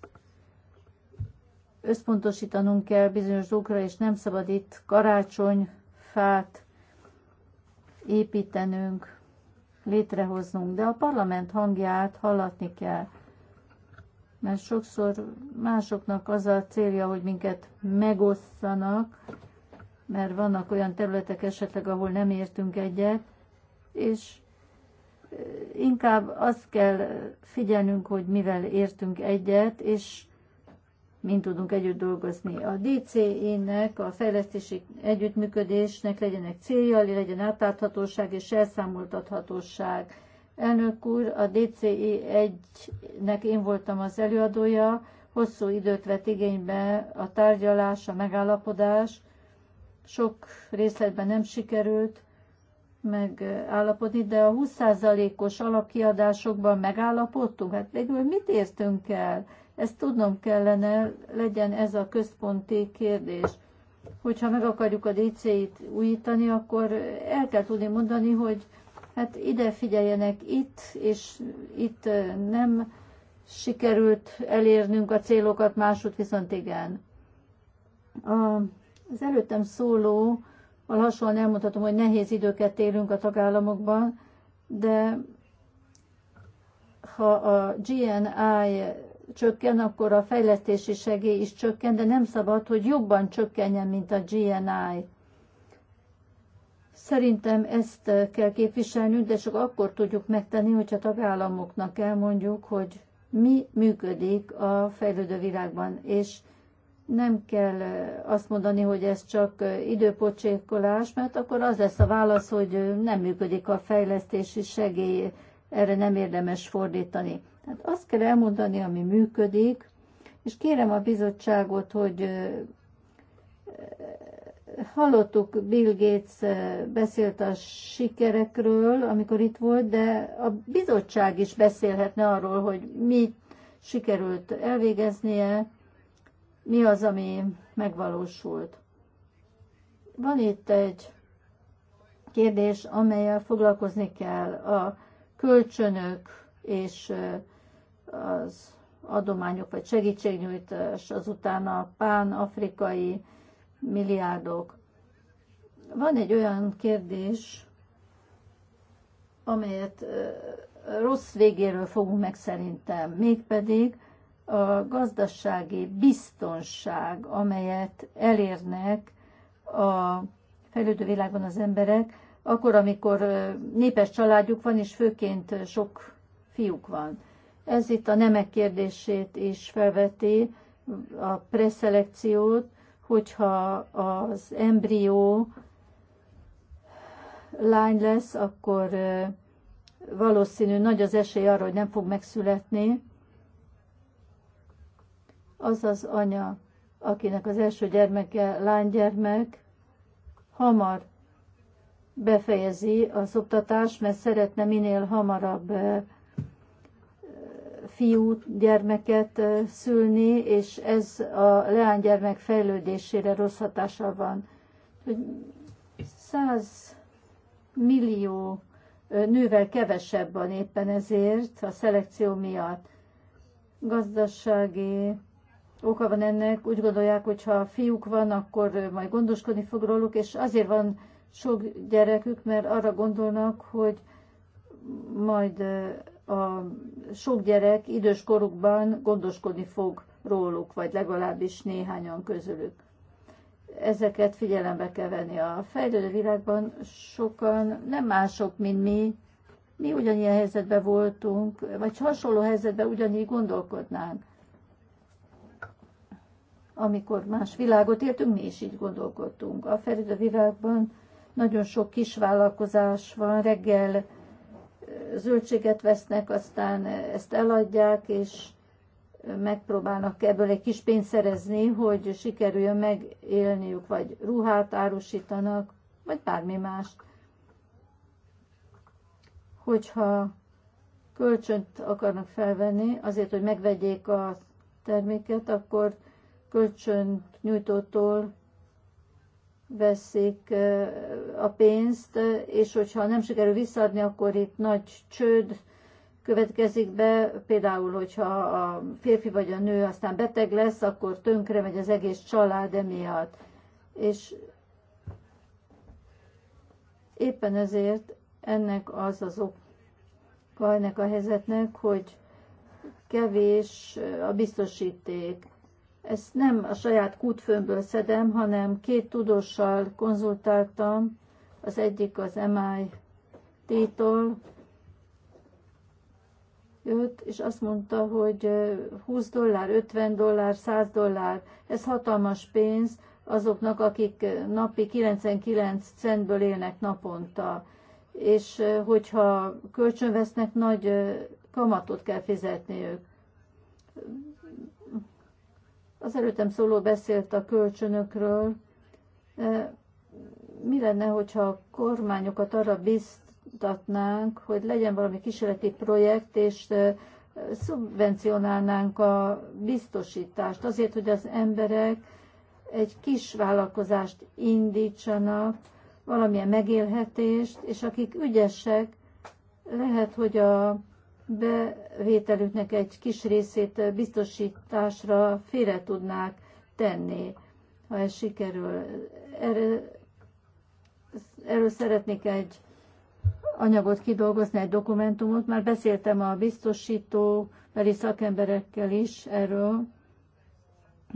összpontosítanunk kell bizonyos dolgokra, és nem szabad itt karácsonyfát építenünk létrehoznunk, de a parlament hangját hallatni kell, mert sokszor másoknak az a célja, hogy minket megosszanak, mert vannak olyan területek esetleg, ahol nem értünk egyet, és eh, inkább azt kell figyelnünk, hogy mivel értünk egyet, és mind tudunk együtt dolgozni. A DCI-nek, a fejlesztési együttműködésnek legyenek célja, legyen átláthatóság és elszámoltathatóság. Elnök úr, a DCI 1-nek e én voltam az előadója, hosszú időt vett igénybe a tárgyalás, a megállapodás, sok részletben nem sikerült megállapodni, de a 20%-os alapkiadásokban megállapodtunk. Hát végül mit értünk el? Ezt tudnom kellene, legyen ez a központi kérdés. Hogyha meg akarjuk a DC-t újítani, akkor el kell tudni mondani, hogy hát ide figyeljenek itt, és itt nem sikerült elérnünk a célokat, másút viszont igen. A, az előttem szóló, hasonlóan elmondhatom, hogy nehéz időket élünk a tagállamokban, de ha a GNI csökken, akkor a fejlesztési segély is csökken, de nem szabad, hogy jobban csökkenjen, mint a GNI. Szerintem ezt kell képviselnünk, de csak akkor tudjuk megtenni, hogyha tagállamoknak elmondjuk, hogy mi működik a fejlődő világban, és nem kell azt mondani, hogy ez csak időpocsékolás, mert akkor az lesz a válasz, hogy nem működik a fejlesztési segély, erre nem érdemes fordítani. Tehát azt kell elmondani, ami működik, és kérem a bizottságot, hogy hallottuk Bill Gates beszélt a sikerekről, amikor itt volt, de a bizottság is beszélhetne arról, hogy mit sikerült elvégeznie, mi az, ami megvalósult. Van itt egy kérdés, amelyel foglalkozni kell a kölcsönök és az adományok vagy segítségnyújtás, azután a pán-afrikai milliárdok. Van egy olyan kérdés, amelyet rossz végéről fogunk meg szerintem, mégpedig a gazdasági biztonság, amelyet elérnek a fejlődő világban az emberek, akkor, amikor népes családjuk van, és főként sok fiúk van. Ez itt a nemek kérdését is felveti, a preszelekciót, hogyha az embrió lány lesz, akkor valószínű nagy az esély arra, hogy nem fog megszületni. Az az anya, akinek az első gyermeke lánygyermek, hamar befejezi az oktatást, mert szeretne minél hamarabb fiú gyermeket szülni, és ez a leánygyermek fejlődésére rossz hatása van. 100 millió nővel kevesebb van éppen ezért a szelekció miatt. Gazdasági oka van ennek, úgy gondolják, hogy ha fiúk van, akkor majd gondoskodni fog róluk, és azért van sok gyerekük, mert arra gondolnak, hogy majd a sok gyerek idős korukban gondoskodni fog róluk, vagy legalábbis néhányan közülük. Ezeket figyelembe kell venni. A fejlődő világban sokan nem mások, mint mi. Mi ugyanilyen helyzetben voltunk, vagy hasonló helyzetben ugyanígy gondolkodnánk. Amikor más világot éltünk, mi is így gondolkodtunk. A fejlődő világban nagyon sok kis vállalkozás van, reggel zöldséget vesznek, aztán ezt eladják, és megpróbálnak ebből egy kis pénzt szerezni, hogy sikerüljön megélniük, vagy ruhát árusítanak, vagy bármi más. Hogyha kölcsönt akarnak felvenni, azért, hogy megvegyék a terméket, akkor kölcsön nyújtótól veszik a pénzt, és hogyha nem sikerül visszaadni, akkor itt nagy csőd következik be, például, hogyha a férfi vagy a nő aztán beteg lesz, akkor tönkre megy az egész család emiatt. És éppen ezért ennek az az oka ennek a helyzetnek, hogy kevés a biztosíték. Ezt nem a saját kútfőmből szedem, hanem két tudossal konzultáltam, az egyik az MIT-tól jött, és azt mondta, hogy 20 dollár, 50 dollár, 100 dollár, ez hatalmas pénz azoknak, akik napi 99 centből élnek naponta. És hogyha kölcsönvesznek, nagy kamatot kell fizetniük az előttem szóló beszélt a kölcsönökről. E, mi lenne, hogyha a kormányokat arra biztatnánk, hogy legyen valami kísérleti projekt, és e, szubvencionálnánk a biztosítást azért, hogy az emberek egy kis vállalkozást indítsanak, valamilyen megélhetést, és akik ügyesek, lehet, hogy a bevételüknek egy kis részét biztosításra félre tudnák tenni, ha ez sikerül. Erről, erről szeretnék egy anyagot kidolgozni, egy dokumentumot. Már beszéltem a biztosító beli szakemberekkel is erről.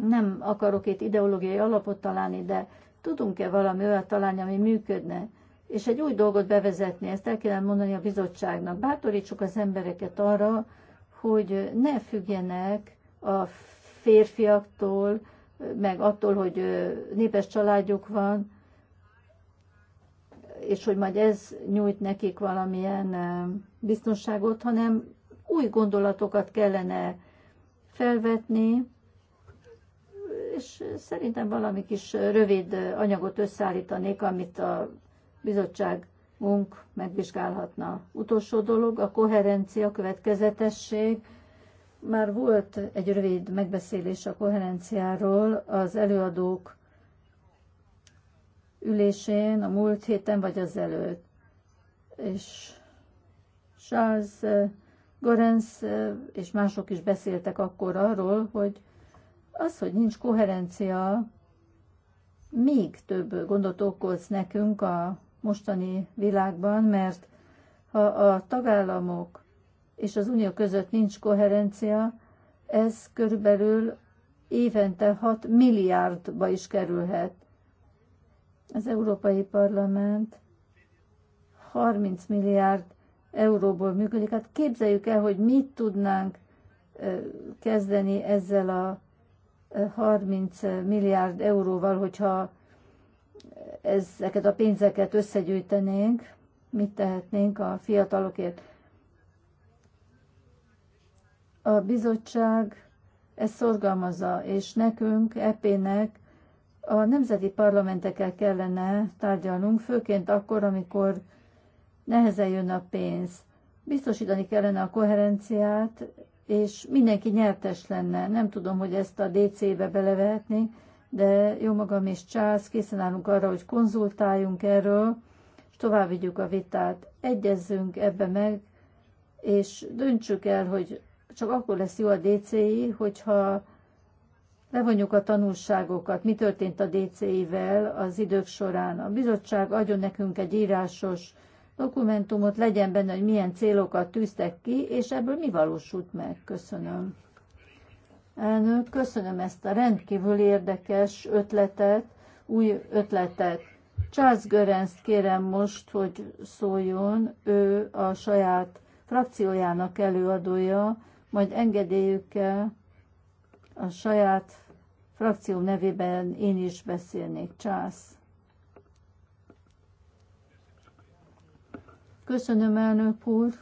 Nem akarok itt ideológiai alapot találni, de tudunk-e valami olyat találni, ami működne? és egy új dolgot bevezetni, ezt el kellene mondani a bizottságnak. Bátorítsuk az embereket arra, hogy ne függjenek a férfiaktól, meg attól, hogy népes családjuk van, és hogy majd ez nyújt nekik valamilyen biztonságot, hanem új gondolatokat kellene felvetni, és szerintem valami kis rövid anyagot összeállítanék, amit a bizottság munk megvizsgálhatna. Utolsó dolog, a koherencia, következetesség. Már volt egy rövid megbeszélés a koherenciáról az előadók ülésén, a múlt héten vagy az előtt. És Charles eh, Gorenz eh, és mások is beszéltek akkor arról, hogy az, hogy nincs koherencia, még több gondot okoz nekünk a mostani világban, mert ha a tagállamok és az unió között nincs koherencia, ez körülbelül évente 6 milliárdba is kerülhet. Az Európai Parlament 30 milliárd euróból működik. Hát képzeljük el, hogy mit tudnánk kezdeni ezzel a 30 milliárd euróval, hogyha ezeket a pénzeket összegyűjtenénk, mit tehetnénk a fiatalokért. A bizottság ezt szorgalmazza, és nekünk, EP-nek a nemzeti parlamentekkel kellene tárgyalnunk, főként akkor, amikor nehezen jön a pénz. Biztosítani kellene a koherenciát, és mindenki nyertes lenne. Nem tudom, hogy ezt a DC-be belevehetnénk, de jó magam és Charles készen állunk arra, hogy konzultáljunk erről, és tovább vigyük a vitát, egyezzünk ebbe meg, és döntsük el, hogy csak akkor lesz jó a DCI, hogyha levonjuk a tanulságokat, mi történt a DCI-vel az idők során. A bizottság adjon nekünk egy írásos dokumentumot, legyen benne, hogy milyen célokat tűztek ki, és ebből mi valósult meg. Köszönöm. Elnök, köszönöm ezt a rendkívül érdekes ötletet, új ötletet. Charles görens kérem most, hogy szóljon, ő a saját frakciójának előadója, majd engedélyükkel a saját frakció nevében én is beszélnék. Charles. Köszönöm, elnök úr.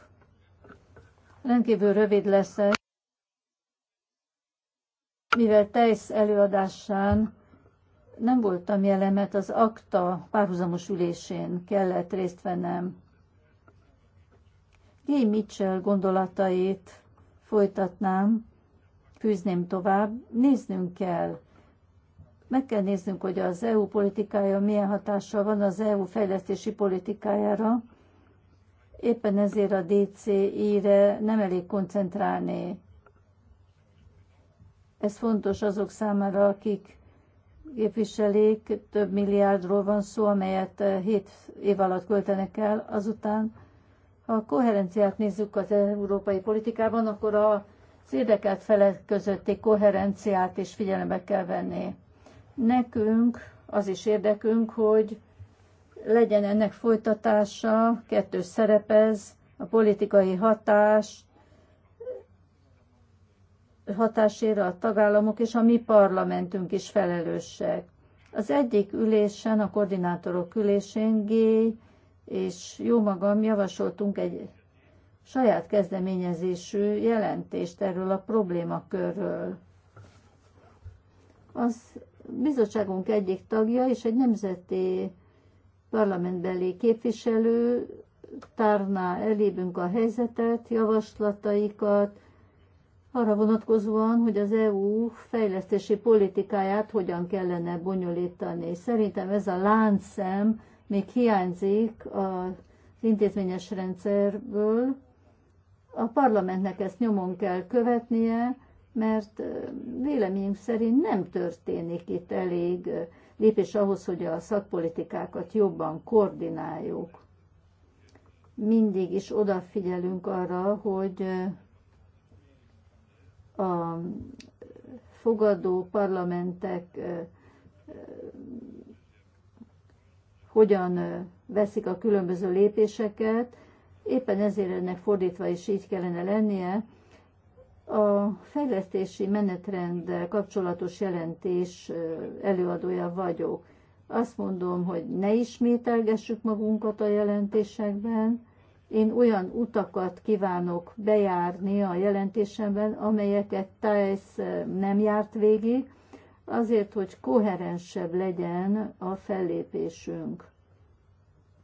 Rendkívül rövid leszek mivel Tejsz előadásán nem voltam jelen, mert az akta párhuzamos ülésén kellett részt vennem. Gay Mitchell gondolatait folytatnám, fűzném tovább. Néznünk kell. Meg kell néznünk, hogy az EU politikája milyen hatással van az EU fejlesztési politikájára. Éppen ezért a DCI-re nem elég koncentrálni ez fontos azok számára, akik képviselik, több milliárdról van szó, amelyet 7 eh, év alatt költenek el, azután ha a koherenciát nézzük az európai politikában, akkor a érdekelt felek közötti koherenciát is figyelembe kell venni. Nekünk az is érdekünk, hogy legyen ennek folytatása, kettős szerepez, a politikai hatás hatásére a tagállamok és a mi parlamentünk is felelősek. Az egyik ülésen, a koordinátorok ülésén G és jó magam javasoltunk egy saját kezdeményezésű jelentést erről a problémakörről. Az bizottságunk egyik tagja és egy nemzeti parlamentbeli képviselő tárná elébünk a helyzetet, javaslataikat, arra vonatkozóan, hogy az EU fejlesztési politikáját hogyan kellene bonyolítani. Szerintem ez a láncszem még hiányzik az intézményes rendszerből. A parlamentnek ezt nyomon kell követnie, mert véleményünk szerint nem történik itt elég lépés ahhoz, hogy a szakpolitikákat jobban koordináljuk. Mindig is odafigyelünk arra, hogy a fogadó parlamentek hogyan veszik a különböző lépéseket, éppen ezért ennek fordítva is így kellene lennie. A fejlesztési menetrend kapcsolatos jelentés előadója vagyok. Azt mondom, hogy ne ismételgessük magunkat a jelentésekben, én olyan utakat kívánok bejárni a jelentésemben, amelyeket Thais eh, nem járt végig, azért, hogy koherensebb legyen a fellépésünk.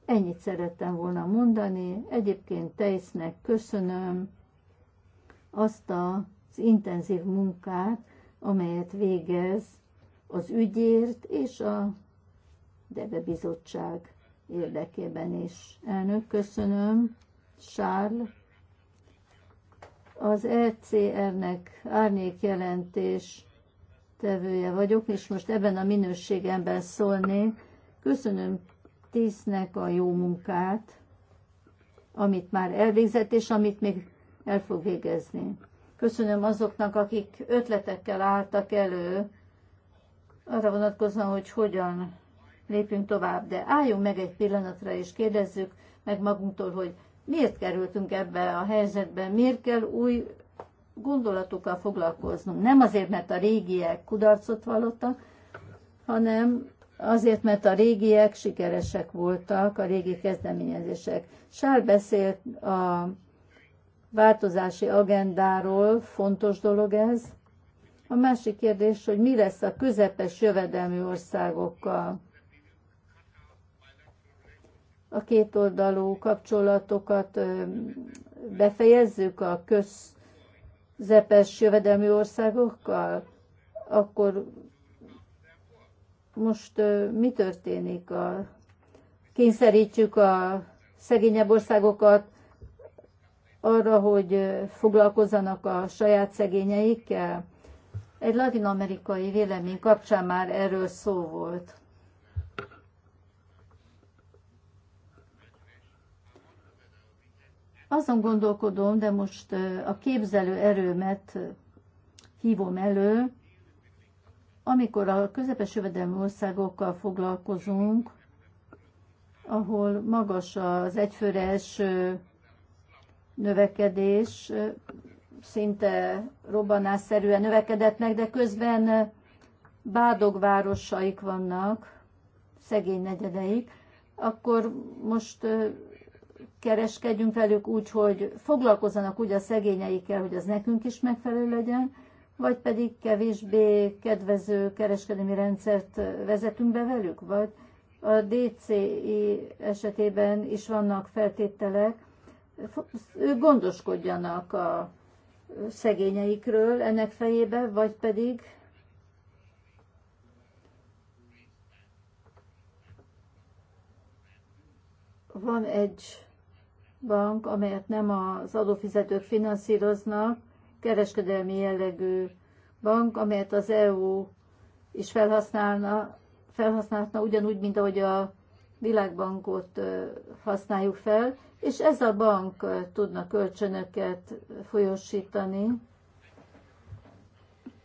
Ennyit szerettem volna mondani. Egyébként Teisznek köszönöm azt az intenzív munkát, amelyet végez az ügyért és a Deve Bizottság érdekében is. Elnök, köszönöm. Sárl. Az ECR-nek árnyék jelentés tevője vagyok, és most ebben a minőségemben szólnék. Köszönöm Tisznek a jó munkát, amit már elvégzett, és amit még el fog végezni. Köszönöm azoknak, akik ötletekkel álltak elő, arra vonatkozóan, hogy hogyan lépjünk tovább. De álljunk meg egy pillanatra, és kérdezzük meg magunktól, hogy miért kerültünk ebbe a helyzetbe, miért kell új gondolatokkal foglalkoznunk. Nem azért, mert a régiek kudarcot vallottak, hanem azért, mert a régiek sikeresek voltak, a régi kezdeményezések. Sár beszélt a változási agendáról, fontos dolog ez. A másik kérdés, hogy mi lesz a közepes jövedelmi országokkal a kétoldalú kapcsolatokat befejezzük a közepes jövedelmi országokkal, akkor most mi történik? A, kényszerítjük a szegényebb országokat arra, hogy foglalkozzanak a saját szegényeikkel. Egy latin-amerikai vélemény kapcsán már erről szó volt. Azon gondolkodom, de most a képzelő erőmet hívom elő, amikor a közepes jövedelmi országokkal foglalkozunk, ahol magas az egyfőre eső növekedés, szinte robbanásszerűen növekedett meg, de közben bádog városaik vannak, szegény negyedeik, akkor most kereskedjünk velük úgy, hogy foglalkozzanak úgy a szegényeikkel, hogy az nekünk is megfelelő legyen, vagy pedig kevésbé kedvező kereskedelmi rendszert vezetünk be velük, vagy a DCI esetében is vannak feltételek, ők gondoskodjanak a szegényeikről ennek fejébe, vagy pedig van egy bank, amelyet nem az adófizetők finanszíroznak, kereskedelmi jellegű bank, amelyet az EU is felhasználna, felhasználhatna ugyanúgy, mint ahogy a világbankot használjuk fel, és ez a bank tudna kölcsönöket folyosítani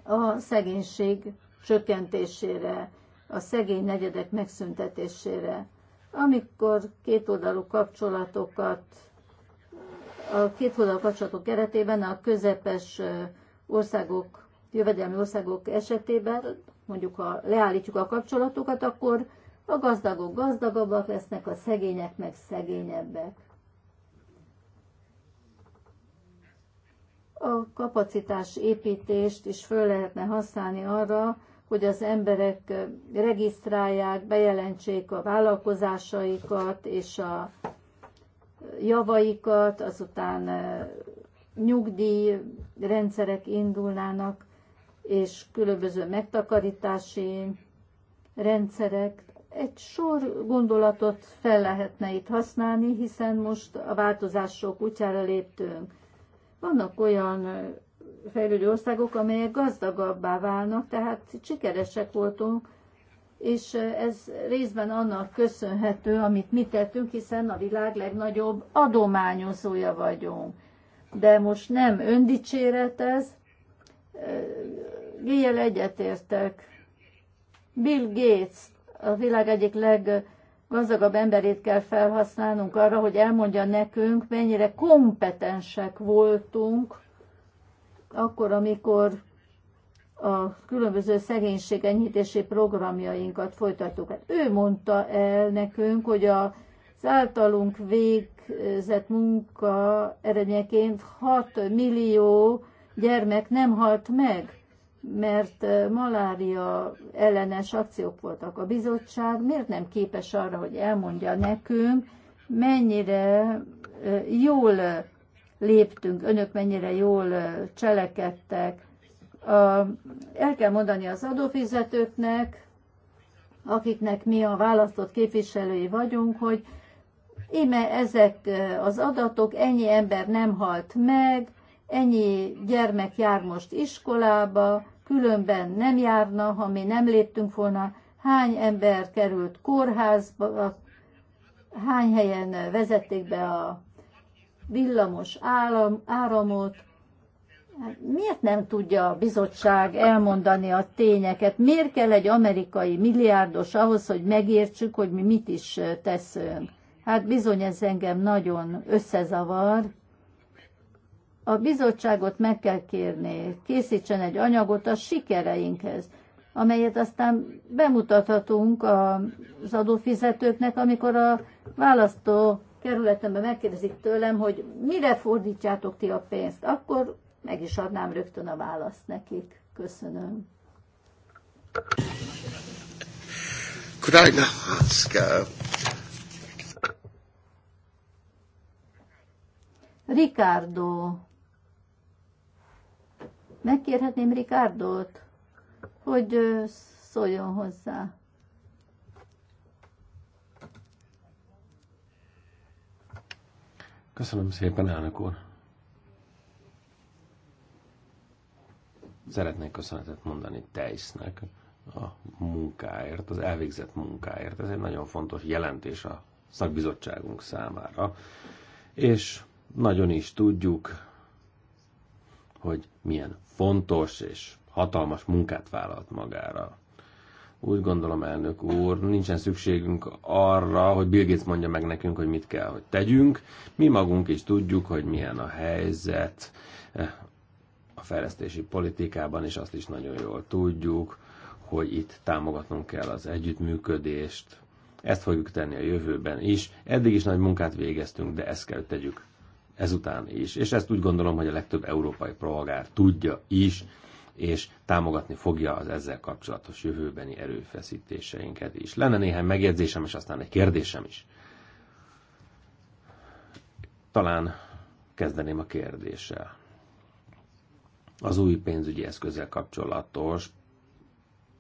a szegénység csökkentésére, a szegény negyedek megszüntetésére. Amikor kétoldalú kapcsolatokat a két oldal kapcsolatok keretében a közepes országok, jövedelmi országok esetében, mondjuk ha leállítjuk a kapcsolatokat, akkor a gazdagok gazdagabbak lesznek, a szegények meg szegényebbek. A kapacitás építést is föl lehetne használni arra, hogy az emberek regisztrálják, bejelentsék a vállalkozásaikat és a javaikat, azután nyugdíjrendszerek indulnának, és különböző megtakarítási rendszerek. Egy sor gondolatot fel lehetne itt használni, hiszen most a változások útjára léptünk. Vannak olyan fejlődő országok, amelyek gazdagabbá válnak, tehát sikeresek voltunk és ez részben annak köszönhető, amit mi tettünk, hiszen a világ legnagyobb adományozója vagyunk. De most nem öndicséret ez, Géjjel egyetértek. Bill Gates, a világ egyik leggazdagabb emberét kell felhasználnunk arra, hogy elmondja nekünk, mennyire kompetensek voltunk akkor, amikor a különböző szegénység enyhítési programjainkat folytattuk. Hát ő mondta el nekünk, hogy a az általunk végzett munka eredményeként 6 millió gyermek nem halt meg, mert malária ellenes akciók voltak. A bizottság miért nem képes arra, hogy elmondja nekünk, mennyire jól léptünk, önök mennyire jól cselekedtek, el kell mondani az adófizetőknek, akiknek mi a választott képviselői vagyunk, hogy íme ezek e, az adatok, ennyi ember nem halt meg, ennyi gyermek jár most iskolába, különben nem járna, ha mi nem léptünk volna, hány ember került kórházba, hány helyen vezették be a villamos áram, áramot, Hát miért nem tudja a bizottság elmondani a tényeket? Miért kell egy amerikai milliárdos ahhoz, hogy megértsük, hogy mi mit is teszünk? Hát bizony ez engem nagyon összezavar. A bizottságot meg kell kérni, készítsen egy anyagot a sikereinkhez, amelyet aztán bemutathatunk az adófizetőknek, amikor a választó kerületemben megkérdezik tőlem, hogy mire fordítjátok ti a pénzt, akkor meg is adnám rögtön a választ nekik. Köszönöm. Ricardo. Megkérhetném Ricardo-t, hogy szóljon hozzá. Köszönöm szépen, elnök úr. Szeretnék köszönetet mondani Teisznek a munkáért, az elvégzett munkáért. Ez egy nagyon fontos jelentés a szakbizottságunk számára. És nagyon is tudjuk, hogy milyen fontos és hatalmas munkát vállalt magára. Úgy gondolom, elnök úr, nincsen szükségünk arra, hogy Bill Gates mondja meg nekünk, hogy mit kell, hogy tegyünk. Mi magunk is tudjuk, hogy milyen a helyzet a fejlesztési politikában, és azt is nagyon jól tudjuk, hogy itt támogatnunk kell az együttműködést. Ezt fogjuk tenni a jövőben is. Eddig is nagy munkát végeztünk, de ezt kell tegyük ezután is. És ezt úgy gondolom, hogy a legtöbb európai polgár tudja is, és támogatni fogja az ezzel kapcsolatos jövőbeni erőfeszítéseinket is. Lenne néhány megjegyzésem, és aztán egy kérdésem is. Talán kezdeném a kérdéssel az új pénzügyi eszközzel kapcsolatos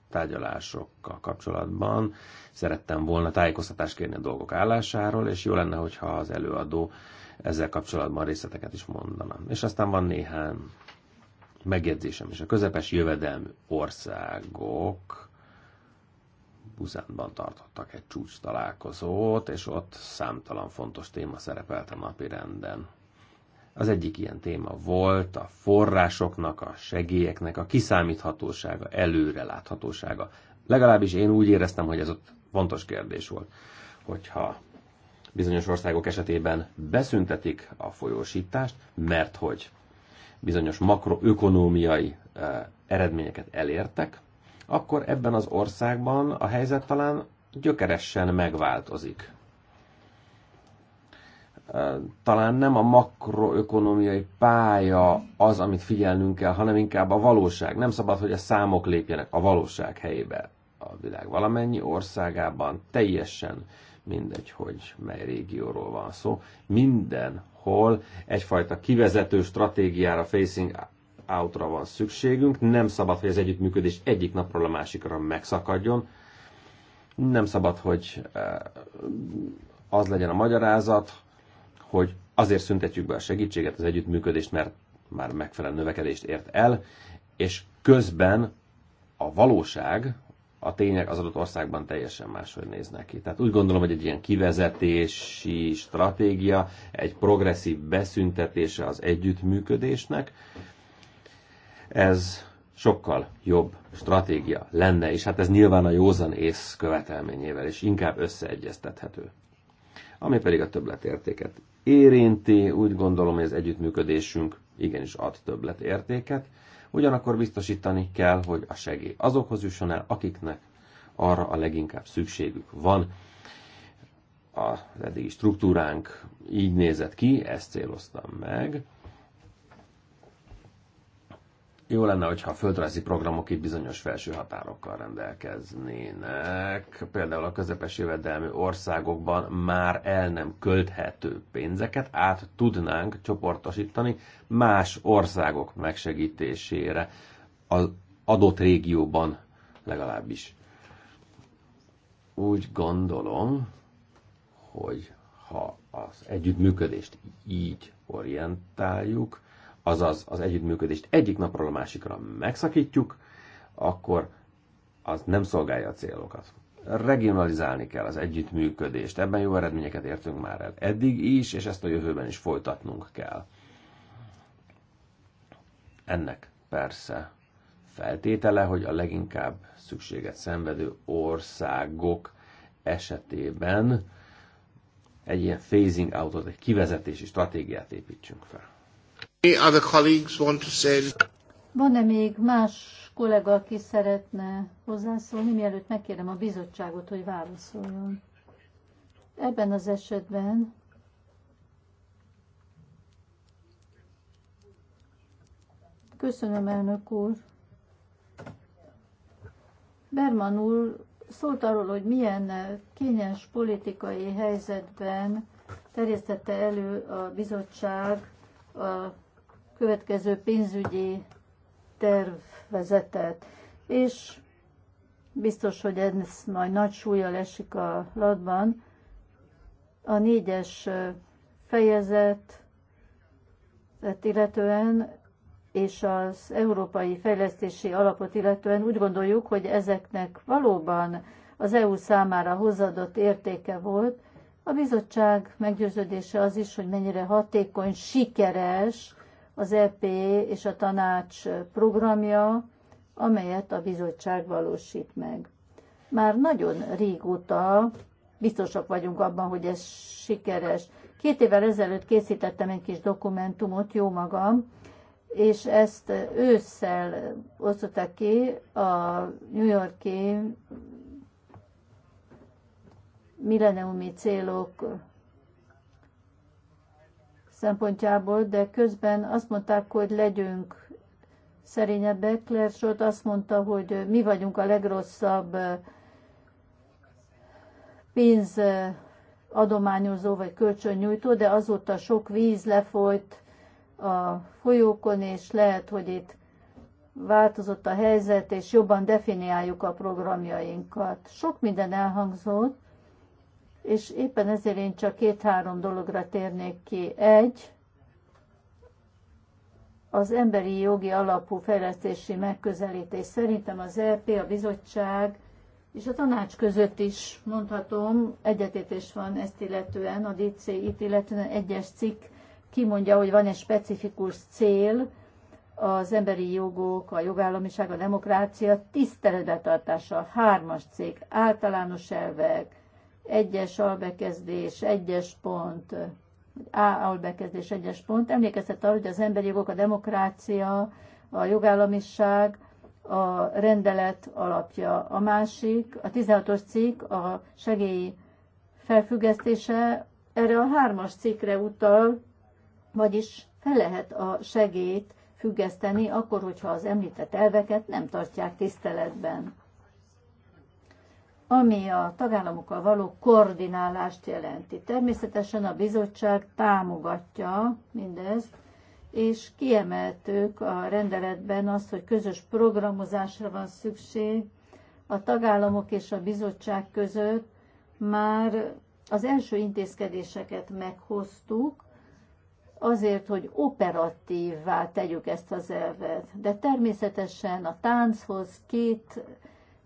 tárgyalásokkal kapcsolatban szerettem volna tájékoztatást kérni a dolgok állásáról, és jó lenne, hogyha az előadó ezzel kapcsolatban részleteket is mondana. És aztán van néhány megjegyzésem is. A közepes jövedelmű országok Buzánban tartottak egy csúcs találkozót, és ott számtalan fontos téma szerepelt a napi renden. Az egyik ilyen téma volt a forrásoknak, a segélyeknek a kiszámíthatósága, előreláthatósága. Legalábbis én úgy éreztem, hogy ez ott fontos kérdés volt, hogyha bizonyos országok esetében beszüntetik a folyósítást, mert hogy bizonyos makroökonómiai eredményeket elértek, akkor ebben az országban a helyzet talán gyökeresen megváltozik talán nem a makroökonomiai pálya az, amit figyelnünk kell, hanem inkább a valóság. Nem szabad, hogy a számok lépjenek a valóság helyébe. A világ valamennyi országában teljesen mindegy, hogy mely régióról van szó. Mindenhol egyfajta kivezető stratégiára, facing outra van szükségünk. Nem szabad, hogy az együttműködés egyik napról a másikra megszakadjon. Nem szabad, hogy az legyen a magyarázat, hogy azért szüntetjük be a segítséget, az együttműködést, mert már megfelelő növekedést ért el, és közben a valóság, a tények az adott országban teljesen máshogy néznek ki. Tehát úgy gondolom, hogy egy ilyen kivezetési stratégia, egy progresszív beszüntetése az együttműködésnek, ez sokkal jobb stratégia lenne, és hát ez nyilván a józan ész követelményével, is inkább összeegyeztethető. Ami pedig a többletértéket érinti, úgy gondolom, hogy az együttműködésünk igenis ad többlet értéket, ugyanakkor biztosítani kell, hogy a segély azokhoz jusson el, akiknek arra a leginkább szükségük van. Az eddigi struktúránk így nézett ki, ezt céloztam meg, jó lenne, hogyha a földrajzi programok itt bizonyos felső határokkal rendelkeznének. Például a közepes jövedelmű országokban már el nem költhető pénzeket át tudnánk csoportosítani más országok megsegítésére az adott régióban legalábbis. Úgy gondolom, hogy ha az együttműködést így orientáljuk, azaz az együttműködést egyik napról a másikra megszakítjuk, akkor az nem szolgálja a célokat. Regionalizálni kell az együttműködést, ebben jó eredményeket értünk már el eddig is, és ezt a jövőben is folytatnunk kell. Ennek persze feltétele, hogy a leginkább szükséget szenvedő országok esetében egy ilyen phasing outot, egy kivezetési stratégiát építsünk fel. Van-e még más kollega, aki szeretne hozzászólni, mielőtt megkérem a bizottságot, hogy válaszoljon? Ebben az esetben Köszönöm, elnök úr. Berman úr szólt arról, hogy milyen kényes politikai helyzetben terjesztette elő a bizottság a következő pénzügyi tervezetet, és biztos, hogy ez majd nagy súlyjal esik a latban. A négyes fejezet illetően és az Európai Fejlesztési Alapot illetően úgy gondoljuk, hogy ezeknek valóban az EU számára hozadott értéke volt. A bizottság meggyőződése az is, hogy mennyire hatékony, sikeres az EP és a tanács programja, amelyet a bizottság valósít meg. Már nagyon régóta biztosak vagyunk abban, hogy ez sikeres. Két évvel ezelőtt készítettem egy kis dokumentumot, jó magam, és ezt ősszel osztották ki a New Yorki Millenniumi célok szempontjából, de közben azt mondták, hogy legyünk szerényebbek. Claire azt mondta, hogy mi vagyunk a legrosszabb eh, pénzadományozó eh, vagy kölcsönnyújtó, de azóta sok víz lefolyt a folyókon, és lehet, hogy itt változott a helyzet, és jobban definiáljuk a programjainkat. Sok minden elhangzott, és éppen ezért én csak két-három dologra térnék ki. Egy, az emberi jogi alapú fejlesztési megközelítés. Szerintem az EP, a bizottság és a tanács között is mondhatom, egyetétés van ezt illetően, a dc itt illetően egyes cikk kimondja, hogy van egy specifikus cél, az emberi jogok, a jogállamiság, a demokrácia tiszteletbetartása, hármas cég, általános elvek, egyes albekezdés, egyes pont, A albekezdés, egyes pont emlékeztet arra, hogy az emberi jogok, a demokrácia, a jogállamiság, a rendelet alapja. A másik, a 16-os cikk, a segély felfüggesztése, erre a hármas cikkre utal, vagyis fel lehet a segélyt függeszteni akkor, hogyha az említett elveket nem tartják tiszteletben ami a tagállamokkal való koordinálást jelenti. Természetesen a bizottság támogatja mindezt, és kiemeltük a rendeletben azt, hogy közös programozásra van szükség a tagállamok és a bizottság között. Már az első intézkedéseket meghoztuk, azért, hogy operatívvá tegyük ezt az elvet. De természetesen a tánchoz két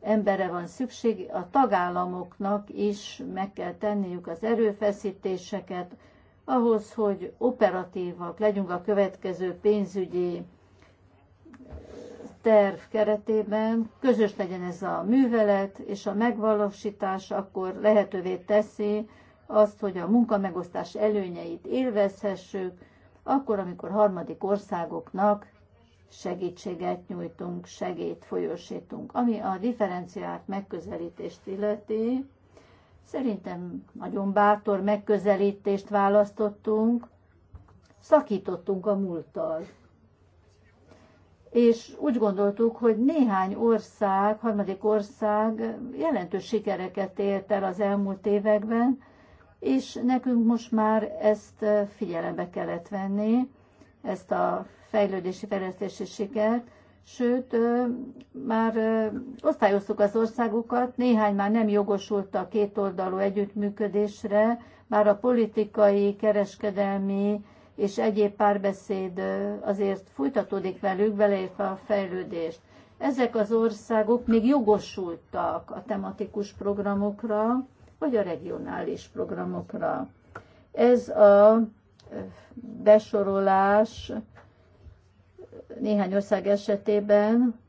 emberre van szükség, a tagállamoknak is meg kell tenniük az erőfeszítéseket, ahhoz, hogy operatívak legyünk a következő pénzügyi terv keretében, közös legyen ez a művelet, és a megvalósítás akkor lehetővé teszi azt, hogy a munkamegosztás előnyeit élvezhessük, akkor, amikor harmadik országoknak segítséget nyújtunk, segít folyósítunk. Ami a differenciált megközelítést illeti, szerintem nagyon bátor megközelítést választottunk, szakítottunk a múlttal. És úgy gondoltuk, hogy néhány ország, harmadik ország jelentős sikereket ért el az elmúlt években, és nekünk most már ezt figyelembe kellett venni, ezt a fejlődési, fejlesztési sikert, sőt, már osztályoztuk az országokat, néhány már nem jogosult a kétoldalú együttműködésre, már a politikai, kereskedelmi és egyéb párbeszéd azért folytatódik velük, beleértve a fejlődést. Ezek az országok még jogosultak a tematikus programokra, vagy a regionális programokra. Ez a besorolás néhány ország esetében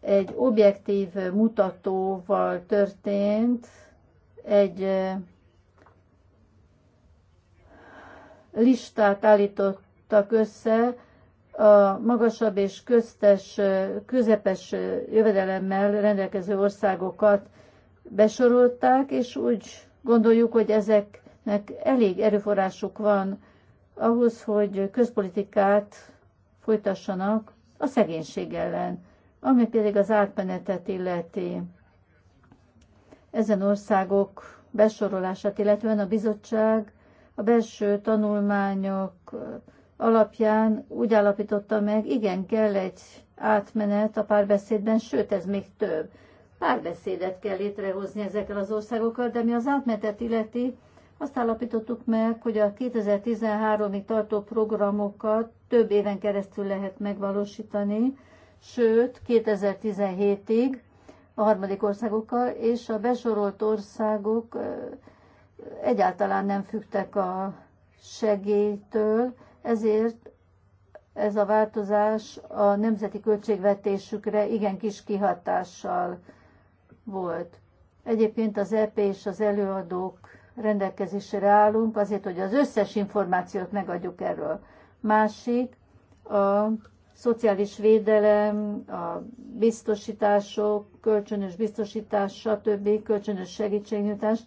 egy objektív mutatóval történt, egy listát állítottak össze a magasabb és köztes, közepes jövedelemmel rendelkező országokat besorolták, és úgy gondoljuk, hogy ezek nek elég erőforrásuk van ahhoz, hogy közpolitikát folytassanak a szegénység ellen, ami pedig az átmenetet illeti. Ezen országok besorolását illetően a bizottság a belső tanulmányok alapján úgy állapította meg, igen, kell egy átmenet a párbeszédben, sőt, ez még több. Párbeszédet kell létrehozni ezekkel az országokkal, de mi az átmenetet illeti, azt állapítottuk meg, hogy a 2013-ig tartó programokat több éven keresztül lehet megvalósítani, sőt 2017-ig a harmadik országokkal, és a besorolt országok egyáltalán nem fügtek a segélytől, ezért ez a változás a nemzeti költségvetésükre igen kis kihatással volt. Egyébként az EP és az előadók rendelkezésre állunk, azért, hogy az összes információt megadjuk erről. Másik, a szociális védelem, a biztosítások, kölcsönös biztosítás, stb., kölcsönös segítségnyújtás.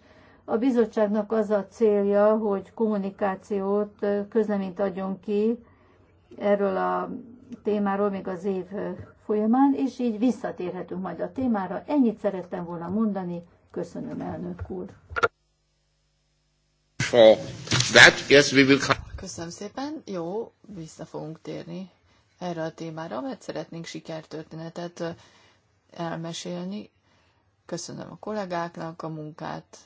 A bizottságnak az a célja, hogy kommunikációt, közleményt adjon ki erről a témáról még az év folyamán, és így visszatérhetünk majd a témára. Ennyit szerettem volna mondani. Köszönöm, elnök úr! for that. Yes, we will come. Köszönöm szépen. Jó, vissza fogunk térni erre a témára, mert szeretnénk sikertörténetet elmesélni. Köszönöm a kollégáknak a munkát.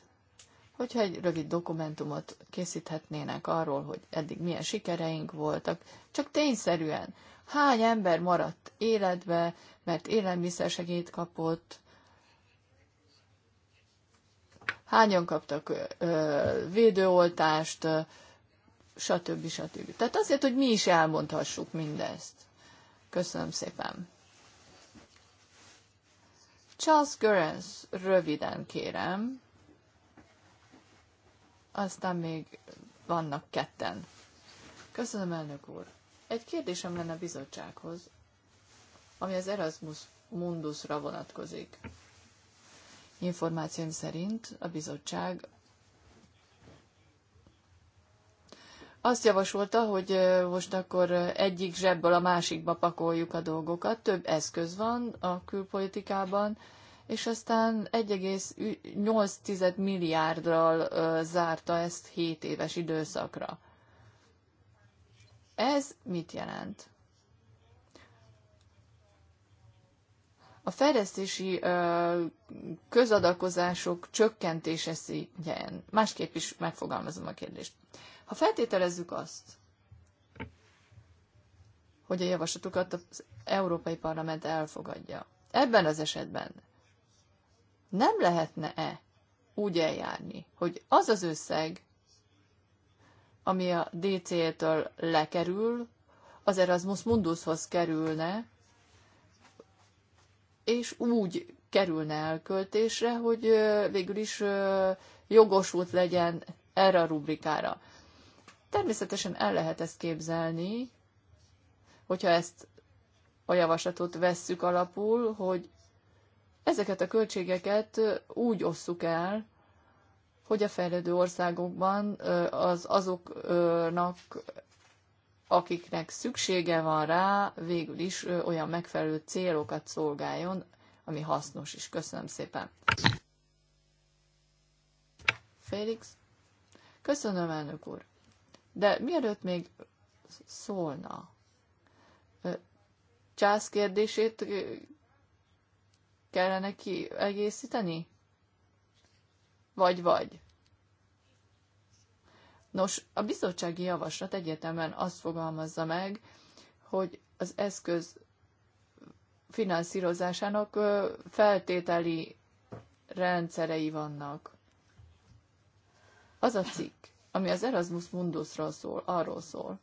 Hogyha egy rövid dokumentumot készíthetnének arról, hogy eddig milyen sikereink voltak, csak tényszerűen hány ember maradt életbe, mert élelmiszersegélyt kapott, hányan kaptak védőoltást, stb. stb. Tehát azért, hogy mi is elmondhassuk mindezt. Köszönöm szépen. Charles Görens, röviden kérem. Aztán még vannak ketten. Köszönöm, elnök úr. Egy kérdésem lenne a bizottsághoz, ami az Erasmus Mundusra vonatkozik. Információim szerint a bizottság azt javasolta, hogy most akkor egyik zsebből a másikba pakoljuk a dolgokat. Több eszköz van a külpolitikában, és aztán 1,8 milliárdral zárta ezt 7 éves időszakra. Ez mit jelent? a fejlesztési közadakozások csökkentése szintjén. Másképp is megfogalmazom a kérdést. Ha feltételezzük azt, hogy a javaslatukat az Európai Parlament elfogadja, ebben az esetben nem lehetne-e úgy eljárni, hogy az az összeg, ami a DC-től lekerül, az Erasmus Mundushoz kerülne, és úgy kerülne elköltésre, hogy végül is jogosult legyen erre a rubrikára. Természetesen el lehet ezt képzelni, hogyha ezt a javaslatot vesszük alapul, hogy ezeket a költségeket úgy osszuk el, hogy a fejlődő országokban az azoknak akiknek szüksége van rá, végül is olyan megfelelő célokat szolgáljon, ami hasznos is. Köszönöm szépen. Félix? Köszönöm, elnök úr. De mielőtt még szólna, Csász kérdését kellene kiegészíteni? Vagy-vagy. Nos, a bizottsági javaslat egyetemen azt fogalmazza meg, hogy az eszköz finanszírozásának feltételi rendszerei vannak. Az a cikk, ami az Erasmus Mundusról szól, arról szól,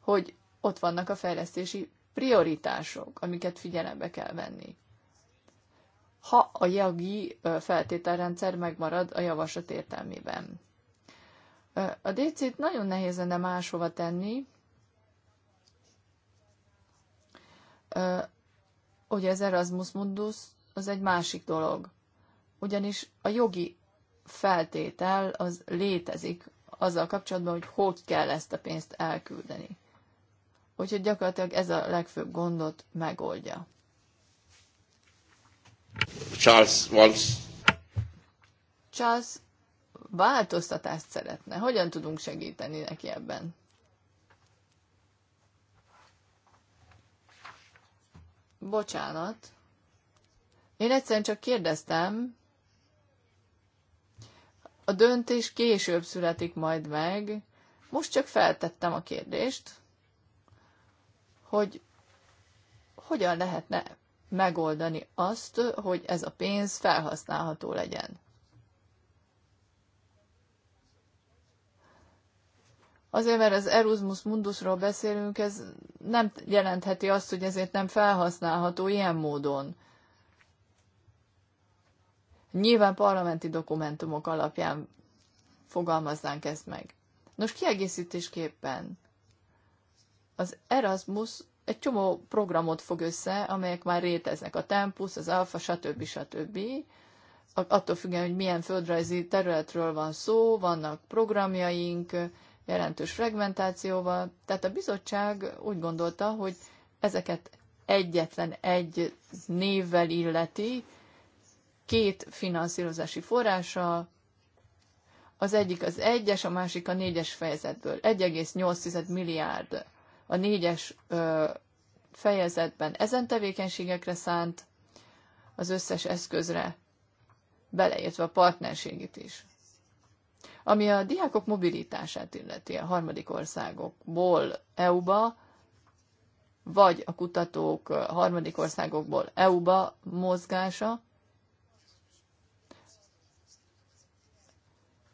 hogy ott vannak a fejlesztési prioritások, amiket figyelembe kell venni. Ha a jagi feltételrendszer megmarad a javaslat értelmében. A DC-t nagyon nehéz lenne máshova tenni, ugye az Erasmus Mundus az egy másik dolog. Ugyanis a jogi feltétel az létezik azzal kapcsolatban, hogy hogy kell ezt a pénzt elküldeni. Úgyhogy gyakorlatilag ez a legfőbb gondot megoldja. Charles Walsh. Charles változtatást szeretne. Hogyan tudunk segíteni neki ebben? Bocsánat. Én egyszerűen csak kérdeztem, a döntés később születik majd meg. Most csak feltettem a kérdést, hogy hogyan lehetne megoldani azt, hogy ez a pénz felhasználható legyen. Azért, mert az Erasmus Mundusról beszélünk, ez nem jelentheti azt, hogy ezért nem felhasználható ilyen módon. Nyilván parlamenti dokumentumok alapján fogalmaznánk ezt meg. Nos, kiegészítésképpen az Erasmus egy csomó programot fog össze, amelyek már réteznek. A Tempus, az Alfa, stb. stb. Attól függően, hogy milyen földrajzi területről van szó, vannak programjaink, jelentős fragmentációval. Tehát a bizottság úgy gondolta, hogy ezeket egyetlen egy névvel illeti, két finanszírozási forrása, az egyik az egyes, a másik a négyes fejezetből. 1,8 milliárd a négyes fejezetben ezen tevékenységekre szánt, az összes eszközre, beleértve a partnerségét is. Ami a diákok mobilitását illeti a harmadik országokból EU-ba, vagy a kutatók harmadik országokból EU-ba mozgása,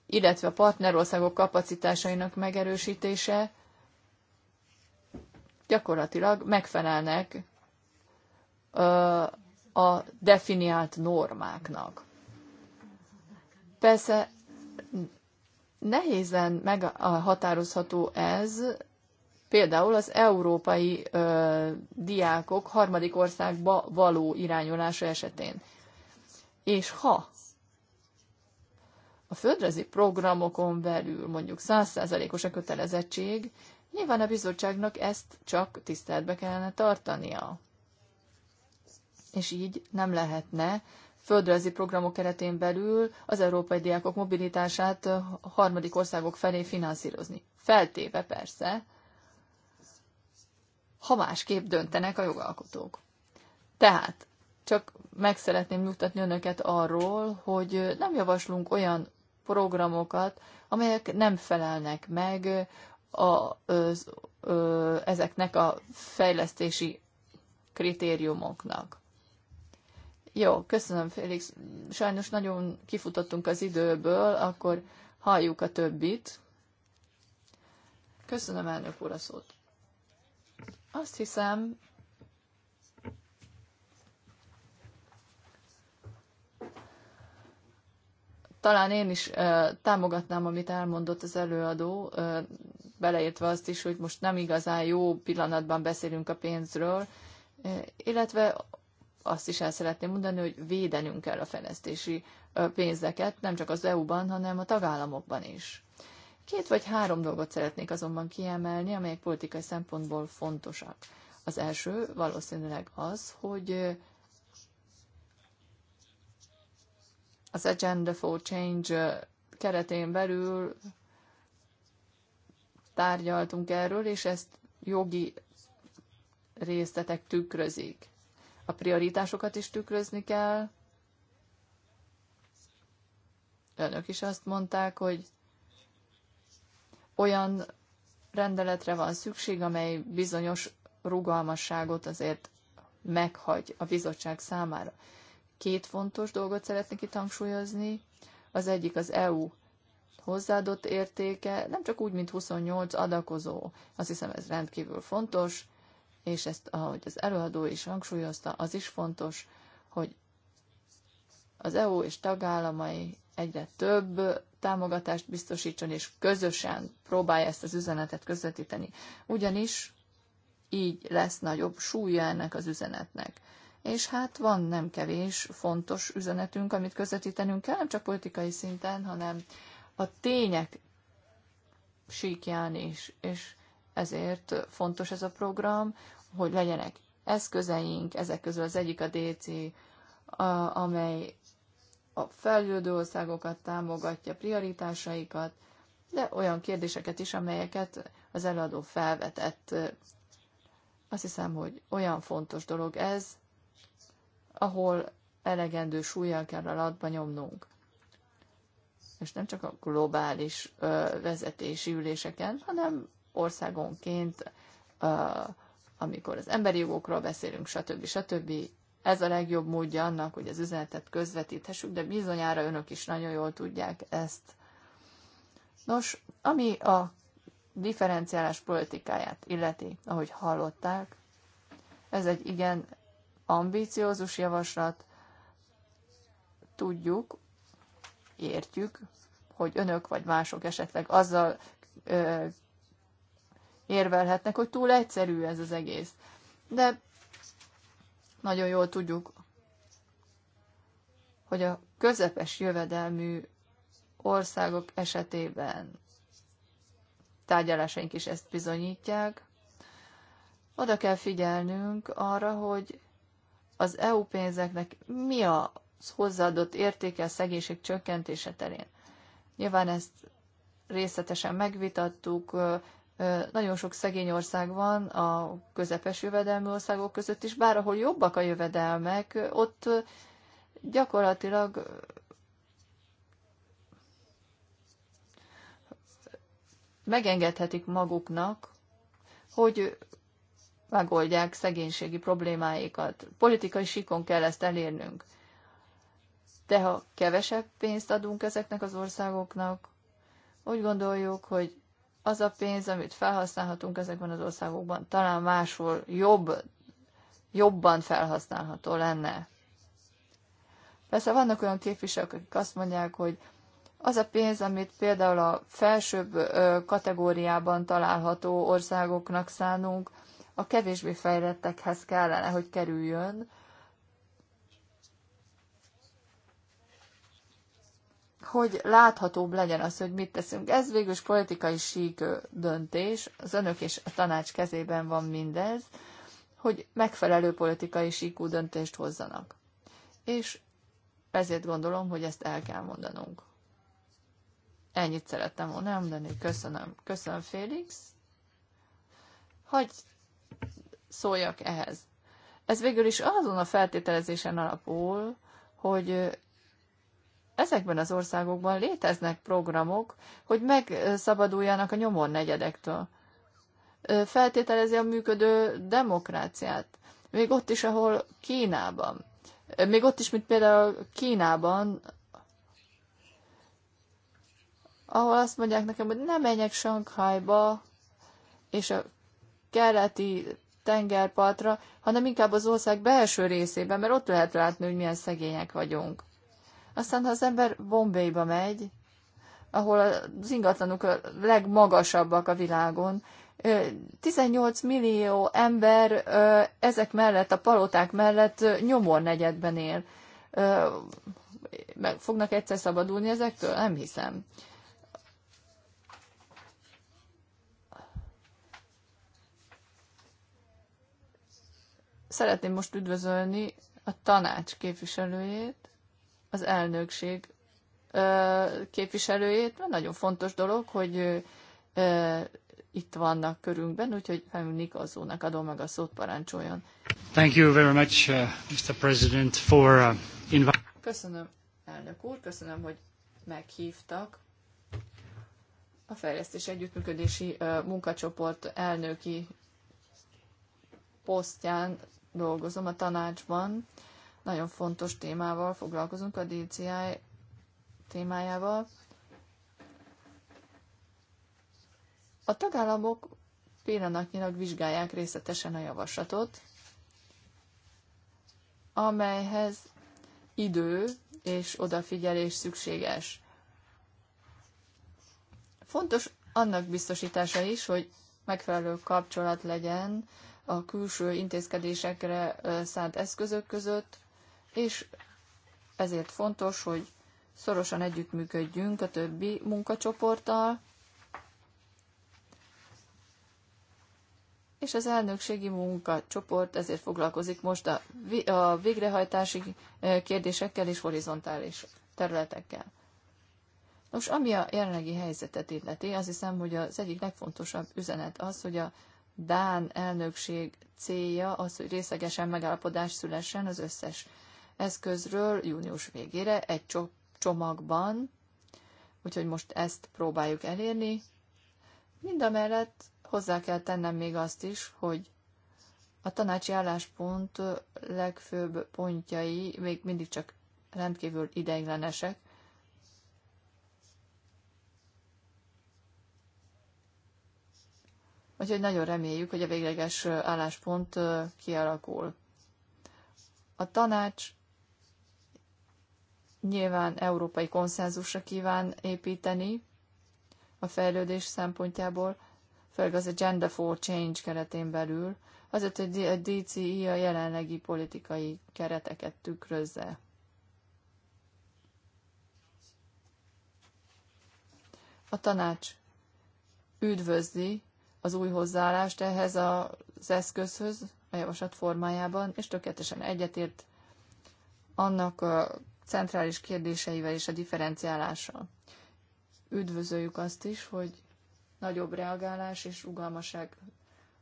illetve a partnerországok kapacitásainak megerősítése gyakorlatilag megfelelnek a definiált normáknak. Persze nehézen meghatározható ez, például az európai ö, diákok harmadik országba való irányolása esetén. És ha a földrezi programokon belül mondjuk 100%-os a kötelezettség, nyilván a bizottságnak ezt csak tiszteletbe kellene tartania. És így nem lehetne földrajzi programok keretén belül az európai diákok mobilitását harmadik országok felé finanszírozni. Feltéve persze, ha másképp döntenek a jogalkotók. Tehát csak meg szeretném nyugtatni önöket arról, hogy nem javaslunk olyan programokat, amelyek nem felelnek meg a, az, ö, ezeknek a fejlesztési kritériumoknak. Jó, köszönöm, Félix. Sajnos nagyon kifutottunk az időből, akkor halljuk a többit. Köszönöm, elnök úr, a szót. Azt hiszem, talán én is ö, támogatnám, amit elmondott az előadó, ö, beleértve azt is, hogy most nem igazán jó pillanatban beszélünk a pénzről, illetve azt is el szeretném mondani, hogy védenünk kell a fejlesztési pénzeket, nem csak az EU-ban, hanem a tagállamokban is. Két vagy három dolgot szeretnék azonban kiemelni, amelyek politikai szempontból fontosak. Az első valószínűleg az, hogy az Agenda for Change keretén belül tárgyaltunk erről, és ezt jogi részletek tükrözik a prioritásokat is tükrözni kell. Önök is azt mondták, hogy olyan rendeletre van szükség, amely bizonyos rugalmasságot azért meghagy a bizottság számára. Két fontos dolgot szeretnék itt hangsúlyozni. Az egyik az EU hozzáadott értéke, nem csak úgy, mint 28 adakozó. Azt hiszem, ez rendkívül fontos és ezt, ahogy az előadó is hangsúlyozta, az is fontos, hogy az EU és tagállamai egyre több támogatást biztosítson, és közösen próbálja ezt az üzenetet közvetíteni. Ugyanis így lesz nagyobb súlya ennek az üzenetnek. És hát van nem kevés fontos üzenetünk, amit közvetítenünk kell, nem csak politikai szinten, hanem a tények síkján is. És ezért fontos ez a program, hogy legyenek eszközeink, ezek közül az egyik a DC, a, amely a fejlődő országokat támogatja, prioritásaikat, de olyan kérdéseket is, amelyeket az előadó felvetett. Azt hiszem, hogy olyan fontos dolog ez, ahol elegendő súlyjal kell alatba nyomnunk. És nem csak a globális ö, vezetési üléseken, hanem országonként ö, amikor az emberi jogokról beszélünk, stb. stb. Ez a legjobb módja annak, hogy az üzenetet közvetíthessük, de bizonyára önök is nagyon jól tudják ezt. Nos, ami a differenciálás politikáját illeti, ahogy hallották, ez egy igen ambíciózus javaslat. Tudjuk, értjük, hogy önök vagy mások esetleg azzal ö, érvelhetnek, hogy túl egyszerű ez az egész. De nagyon jól tudjuk, hogy a közepes jövedelmű országok esetében tárgyalásaink is ezt bizonyítják, oda kell figyelnünk arra, hogy az EU pénzeknek mi a hozzáadott értéke a szegénység csökkentése terén. Nyilván ezt részletesen megvitattuk, nagyon sok szegény ország van a közepes jövedelmi országok között is, bár ahol jobbak a jövedelmek, ott gyakorlatilag megengedhetik maguknak, hogy megoldják szegénységi problémáikat. Politikai sikon kell ezt elérnünk. De ha kevesebb pénzt adunk ezeknek az országoknak, úgy gondoljuk, hogy az a pénz, amit felhasználhatunk ezekben az országokban, talán máshol jobb, jobban felhasználható lenne. Persze vannak olyan képviselők, akik azt mondják, hogy az a pénz, amit például a felsőbb kategóriában található országoknak szánunk, a kevésbé fejlettekhez kellene, hogy kerüljön, hogy láthatóbb legyen az, hogy mit teszünk. Ez végül is politikai sík döntés, az önök és a tanács kezében van mindez, hogy megfelelő politikai síkú döntést hozzanak. És ezért gondolom, hogy ezt el kell mondanunk. Ennyit szerettem volna elmondani. Köszönöm. Köszönöm, Félix. Hogy szóljak ehhez. Ez végül is azon a feltételezésen alapul, hogy ezekben az országokban léteznek programok, hogy megszabaduljanak a nyomor negyedektől. Feltételezi a működő demokráciát. Még ott is, ahol Kínában. Még ott is, mint például Kínában, ahol azt mondják nekem, hogy nem menjek Sankhájba és a keleti tengerpartra, hanem inkább az ország belső részében, mert ott lehet látni, hogy milyen szegények vagyunk. Aztán, ha az ember Bombayba megy, ahol az ingatlanok a legmagasabbak a világon, 18 millió ember ezek mellett, a paloták mellett nyomor negyedben él. Meg fognak egyszer szabadulni ezektől? Nem hiszem. Szeretném most üdvözölni a tanács képviselőjét az elnökség képviselőjét, mert nagyon fontos dolog, hogy itt vannak körünkben, úgyhogy Femű Nikolzónak adom meg a szót, parancsoljon. Thank you very much, uh, Mr. President, for uh, Köszönöm, elnök úr, köszönöm, hogy meghívtak. A fejlesztés együttműködési uh, munkacsoport elnöki posztján dolgozom a tanácsban. Uh, nagyon fontos témával foglalkozunk, a DCI témájával. A tagállamok pillanatnyilag vizsgálják részletesen a javaslatot, amelyhez idő és odafigyelés szükséges. Fontos annak biztosítása is, hogy megfelelő kapcsolat legyen a külső intézkedésekre szánt eszközök között, és ezért fontos, hogy szorosan együttműködjünk a többi munkacsoporttal, és az elnökségi munkacsoport ezért foglalkozik most a, a végrehajtási eh, kérdésekkel és horizontális területekkel. Nos, ami a jelenlegi helyzetet illeti, azt hiszem, hogy az egyik legfontosabb üzenet az, hogy a Dán elnökség célja az, hogy részlegesen megállapodás szülessen az összes eszközről június végére egy csomagban, úgyhogy most ezt próbáljuk elérni. Mindamellett hozzá kell tennem még azt is, hogy a tanácsi álláspont legfőbb pontjai még mindig csak rendkívül ideiglenesek, Úgyhogy nagyon reméljük, hogy a végleges álláspont kialakul. A tanács nyilván európai konszenzusra kíván építeni a fejlődés szempontjából, főleg az Agenda for Change keretén belül, azért, hogy a DCI e a jelenlegi politikai kereteket tükrözze. A tanács üdvözli az új hozzáállást ehhez az eszközhöz a javaslat formájában, és tökéletesen egyetért annak centrális kérdéseivel és a differenciálással. Üdvözöljük azt is, hogy nagyobb reagálás és rugalmaság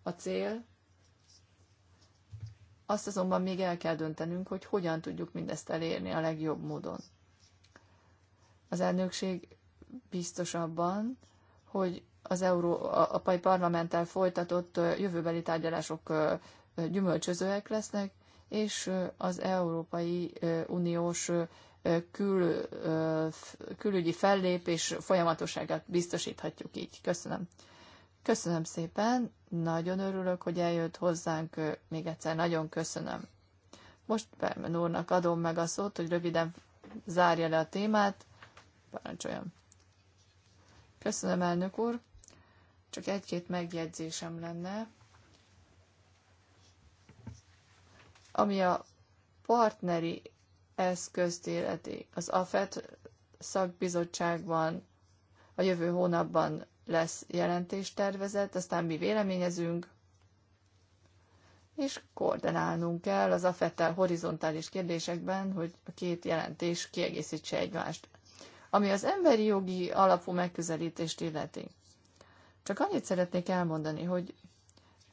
a cél. Azt azonban még el kell döntenünk, hogy hogyan tudjuk mindezt elérni a legjobb módon. Az elnökség biztos abban, hogy az a a Parlamenttel folytatott jövőbeli tárgyalások gyümölcsözőek lesznek, és az Európai Uniós kül, külügyi fellépés folyamatosságát biztosíthatjuk így. Köszönöm. Köszönöm szépen, nagyon örülök, hogy eljött hozzánk, még egyszer nagyon köszönöm. Most Bermen úrnak adom meg a szót, hogy röviden zárja le a témát. Parancsoljon. Köszönöm, elnök úr. Csak egy-két megjegyzésem lenne. Ami a partneri eszközt életi. az AFET szakbizottságban a jövő hónapban lesz jelentéstervezet, aztán mi véleményezünk, és koordinálnunk kell az AFET-tel horizontális kérdésekben, hogy a két jelentés kiegészítse egymást. Ami az emberi jogi alapú megközelítést illeti. Csak annyit szeretnék elmondani, hogy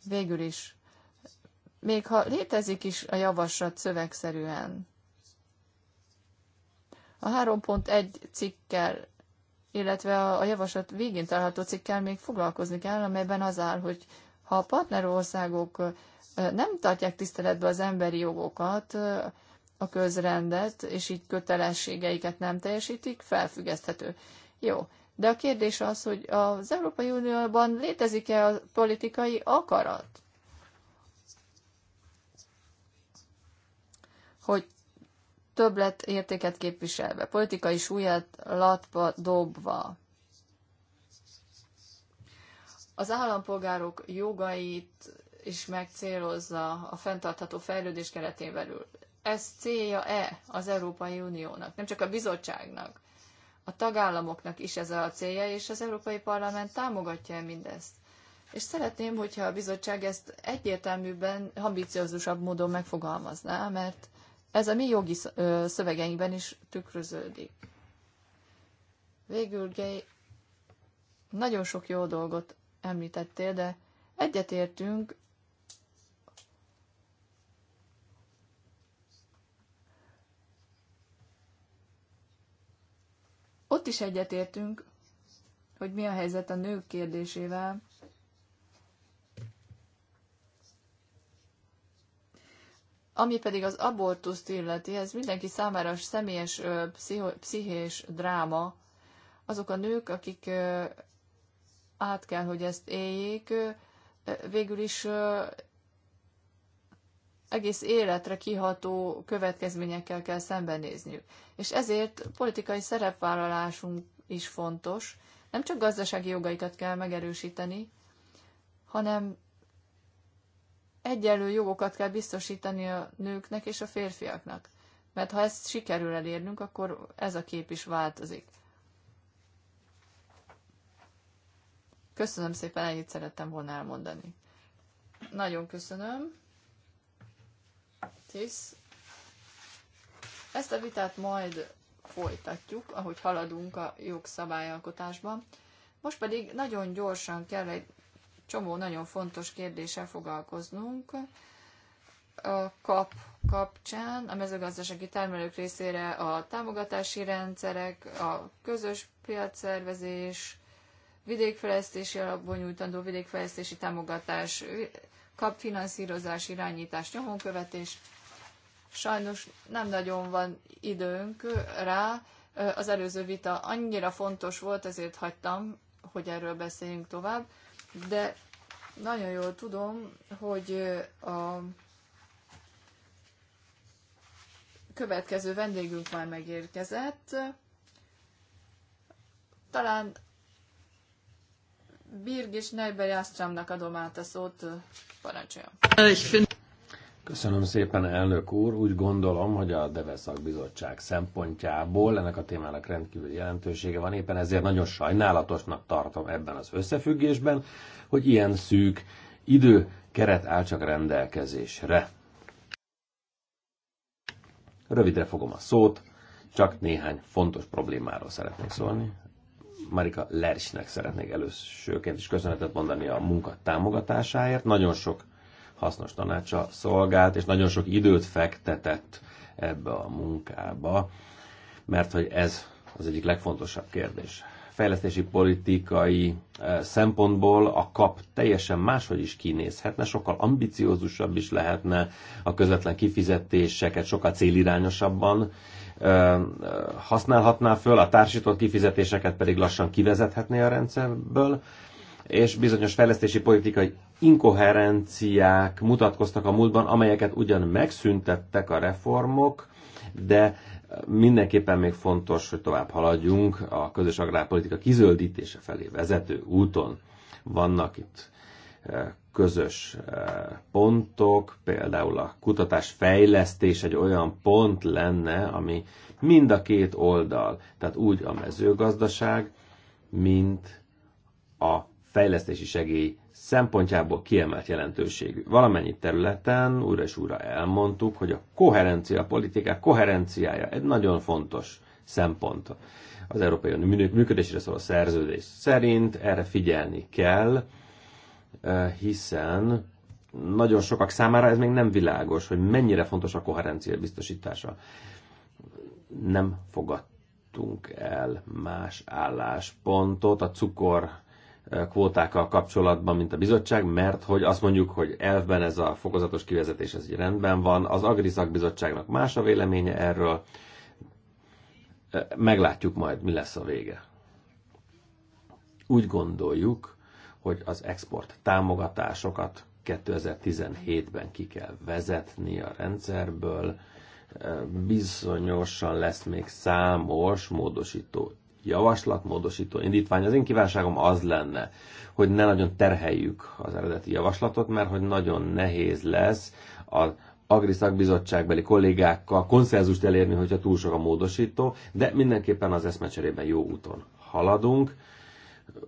végül is még ha létezik is a javaslat szövegszerűen. A 3.1 cikkel, illetve a javaslat végén található cikkel még foglalkozni kell, amelyben az áll, hogy ha a partnerországok nem tartják tiszteletbe az emberi jogokat, a közrendet, és így kötelességeiket nem teljesítik, felfüggeszthető. Jó, de a kérdés az, hogy az Európai Unióban létezik-e a politikai akarat? hogy többlet értéket képviselve, politikai súlyát latba dobva, az állampolgárok jogait is megcélozza a fenntartható fejlődés keretén belül. Ez célja-e az Európai Uniónak, nem csak a bizottságnak, a tagállamoknak is ez a célja, és az Európai Parlament támogatja mindezt. És szeretném, hogyha a bizottság ezt egyértelműben, ambiciózusabb módon megfogalmazná, mert ez a mi jogi szövegeinkben is tükröződik. Végül, Gay, nagyon sok jó dolgot említettél, de egyetértünk ott is egyetértünk, hogy mi a helyzet a nők kérdésével, Ami pedig az abortuszt illeti, ez mindenki számára személyes pszicho- pszichés dráma. Azok a nők, akik át kell, hogy ezt éljék, végül is egész életre kiható következményekkel kell szembenézniük. És ezért politikai szerepvállalásunk is fontos. Nem csak gazdasági jogaikat kell megerősíteni, hanem egyenlő jogokat kell biztosítani a nőknek és a férfiaknak. Mert ha ezt sikerül elérnünk, akkor ez a kép is változik. Köszönöm szépen, ennyit szerettem volna elmondani. Nagyon köszönöm. Tisz. Ezt a vitát majd folytatjuk, ahogy haladunk a jogszabályalkotásban. Most pedig nagyon gyorsan kell egy csomó nagyon fontos kérdéssel foglalkoznunk a kap kapcsán, a mezőgazdasági termelők részére a támogatási rendszerek, a közös piacszervezés, vidékfejlesztési alapból nyújtandó vidékfejlesztési támogatás, kapfinanszírozás, irányítás, nyomonkövetés. Sajnos nem nagyon van időnk rá. Az előző vita annyira fontos volt, ezért hagytam, hogy erről beszéljünk tovább de nagyon jól tudom, hogy a következő vendégünk már megérkezett. Talán Birgis Neiber Jastramnak adom át a szót, parancsoljon. Köszönöm szépen, elnök úr. Úgy gondolom, hogy a Deveszak Bizottság szempontjából ennek a témának rendkívül jelentősége van. Éppen ezért nagyon sajnálatosnak tartom ebben az összefüggésben, hogy ilyen szűk idő keret áll csak rendelkezésre. Rövidre fogom a szót, csak néhány fontos problémáról szeretnék szólni. Marika Lersnek szeretnék elősőként is köszönetet mondani a munka támogatásáért. Nagyon sok hasznos tanácsa szolgált, és nagyon sok időt fektetett ebbe a munkába, mert hogy ez az egyik legfontosabb kérdés. Fejlesztési politikai eh, szempontból a kap teljesen máshogy is kinézhetne, sokkal ambiciózusabb is lehetne, a közvetlen kifizetéseket sokkal célirányosabban eh, eh, használhatná föl, a társított kifizetéseket pedig lassan kivezethetné a rendszerből és bizonyos fejlesztési politikai inkoherenciák mutatkoztak a múltban, amelyeket ugyan megszüntettek a reformok, de mindenképpen még fontos, hogy tovább haladjunk a közös agrárpolitika kizöldítése felé vezető úton. Vannak itt e, közös e, pontok, például a kutatás fejlesztés egy olyan pont lenne, ami mind a két oldal, tehát úgy a mezőgazdaság, mint a fejlesztési segély szempontjából kiemelt jelentőségű. Valamennyi területen újra és újra elmondtuk, hogy a koherencia, a politikák koherenciája egy nagyon fontos szempont. Az Európai Unió működésére szóló szerződés szerint erre figyelni kell, eh, hiszen nagyon sokak számára ez még nem világos, hogy mennyire fontos a koherencia biztosítása. Nem fogadtunk el más álláspontot a cukor kvótákkal kapcsolatban, mint a bizottság, mert hogy azt mondjuk, hogy elvben ez a fokozatos kivezetés ez így rendben van, az Agri Szakbizottságnak más a véleménye erről, meglátjuk majd, mi lesz a vége. Úgy gondoljuk, hogy az export támogatásokat 2017-ben ki kell vezetni a rendszerből, bizonyosan lesz még számos módosító javaslat, módosító indítvány. Az én kívánságom az lenne, hogy ne nagyon terheljük az eredeti javaslatot, mert hogy nagyon nehéz lesz az Agri szakbizottságbeli kollégákkal konszenzust elérni, hogyha túl sok a módosító, de mindenképpen az eszmecserében jó úton haladunk.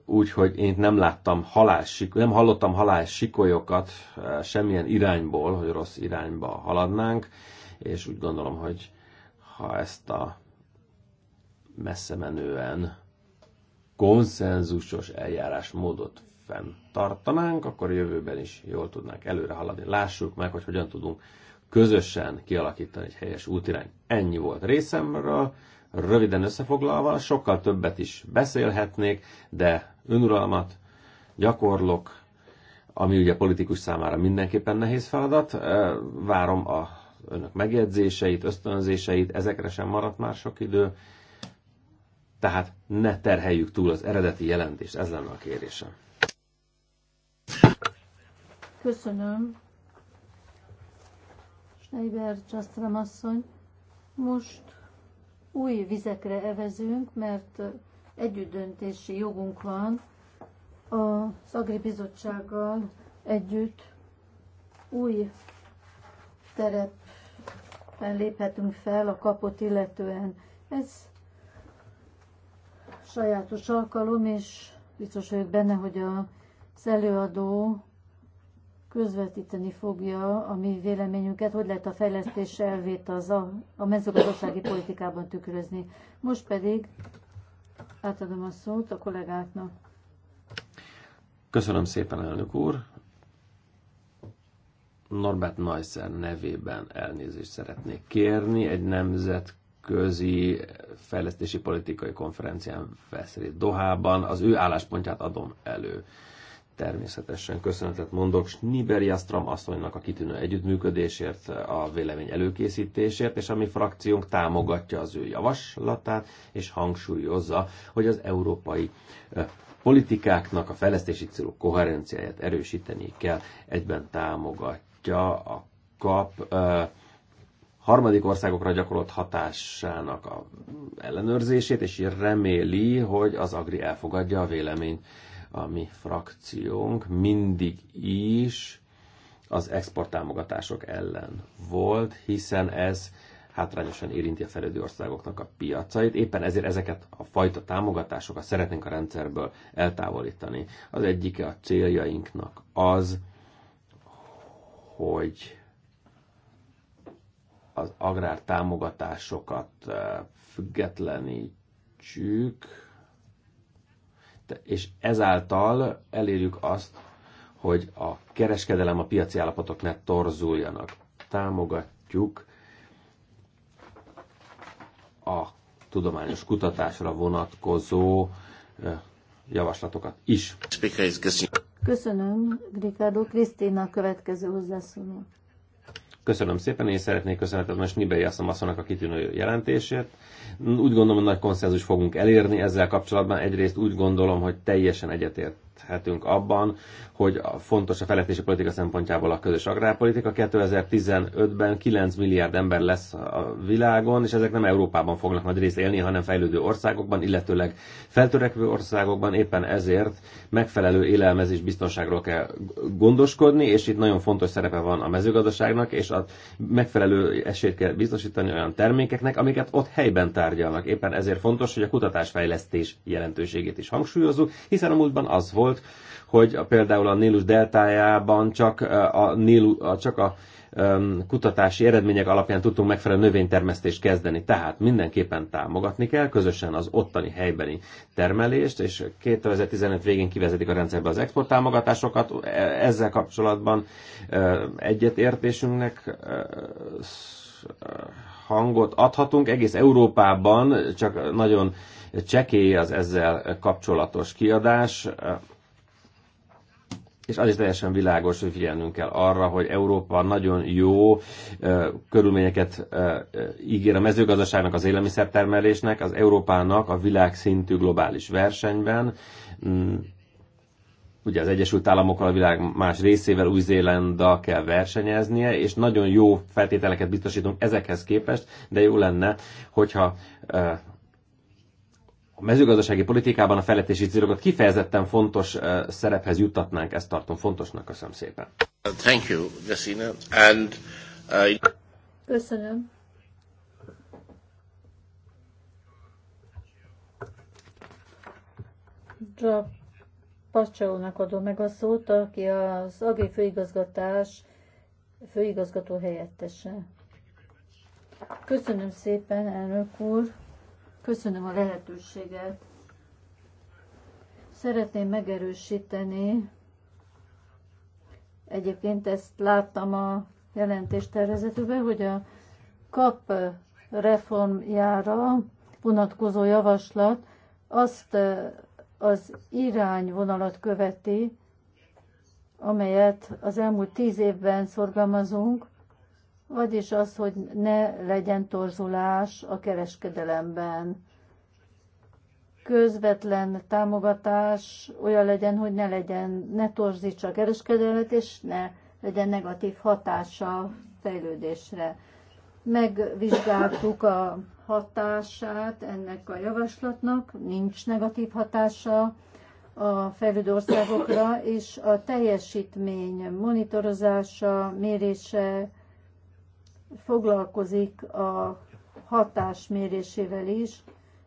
Úgyhogy én nem láttam halás, nem hallottam halás sikolyokat eh, semmilyen irányból, hogy rossz irányba haladnánk, és úgy gondolom, hogy ha ezt a messze menően konszenzusos eljárásmódot fenntartanánk, akkor jövőben is jól tudnánk előre haladni. Lássuk meg, hogy hogyan tudunk közösen kialakítani egy helyes útirány. Ennyi volt részemről, röviden összefoglalva, sokkal többet is beszélhetnék, de önuralmat gyakorlok, ami ugye politikus számára mindenképpen nehéz feladat. Várom a önök megjegyzéseit, ösztönzéseit, ezekre sem maradt már sok idő, tehát ne terheljük túl az eredeti jelentést, ez lenne a kérésem. Köszönöm. Schneider Csasztram asszony, most új vizekre evezünk, mert együttdöntési jogunk van az Agri Bizottsággal együtt új terepen léphetünk fel a kapot illetően. Ez sajátos alkalom, és biztos vagyok benne, hogy a előadó közvetíteni fogja a mi véleményünket, hogy lehet a fejlesztés elvét az a, a mezőgazdasági politikában tükrözni. Most pedig átadom a szót a kollégáknak. Köszönöm szépen, elnök úr! Norbert Neusser nevében elnézést szeretnék kérni. Egy nemzet nemzetközi fejlesztési politikai konferencián vesz részt Dohában. Az ő álláspontját adom elő. Természetesen köszönetet mondok Schnieber Jastram asszonynak a kitűnő együttműködésért, a vélemény előkészítésért, és a mi frakciónk támogatja az ő javaslatát, és hangsúlyozza, hogy az európai politikáknak a fejlesztési célok koherenciáját erősíteni kell, egyben támogatja a kap harmadik országokra gyakorolt hatásának a ellenőrzését, és reméli, hogy az Agri elfogadja a véleményt. A mi frakciónk mindig is az exporttámogatások ellen volt, hiszen ez hátrányosan érinti a fejlődő országoknak a piacait. Éppen ezért ezeket a fajta támogatásokat szeretnénk a rendszerből eltávolítani. Az egyike a céljainknak az, hogy az agrár támogatásokat eh, függetlenítsük, és ezáltal elérjük azt, hogy a kereskedelem, a piaci állapotok ne torzuljanak. Támogatjuk a tudományos kutatásra vonatkozó eh, javaslatokat is. Köszönöm, Ricardo Krisztina következő hozzászóló. Köszönöm szépen, én szeretnék köszönetet most Nibei Asszamasszonak a kitűnő jelentését. Úgy gondolom, hogy nagy konszenzus fogunk elérni ezzel kapcsolatban. Egyrészt úgy gondolom, hogy teljesen egyetért segíthetünk abban, hogy a fontos a fejlesztési politika szempontjából a közös agrárpolitika. 2015-ben 9 milliárd ember lesz a világon, és ezek nem Európában fognak majd részt élni, hanem fejlődő országokban, illetőleg feltörekvő országokban. Éppen ezért megfelelő élelmezés biztonságról kell gondoskodni, és itt nagyon fontos szerepe van a mezőgazdaságnak, és a megfelelő esélyt kell biztosítani olyan termékeknek, amiket ott helyben tárgyalnak. Éppen ezért fontos, hogy a kutatásfejlesztés jelentőségét is hangsúlyozzuk, hiszen a múltban az volt, volt, hogy a, például a Nílus deltájában csak a, Nílu, a, csak a kutatási eredmények alapján tudtunk megfelelő növénytermesztést kezdeni. Tehát mindenképpen támogatni kell közösen az ottani helybeni termelést, és 2015 végén kivezetik a rendszerbe az export támogatásokat. E-, ezzel kapcsolatban egyetértésünknek hangot adhatunk. Egész Európában csak nagyon csekély az ezzel kapcsolatos kiadás és az is teljesen világos, hogy figyelnünk kell arra, hogy Európa nagyon jó ö, körülményeket ö, ígér a mezőgazdaságnak, az élelmiszertermelésnek, az Európának a világszintű globális versenyben. Mm, ugye az Egyesült Államokkal, a világ más részével Új-Zélanddal kell versenyeznie, és nagyon jó feltételeket biztosítunk ezekhez képest, de jó lenne, hogyha ö, a mezőgazdasági politikában a fejletési célokat kifejezetten fontos szerephez juttatnánk, ezt tartom fontosnak. Köszönöm szépen. Thank you, Jessina. And, uh... Köszönöm. Drap Pacsaónak adom meg a szót, aki az AGI főigazgatás főigazgató helyettese. Köszönöm szépen, elnök úr! Köszönöm a lehetőséget. Szeretném megerősíteni, egyébként ezt láttam a jelentéstervezetőben, hogy a kap reformjára vonatkozó javaslat azt az irányvonalat követi, amelyet az elmúlt tíz évben szorgalmazunk, vagyis az, hogy ne legyen torzulás a kereskedelemben. Közvetlen támogatás olyan legyen, hogy ne legyen, ne torzítsa a kereskedelmet, és ne legyen negatív hatása a fejlődésre. Megvizsgáltuk a hatását ennek a javaslatnak, nincs negatív hatása a fejlődő országokra, és a teljesítmény monitorozása, mérése, foglalkozik a hatás mérésével is,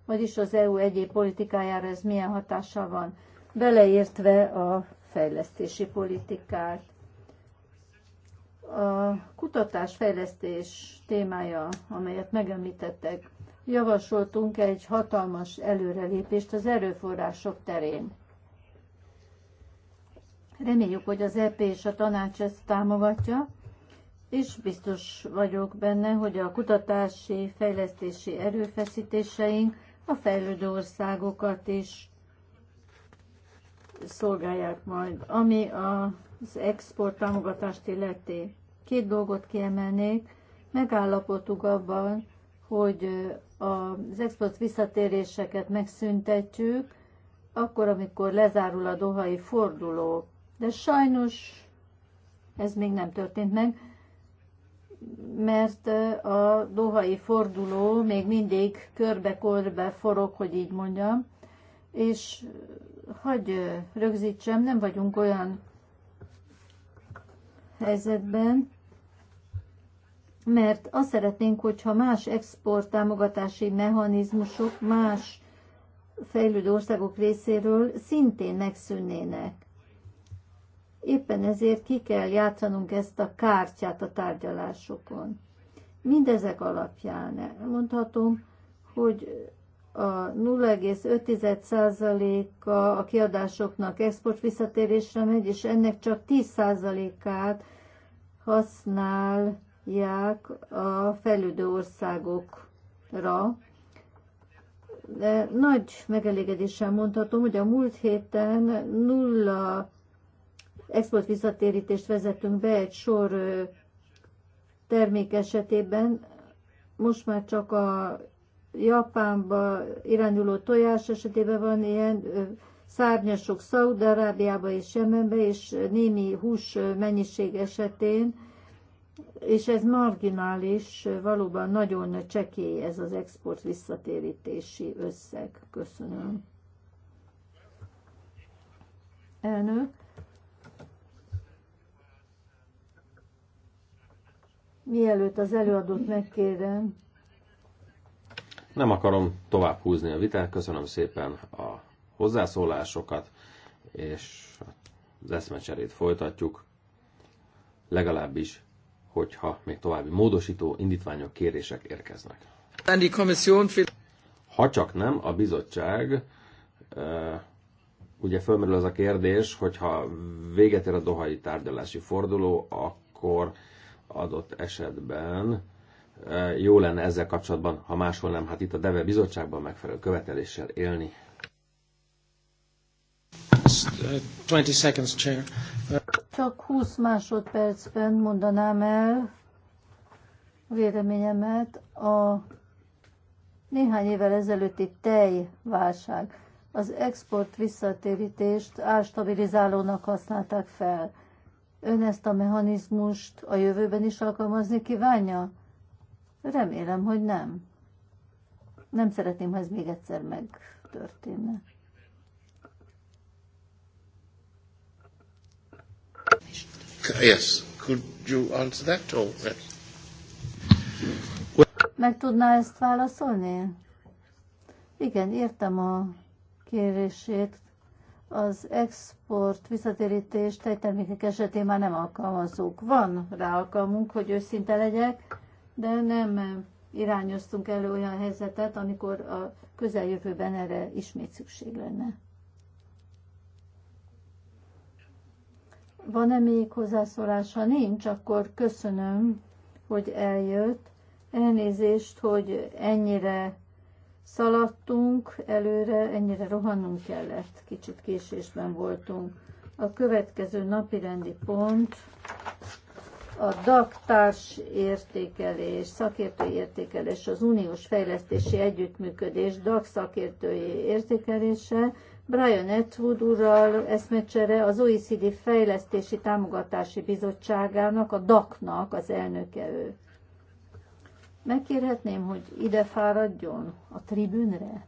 vagyis az EU egyéb politikájára ez milyen hatással van, beleértve a fejlesztési politikát. A fejlesztés témája, amelyet megemlítettek, javasoltunk egy hatalmas előrelépést az erőforrások terén. Reméljük, hogy az EP és a tanács ezt támogatja, és biztos vagyok benne, hogy a kutatási, fejlesztési erőfeszítéseink a fejlődő országokat is szolgálják majd. Ami az export támogatást illeti, két dolgot kiemelnék. Megállapodtuk abban, hogy az export visszatéréseket megszüntetjük, akkor, amikor lezárul a dohai forduló. De sajnos ez még nem történt meg mert a dohai forduló még mindig körbe-körbe forog, hogy így mondjam, és hagy rögzítsem, nem vagyunk olyan helyzetben, mert azt szeretnénk, hogyha más export támogatási mechanizmusok más fejlődő országok részéről szintén megszűnnének. Éppen ezért ki kell játszanunk ezt a kártyát a tárgyalásokon. Mindezek alapján mondhatom, hogy a 0,5%-a a kiadásoknak export visszatérésre megy, és ennek csak 10%-át használják a fejlődő országokra. De nagy megelégedéssel mondhatom, hogy a múlt héten nulla export visszatérítést vezetünk be egy sor termék esetében. Most már csak a Japánba irányuló tojás esetében van ilyen, szárnyasok Szaudarábiába és Jemenbe, és némi hús mennyiség esetén, és ez marginális, valóban nagyon csekély ez az export visszatérítési összeg. Köszönöm. Elnök, Mielőtt az előadót megkérem. Nem akarom tovább húzni a vitát, köszönöm szépen a hozzászólásokat, és az eszmecserét folytatjuk, legalábbis, hogyha még további módosító indítványok, kérések érkeznek. Ha csak nem, a bizottság ugye fölmerül az a kérdés, hogyha véget ér a dohai tárgyalási forduló, akkor adott esetben e, jó lenne ezzel kapcsolatban, ha máshol nem, hát itt a DEVE bizottságban megfelelő követeléssel élni. 20 seconds, chair. Csak 20 másodpercben mondanám el véleményemet a néhány évvel ezelőtti tejválság. Az export visszatérítést árstabilizálónak használták fel Ön ezt a mechanizmust a jövőben is alkalmazni kívánja? Remélem, hogy nem. Nem szeretném, ha ez még egyszer megtörténne. Yes. Could you answer that or Meg tudná ezt válaszolni? Igen, értem a kérését, az export visszatérítés tejtermékek esetén már nem alkalmazunk. Van rá alkalmunk, hogy őszinte legyek, de nem irányoztunk elő olyan helyzetet, amikor a közeljövőben erre ismét szükség lenne. Van-e még Ha Nincs, akkor köszönöm, hogy eljött. Elnézést, hogy ennyire szaladtunk előre, ennyire rohannunk kellett, kicsit késésben voltunk. A következő napi rendi pont a daktárs értékelés, szakértői értékelés, az uniós fejlesztési együttműködés, DAK szakértői értékelése, Brian Atwood úrral eszmecsere az OECD Fejlesztési Támogatási Bizottságának, a DAK-nak az elnöke ő. Megkérhetném, hogy ide fáradjon a tribünre?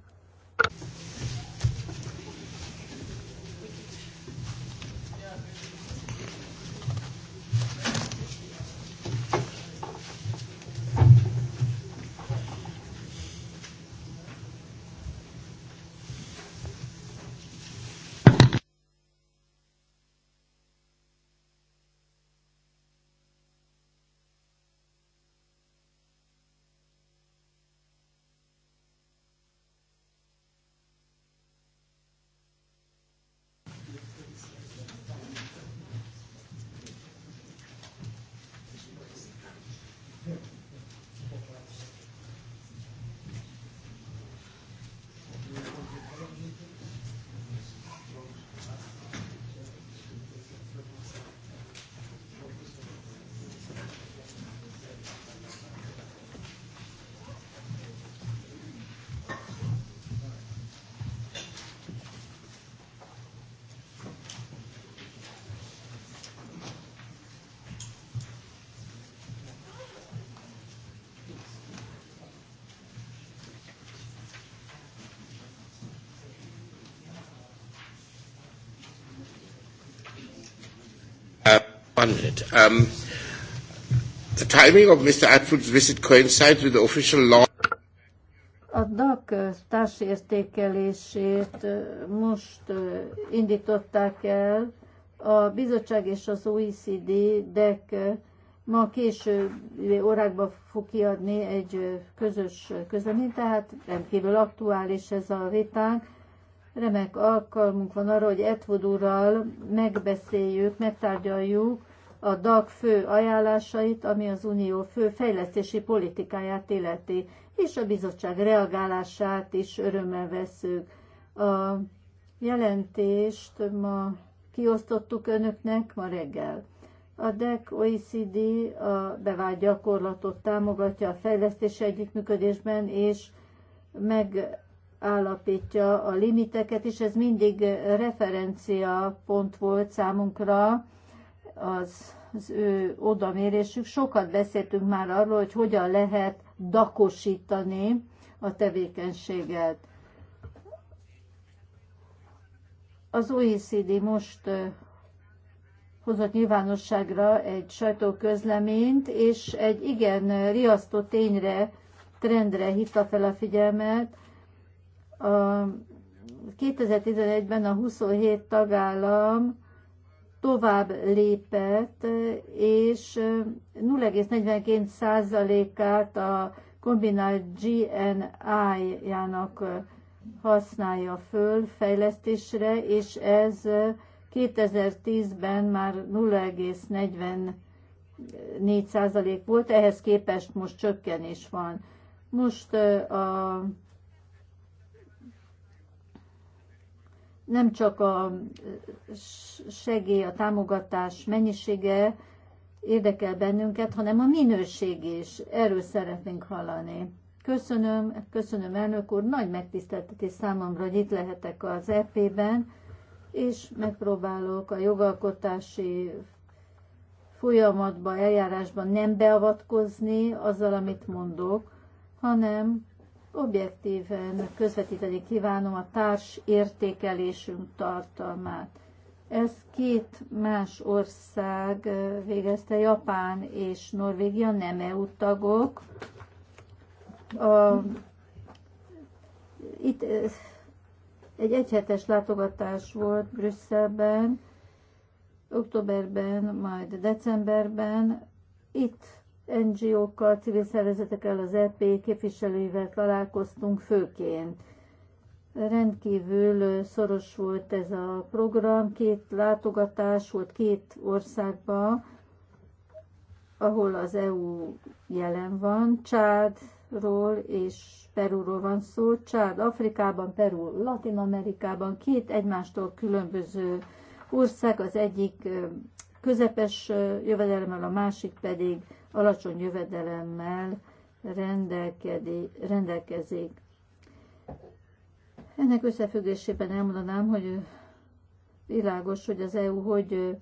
responded. Um, the timing of Mr. Atwood's visit coincides with the official law. A DAC uh, társértékelését uh, most uh, indították el, a bizottság és az OECD DEC ma késő órákban fog kiadni egy közös közleményt, tehát rendkívül aktuális ez a vitánk. Remek alkalmunk van arra, hogy Edward úrral megbeszéljük, megtárgyaljuk a DAG fő ajánlásait, ami az Unió fő fejlesztési politikáját illeti, és a bizottság reagálását is örömmel veszük. A jelentést ma kiosztottuk önöknek ma reggel. A DEC OECD a bevált gyakorlatot támogatja a fejlesztési együttműködésben, és megállapítja a limiteket, és ez mindig referencia pont volt számunkra, az, az ő odamérésük. Sokat beszéltünk már arról, hogy hogyan lehet dakosítani a tevékenységet. Az OECD most hozott nyilvánosságra egy sajtóközleményt, és egy igen riasztó tényre, trendre hitta fel a figyelmet. A 2011-ben a 27 tagállam tovább lépett, és 049 át a kombinált GNI-jának használja föl fejlesztésre, és ez 2010-ben már 0,44% volt, ehhez képest most csökkenés van. Most a nem csak a segély, a támogatás mennyisége érdekel bennünket, hanem a minőség is. Erről szeretnénk hallani. Köszönöm, köszönöm elnök úr, nagy megtiszteltetés számomra, hogy itt lehetek az EP-ben, és megpróbálok a jogalkotási folyamatba, eljárásban nem beavatkozni azzal, amit mondok, hanem objektíven közvetíteni kívánom a társ értékelésünk tartalmát. Ez két más ország végezte, Japán és Norvégia nem EU tagok. A, itt egy egyhetes látogatás volt Brüsszelben, októberben, majd decemberben. Itt NGO-kkal, civil szervezetekkel, az EP képviselőivel találkoztunk főként. Rendkívül szoros volt ez a program, két látogatás volt két országban, ahol az EU jelen van, Csádról és Perúról van szó. Csád Afrikában, Perú Latin Amerikában, két egymástól különböző ország, az egyik közepes jövedelemmel, a másik pedig alacsony jövedelemmel rendelkezik. Ennek összefüggésében elmondanám, hogy világos, hogy az EU hogy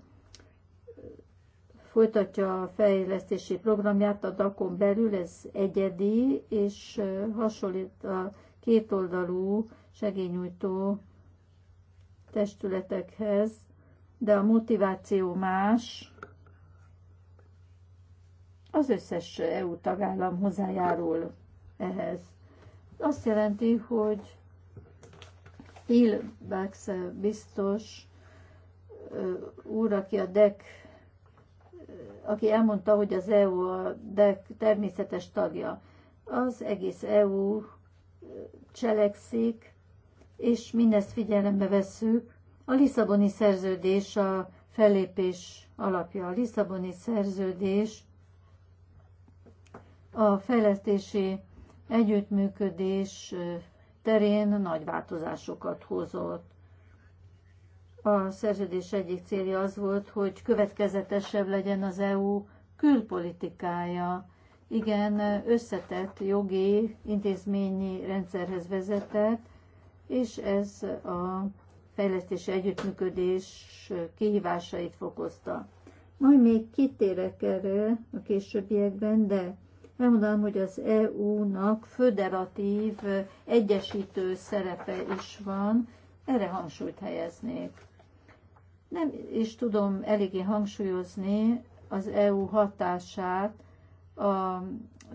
folytatja a fejlesztési programját a DAKon belül, ez egyedi, és hasonlít a kétoldalú segényújtó testületekhez, de a motiváció más, az összes EU tagállam hozzájárul ehhez. Azt jelenti, hogy Hilbex biztos úr, aki a DEC, aki elmondta, hogy az EU a DEC természetes tagja. Az egész EU cselekszik, és mindezt figyelembe vesszük. A Lisszaboni szerződés a fellépés alapja. A Lisszaboni szerződés a fejlesztési együttműködés terén nagy változásokat hozott. A szerződés egyik célja az volt, hogy következetesebb legyen az EU külpolitikája. Igen, összetett jogi intézményi rendszerhez vezetett, és ez a fejlesztési együttműködés kihívásait fokozta. Majd még kitérek erre a későbbiekben, de Megmondanám, hogy az EU-nak föderatív, egyesítő szerepe is van, erre hangsúlyt helyeznék. Nem is tudom eléggé hangsúlyozni az EU hatását a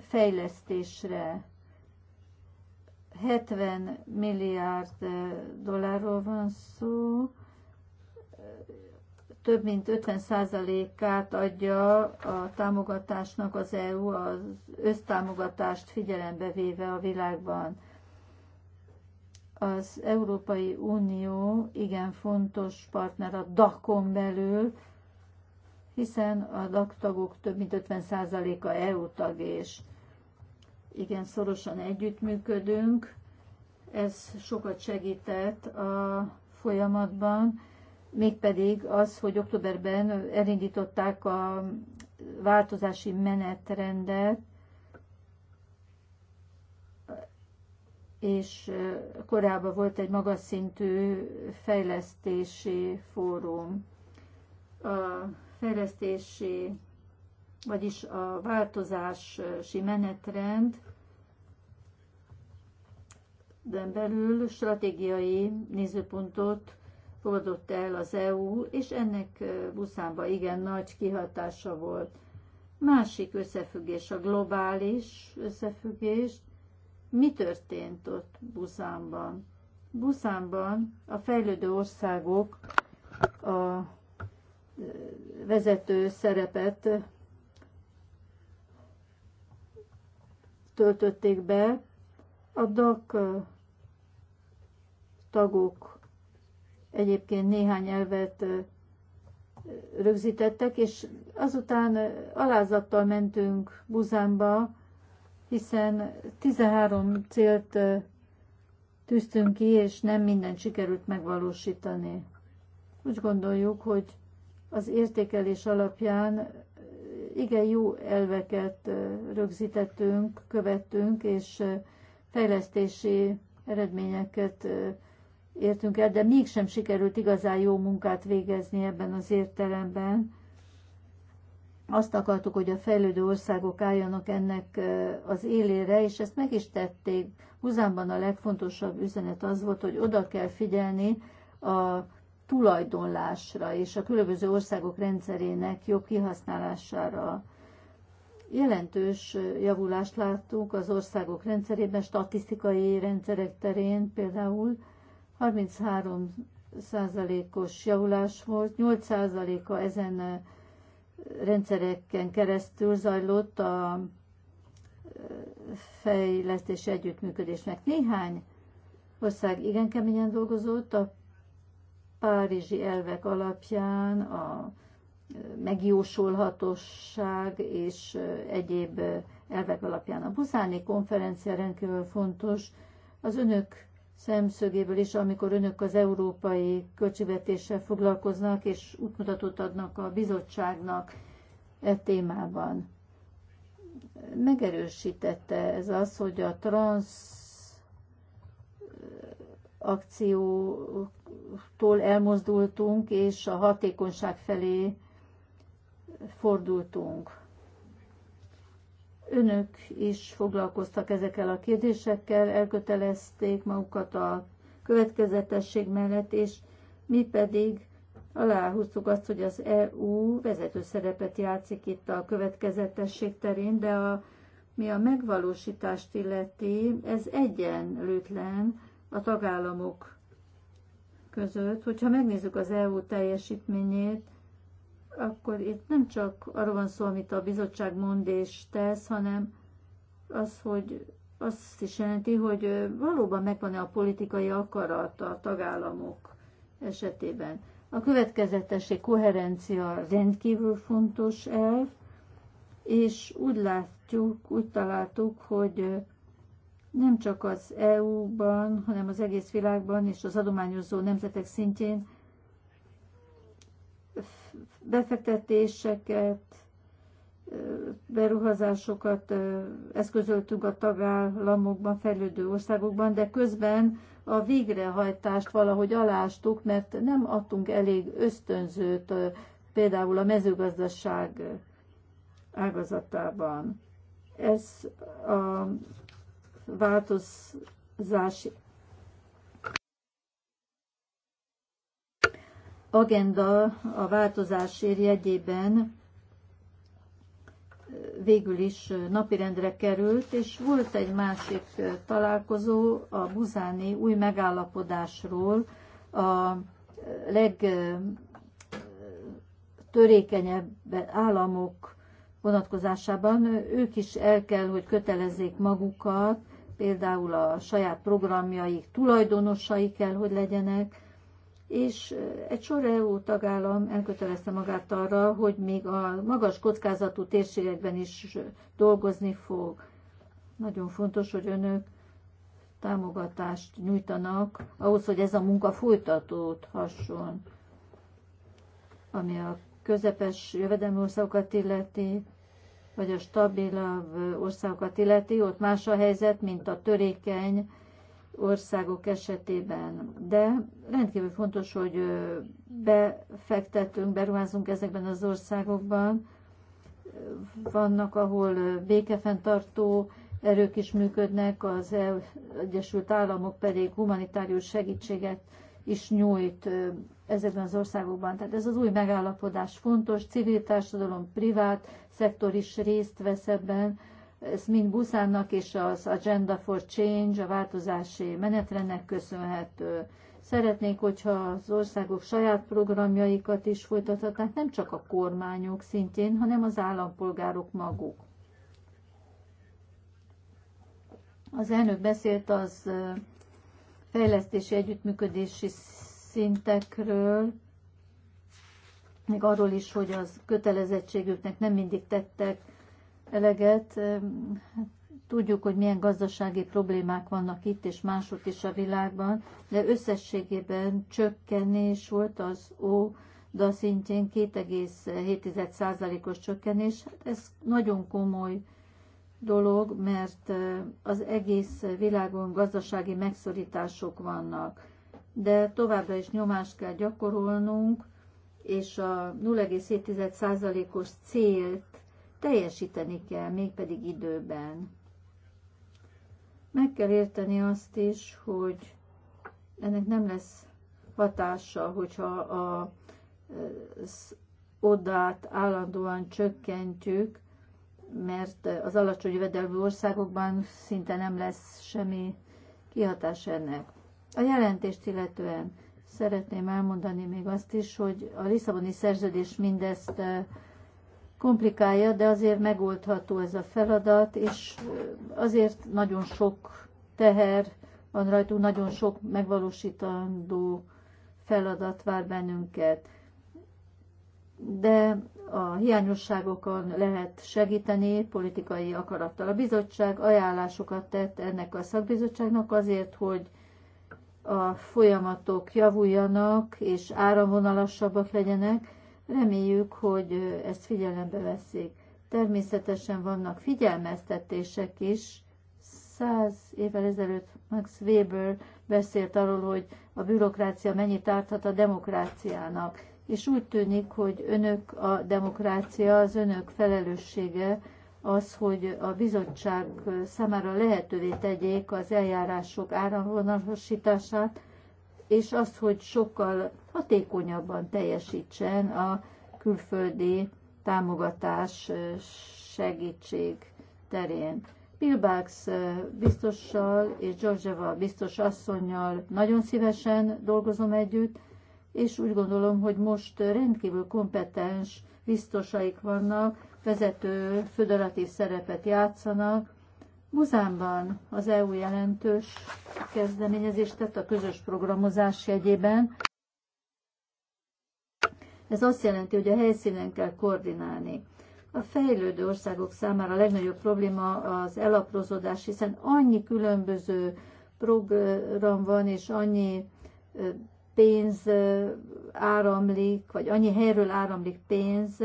fejlesztésre. 70 milliárd dollárról van szó, több mint 50%-át adja a támogatásnak az EU, az össztámogatást figyelembe véve a világban. Az Európai Unió igen fontos partner a DAC-on belül, hiszen a DAC tagok több mint 50%-a EU tag, és igen szorosan együttműködünk. Ez sokat segített a folyamatban mégpedig az, hogy októberben elindították a változási menetrendet, és korábban volt egy magas szintű fejlesztési fórum. A fejlesztési, vagyis a változási menetrend de belül stratégiai nézőpontot fordott el az EU, és ennek Buszánban igen nagy kihatása volt. Másik összefüggés a globális összefüggés. Mi történt ott Buszánban? Buszánban a fejlődő országok a vezető szerepet töltötték be, a DAC tagok egyébként néhány elvet rögzítettek, és azután alázattal mentünk Buzánba, hiszen 13 célt tűztünk ki, és nem mindent sikerült megvalósítani. Úgy gondoljuk, hogy az értékelés alapján igen jó elveket rögzítettünk, követtünk, és fejlesztési eredményeket értünk el, de mégsem sikerült igazán jó munkát végezni ebben az értelemben. Azt akartuk, hogy a fejlődő országok álljanak ennek az élére, és ezt meg is tették. Huzánban a legfontosabb üzenet az volt, hogy oda kell figyelni a tulajdonlásra és a különböző országok rendszerének jobb kihasználására. Jelentős javulást láttuk az országok rendszerében, statisztikai rendszerek terén például, 33 százalékos javulás volt, 8 százaléka ezen rendszereken keresztül zajlott a fejlesztés együttműködésnek. Néhány ország igen keményen dolgozott a párizsi elvek alapján, a megjósolhatóság és egyéb elvek alapján. A buszáni konferencia rendkívül fontos. Az önök szemszögéből is, amikor önök az európai költségvetéssel foglalkoznak, és útmutatót adnak a bizottságnak e témában. Megerősítette ez az, hogy a transz eh, akciótól elmozdultunk, és a hatékonyság felé fordultunk önök is foglalkoztak ezekkel a kérdésekkel, elkötelezték magukat a következetesség mellett, és mi pedig aláhúztuk azt, hogy az EU vezető szerepet játszik itt a következetesség terén, de a, mi a megvalósítást illeti, ez egyenlőtlen a tagállamok között. Hogyha megnézzük az EU teljesítményét, akkor itt nem csak arról van szó, amit a bizottság mond és tesz, hanem az, hogy azt is jelenti, hogy valóban megvan-e a politikai akarat a tagállamok esetében. A következetesség, koherencia rendkívül fontos elv, és úgy látjuk, úgy találtuk, hogy nem csak az EU-ban, hanem az egész világban és az adományozó nemzetek szintjén befektetéseket, beruházásokat eszközöltünk a tagállamokban, fejlődő országokban, de közben a végrehajtást valahogy alástuk, mert nem adtunk elég ösztönzőt például a mezőgazdaság ágazatában. Ez a változás agenda a változás jegyében végül is napirendre került, és volt egy másik találkozó a buzáni új megállapodásról, a legtörékenyebb államok vonatkozásában. Ők is el kell, hogy kötelezzék magukat, például a saját programjaik tulajdonosai kell, hogy legyenek, és egy sor EU tagállam elkötelezte magát arra, hogy még a magas kockázatú térségekben is dolgozni fog. Nagyon fontos, hogy önök támogatást nyújtanak ahhoz, hogy ez a munka folytatódhasson, ami a közepes jövedelmi országokat illeti, vagy a stabilabb országokat illeti, ott más a helyzet, mint a törékeny országok esetében. De rendkívül fontos, hogy befektetünk, beruházunk ezekben az országokban. Vannak, ahol békefenntartó erők is működnek, az Egyesült Államok pedig humanitárius segítséget is nyújt ezekben az országokban. Tehát ez az új megállapodás fontos, civil társadalom, privát szektor is részt vesz ebben, ez mind Buszánnak és az Agenda for Change, a változási menetrendnek köszönhető. szeretnék, hogyha az országok saját programjaikat is folytathatnák, nem csak a kormányok szintjén, hanem az állampolgárok maguk. Az elnök beszélt az fejlesztési együttműködési szintekről, még arról is, hogy az kötelezettségüknek nem mindig tettek eleget. Hát tudjuk, hogy milyen gazdasági problémák vannak itt és mások is a világban, de összességében csökkenés volt az ó de szintjén 2,7%-os csökkenés. Hát ez nagyon komoly dolog, mert az egész világon gazdasági megszorítások vannak. De továbbra is nyomást kell gyakorolnunk, és a 0,7%-os célt teljesíteni kell, mégpedig időben. Meg kell érteni azt is, hogy ennek nem lesz hatása, hogyha a odát állandóan csökkentjük, mert az alacsony jövedelmű országokban szinte nem lesz semmi kihatás ennek. A jelentést illetően szeretném elmondani még azt is, hogy a Lisszaboni szerződés mindezt komplikálja, de azért megoldható ez a feladat, és azért nagyon sok teher van rajtunk, nagyon sok megvalósítandó feladat vár bennünket. De a hiányosságokon lehet segíteni politikai akarattal. A bizottság ajánlásokat tett ennek a szakbizottságnak azért, hogy a folyamatok javuljanak és áramvonalasabbak legyenek, Reméljük, hogy ezt figyelembe veszik. Természetesen vannak figyelmeztetések is. Száz évvel ezelőtt Max Weber beszélt arról, hogy a bürokrácia mennyit árthat a demokráciának. És úgy tűnik, hogy önök a demokrácia, az önök felelőssége az, hogy a bizottság számára lehetővé tegyék az eljárások áramvonalasítását, és az, hogy sokkal hatékonyabban teljesítsen a külföldi támogatás segítség terén. Pilbax biztossal és Georgeva biztos asszonynal nagyon szívesen dolgozom együtt, és úgy gondolom, hogy most rendkívül kompetens biztosaik vannak, vezető föderatív szerepet játszanak, Muzánban az EU jelentős kezdeményezést tett a közös programozás jegyében. Ez azt jelenti, hogy a helyszínen kell koordinálni. A fejlődő országok számára a legnagyobb probléma az elaprozódás, hiszen annyi különböző program van, és annyi pénz áramlik, vagy annyi helyről áramlik pénz,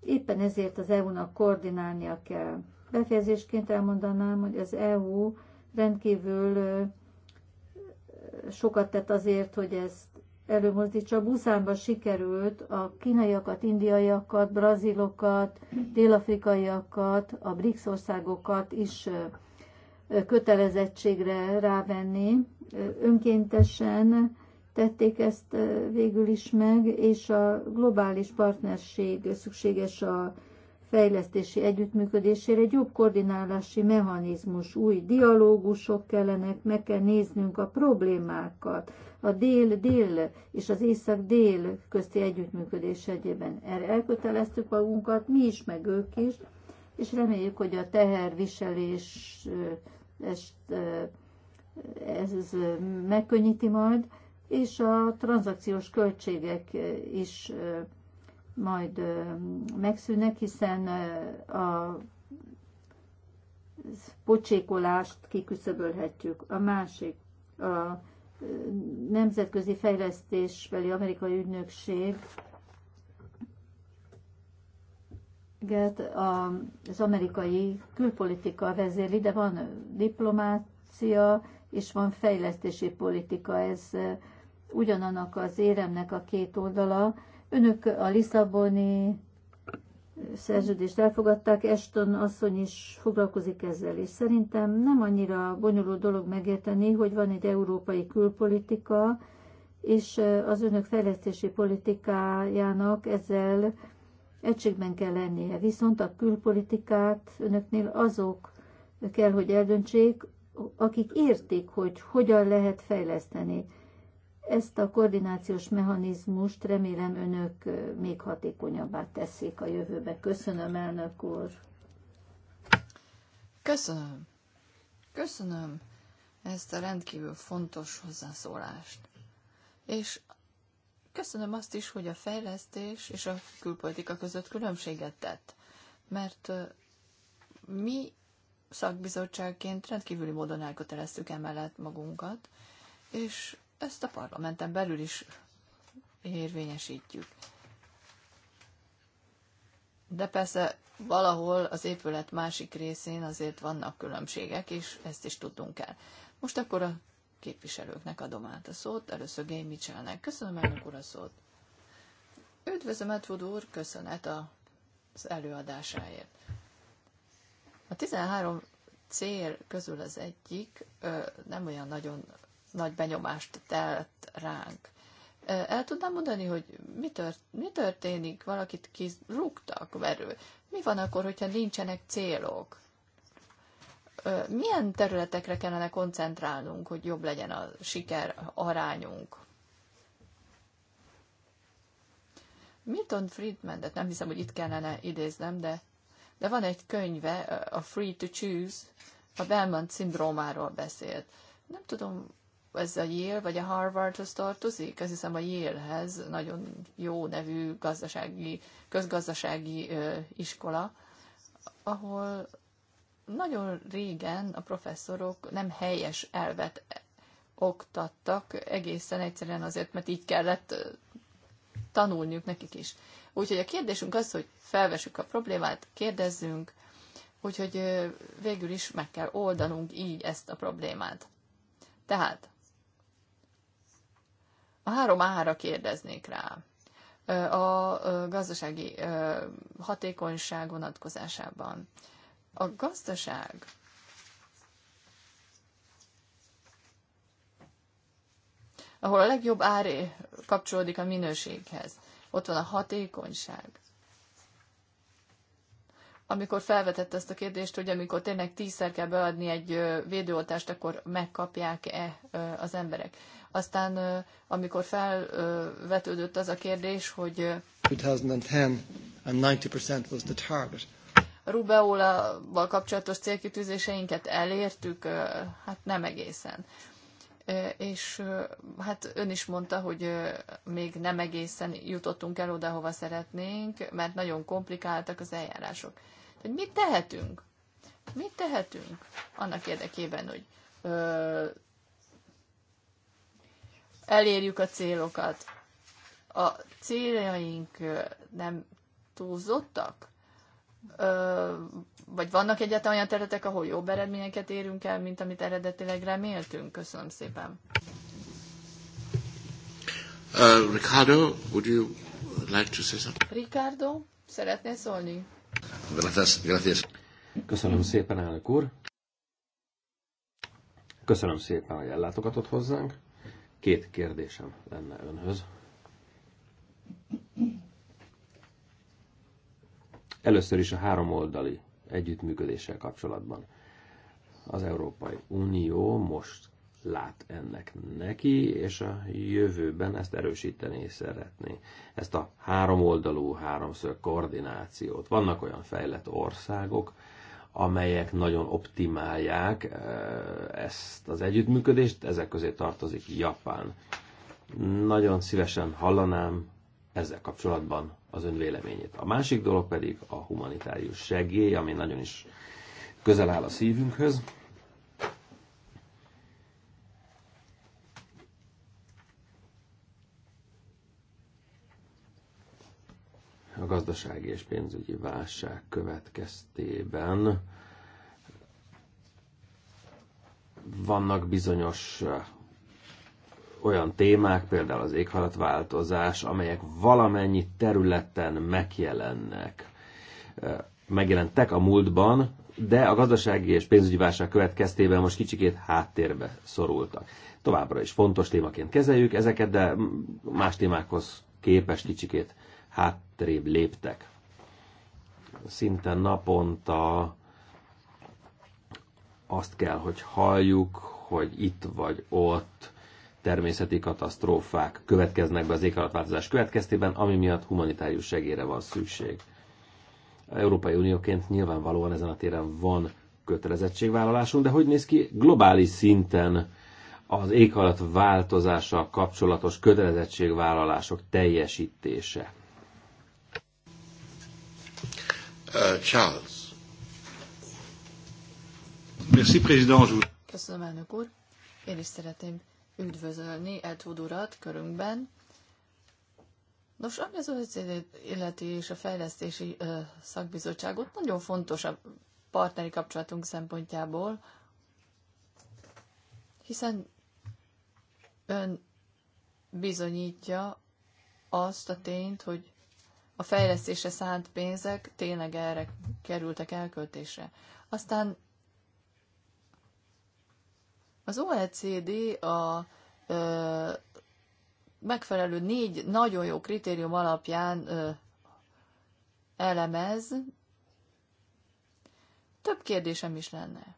éppen ezért az EU-nak koordinálnia kell. Befejezésként elmondanám, hogy az EU rendkívül sokat tett azért, hogy ezt előmozdítsa. Buszánban sikerült a kínaiakat, indiaiakat, brazilokat, délafrikaiakat, a BRICS országokat is kötelezettségre rávenni. Önkéntesen tették ezt végül is meg, és a globális partnerség szükséges a fejlesztési együttműködésére egy jobb koordinálási mechanizmus, új dialógusok kellenek, meg kell néznünk a problémákat, a dél-dél és az észak-dél közti együttműködés egyében. Erre elköteleztük magunkat, mi is, meg ők is, és reméljük, hogy a teherviselés ezt, ez megkönnyíti majd, és a tranzakciós költségek is majd megszűnnek, hiszen a pocsékolást kiküszöbölhetjük. A másik, a Nemzetközi Fejlesztésbeli Amerikai Ügynökség az amerikai külpolitika vezéli, de van diplomácia és van fejlesztési politika. Ez ugyanannak az éremnek a két oldala, Önök a Lisszaboni szerződést elfogadták, Eston asszony is foglalkozik ezzel, és szerintem nem annyira bonyolult dolog megérteni, hogy van egy európai külpolitika, és az önök fejlesztési politikájának ezzel egységben kell lennie. Viszont a külpolitikát önöknél azok kell, hogy eldöntsék, akik értik, hogy hogyan lehet fejleszteni. Ezt a koordinációs mechanizmust remélem önök még hatékonyabbá teszik a jövőbe. Köszönöm, elnök úr. Köszönöm. Köszönöm ezt a rendkívül fontos hozzászólást. És köszönöm azt is, hogy a fejlesztés és a külpolitika között különbséget tett. Mert mi szakbizottságként rendkívüli módon elköteleztük emellett magunkat, és ezt a parlamenten belül is érvényesítjük. De persze valahol az épület másik részén azért vannak különbségek, és ezt is tudunk el. Most akkor a képviselőknek adom át a szót, először Gay Mitchellnek. Köszönöm elnök úr a szót. Üdvözlöm, Edward úr, köszönet az előadásáért. A 13 cél közül az egyik nem olyan nagyon nagy benyomást telt ránk. El tudnám mondani, hogy mi, tört, mi történik, valakit kizrúgtak verő. Mi van akkor, hogyha nincsenek célok? Milyen területekre kellene koncentrálnunk, hogy jobb legyen a siker arányunk? Milton Friedman, de nem hiszem, hogy itt kellene idéznem, de, de van egy könyve, a Free to Choose, a Belmont szindrómáról beszélt. Nem tudom, ez a Yale vagy a Harvardhoz tartozik? Azt hiszem a Yalehez, nagyon jó nevű gazdasági, közgazdasági iskola, ahol nagyon régen a professzorok nem helyes elvet oktattak, egészen egyszerűen azért, mert így kellett tanulniuk nekik is. Úgyhogy a kérdésünk az, hogy felvesük a problémát, kérdezzünk, úgyhogy végül is meg kell oldanunk így ezt a problémát. Tehát a három ára kérdeznék rá. A gazdasági hatékonyság vonatkozásában. A gazdaság ahol a legjobb ár kapcsolódik a minőséghez. Ott van a hatékonyság amikor felvetett ezt a kérdést, hogy amikor tényleg tízszer kell beadni egy védőoltást, akkor megkapják-e az emberek. Aztán amikor felvetődött az a kérdés, hogy 2010 and 90% was the target. kapcsolatos célkitűzéseinket elértük, hát nem egészen. És hát ön is mondta, hogy még nem egészen jutottunk el oda, hova szeretnénk, mert nagyon komplikáltak az eljárások. Tehát mit tehetünk? Mit tehetünk annak érdekében, hogy ö, elérjük a célokat? A céljaink nem túlzottak? Ö, vagy vannak egyáltalán olyan területek, ahol jobb eredményeket érünk el, mint amit eredetileg reméltünk? Köszönöm szépen. Uh, Ricardo, would you like to say something? Ricardo, szeretnél szólni? Gracias. Köszönöm szépen, elnök úr. Köszönöm szépen, hogy ellátogatott hozzánk. Két kérdésem lenne önhöz. Először is a három oldali együttműködéssel kapcsolatban. Az Európai Unió most lát ennek neki, és a jövőben ezt erősíteni szeretné. Ezt a háromoldalú, háromszög koordinációt. Vannak olyan fejlett országok, amelyek nagyon optimálják eh, ezt az együttműködést, ezek közé tartozik Japán. Nagyon szívesen hallanám ezzel kapcsolatban az ön véleményét. A másik dolog pedig a humanitárius segély, ami nagyon is közel áll a szívünkhöz. gazdasági és pénzügyi válság következtében vannak bizonyos olyan témák, például az éghajlatváltozás, amelyek valamennyi területen megjelennek. Megjelentek a múltban, de a gazdasági és pénzügyi válság következtében most kicsikét háttérbe szorultak. Továbbra is fontos témaként kezeljük ezeket, de más témákhoz képes kicsikét hátrébb léptek. Szinte naponta azt kell, hogy halljuk, hogy itt vagy ott természeti katasztrófák következnek be az éghajlatváltozás következtében, ami miatt humanitárius segélyre van szükség. A Európai Unióként nyilvánvalóan ezen a téren van kötelezettségvállalásunk, de hogy néz ki globális szinten az éghajlatváltozással kapcsolatos kötelezettségvállalások teljesítése? Uh, Charles. Merci, président. Köszönöm, elnök úr. Én is szeretném üdvözölni Edwood urat körünkben. Nos, ami az OECD illeti és a fejlesztési ö, szakbizottságot nagyon fontos a partneri kapcsolatunk szempontjából, hiszen ön bizonyítja azt a tényt, hogy a fejlesztésre szánt pénzek tényleg erre kerültek elköltésre. Aztán az OECD a ö, megfelelő négy nagyon jó kritérium alapján ö, elemez. Több kérdésem is lenne.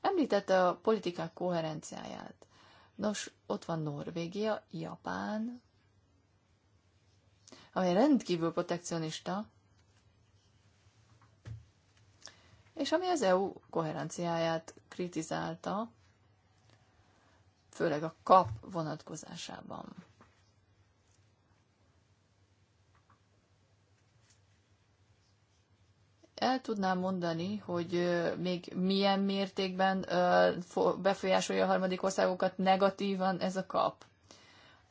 Említette a politikák koherenciáját. Nos, ott van Norvégia, Japán, amely rendkívül protekcionista, és ami az EU koherenciáját kritizálta, főleg a kap vonatkozásában. El tudnám mondani, hogy még milyen mértékben befolyásolja a harmadik országokat negatívan ez a kap.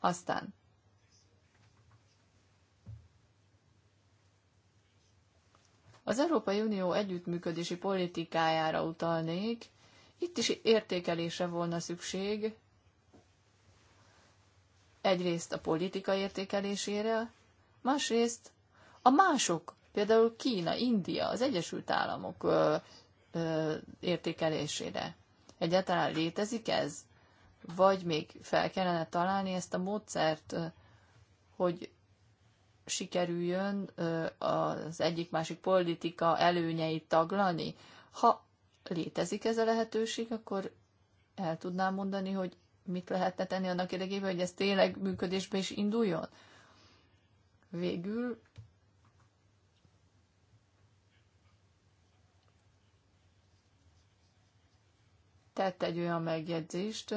Aztán Az Európai Unió együttműködési politikájára utalnék. Itt is értékelése volna szükség. Egyrészt a politika értékelésére, másrészt a mások, például Kína, India, az Egyesült Államok ö, ö, értékelésére. Egyáltalán létezik ez? Vagy még fel kellene találni ezt a módszert, hogy sikerüljön az egyik-másik politika előnyeit taglani. Ha létezik ez a lehetőség, akkor el tudnám mondani, hogy mit lehetne tenni annak érdekében, hogy ez tényleg működésbe is induljon. Végül tett egy olyan megjegyzést,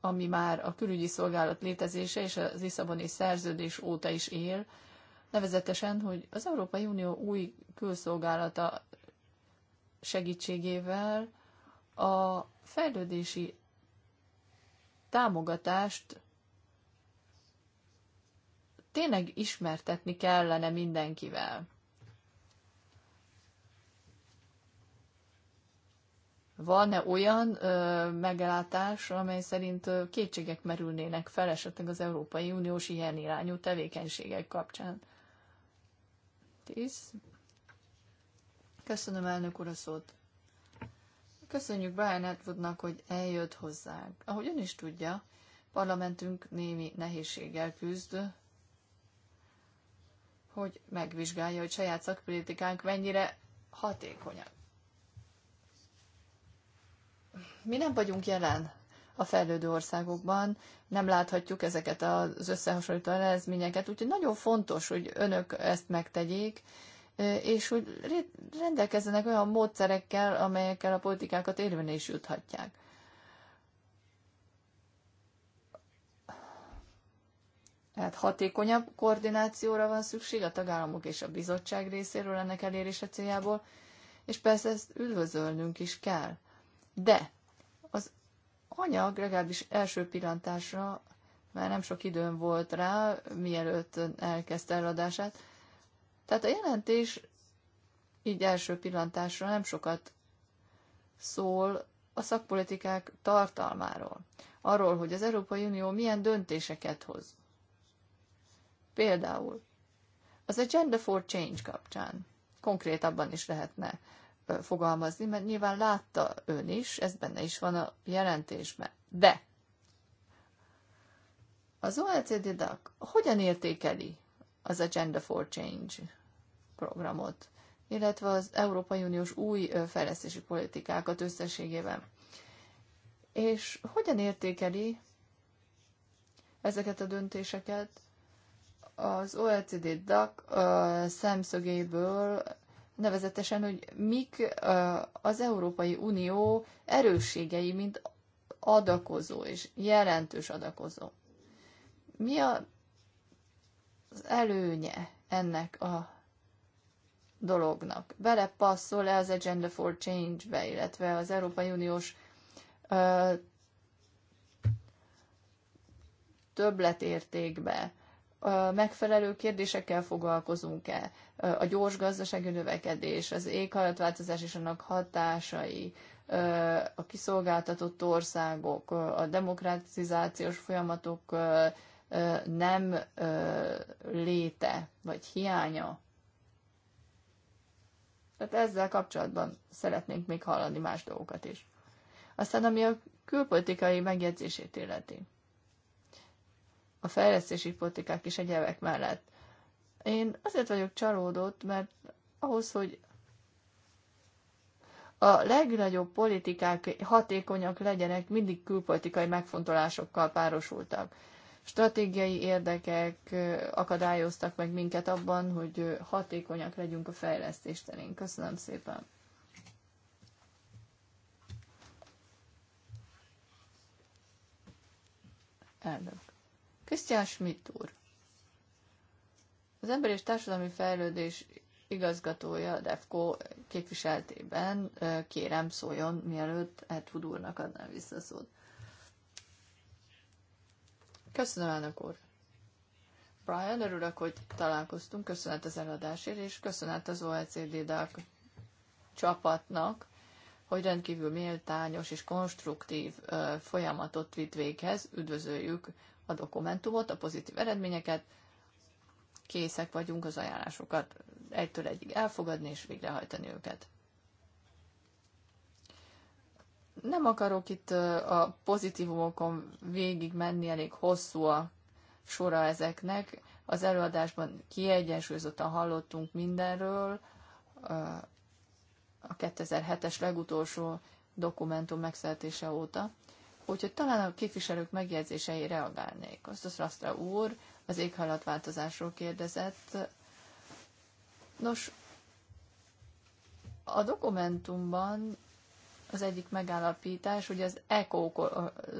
ami már a külügyi szolgálat létezése és az Lisszaboni szerződés óta is él, nevezetesen, hogy az Európai Unió új külszolgálata segítségével a fejlődési támogatást tényleg ismertetni kellene mindenkivel. van-e olyan ö, megelátás, amely szerint kétségek merülnének fel esetleg az Európai Uniós ilyen irányú tevékenységek kapcsán? Tíz. Köszönöm elnök úr a szót. Köszönjük Brian Atwoodnak, hogy eljött hozzánk. Ahogy ön is tudja, parlamentünk némi nehézséggel küzd, hogy megvizsgálja, hogy saját szakpolitikánk mennyire hatékonyak mi nem vagyunk jelen a fejlődő országokban, nem láthatjuk ezeket az összehasonlító eredményeket, úgyhogy nagyon fontos, hogy önök ezt megtegyék, és hogy rendelkezzenek olyan módszerekkel, amelyekkel a politikákat érvényre is juthatják. Tehát hatékonyabb koordinációra van szükség a tagállamok és a bizottság részéről ennek elérése céljából, és persze ezt üdvözölnünk is kell – de az anyag legalábbis első pillantásra már nem sok időm volt rá, mielőtt elkezdte eladását. Tehát a jelentés így első pillantásra nem sokat szól a szakpolitikák tartalmáról, arról, hogy az Európai Unió milyen döntéseket hoz. Például az Agenda for Change kapcsán konkrétabban is lehetne fogalmazni, mert nyilván látta ön is, ez benne is van a jelentésben. De az oecd dak hogyan értékeli az Agenda for Change programot, illetve az Európai Uniós új fejlesztési politikákat összességében? És hogyan értékeli ezeket a döntéseket az OECD DAC szemszögéből nevezetesen, hogy mik az Európai Unió erősségei, mint adakozó és jelentős adakozó. Mi a, az előnye ennek a dolognak? Belepasszol-e az Agenda for Change-be, illetve az Európai Uniós ö, többletértékbe? Ö, megfelelő kérdésekkel foglalkozunk-e? a gyors gazdasági növekedés, az éghajlatváltozás és annak hatásai, a kiszolgáltatott országok, a demokratizációs folyamatok nem léte vagy hiánya. Tehát ezzel kapcsolatban szeretnénk még hallani más dolgokat is. Aztán ami a külpolitikai megjegyzését illeti. A fejlesztési politikák és egyebek mellett én azért vagyok csalódott, mert ahhoz, hogy a legnagyobb politikák hatékonyak legyenek, mindig külpolitikai megfontolásokkal párosultak. Stratégiai érdekek akadályoztak meg minket abban, hogy hatékonyak legyünk a fejlesztés terén. Köszönöm szépen! Elnök. Krisztián Schmidt úr. Az Ember és Társadalmi Fejlődés igazgatója Defko képviseltében kérem szóljon, mielőtt Wood úrnak adnám vissza szót. Köszönöm, elnök úr! Brian, örülök, hogy találkoztunk. Köszönet az eladásért, és köszönet az OECD-dák csapatnak, hogy rendkívül méltányos és konstruktív folyamatot vitt véghez. Üdvözöljük a dokumentumot, a pozitív eredményeket, készek vagyunk az ajánlásokat egytől egyig elfogadni és végrehajtani őket. Nem akarok itt a pozitívumokon végig menni, elég hosszú a sora ezeknek. Az előadásban kiegyensúlyozottan hallottunk mindenről. A 2007-es legutolsó dokumentum megszeretése óta. Úgyhogy talán a képviselők megjegyzéseire reagálnék. Azt az Rasztra úr az éghajlatváltozásról kérdezett. Nos, a dokumentumban az egyik megállapítás, hogy az ECO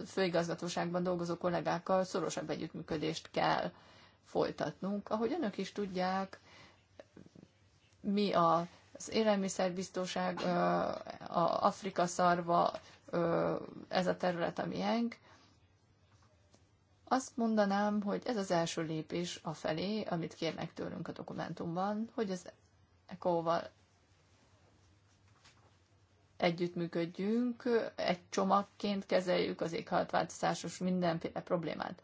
főigazgatóságban dolgozó kollégákkal szorosabb együttműködést kell folytatnunk. Ahogy önök is tudják, mi a az élelmiszerbiztóság, a Afrika szarva, ez a terület a miénk, azt mondanám, hogy ez az első lépés a felé, amit kérnek tőlünk a dokumentumban, hogy az ECO-val együttműködjünk, egy csomagként kezeljük az éghajlatváltozásos mindenféle problémát.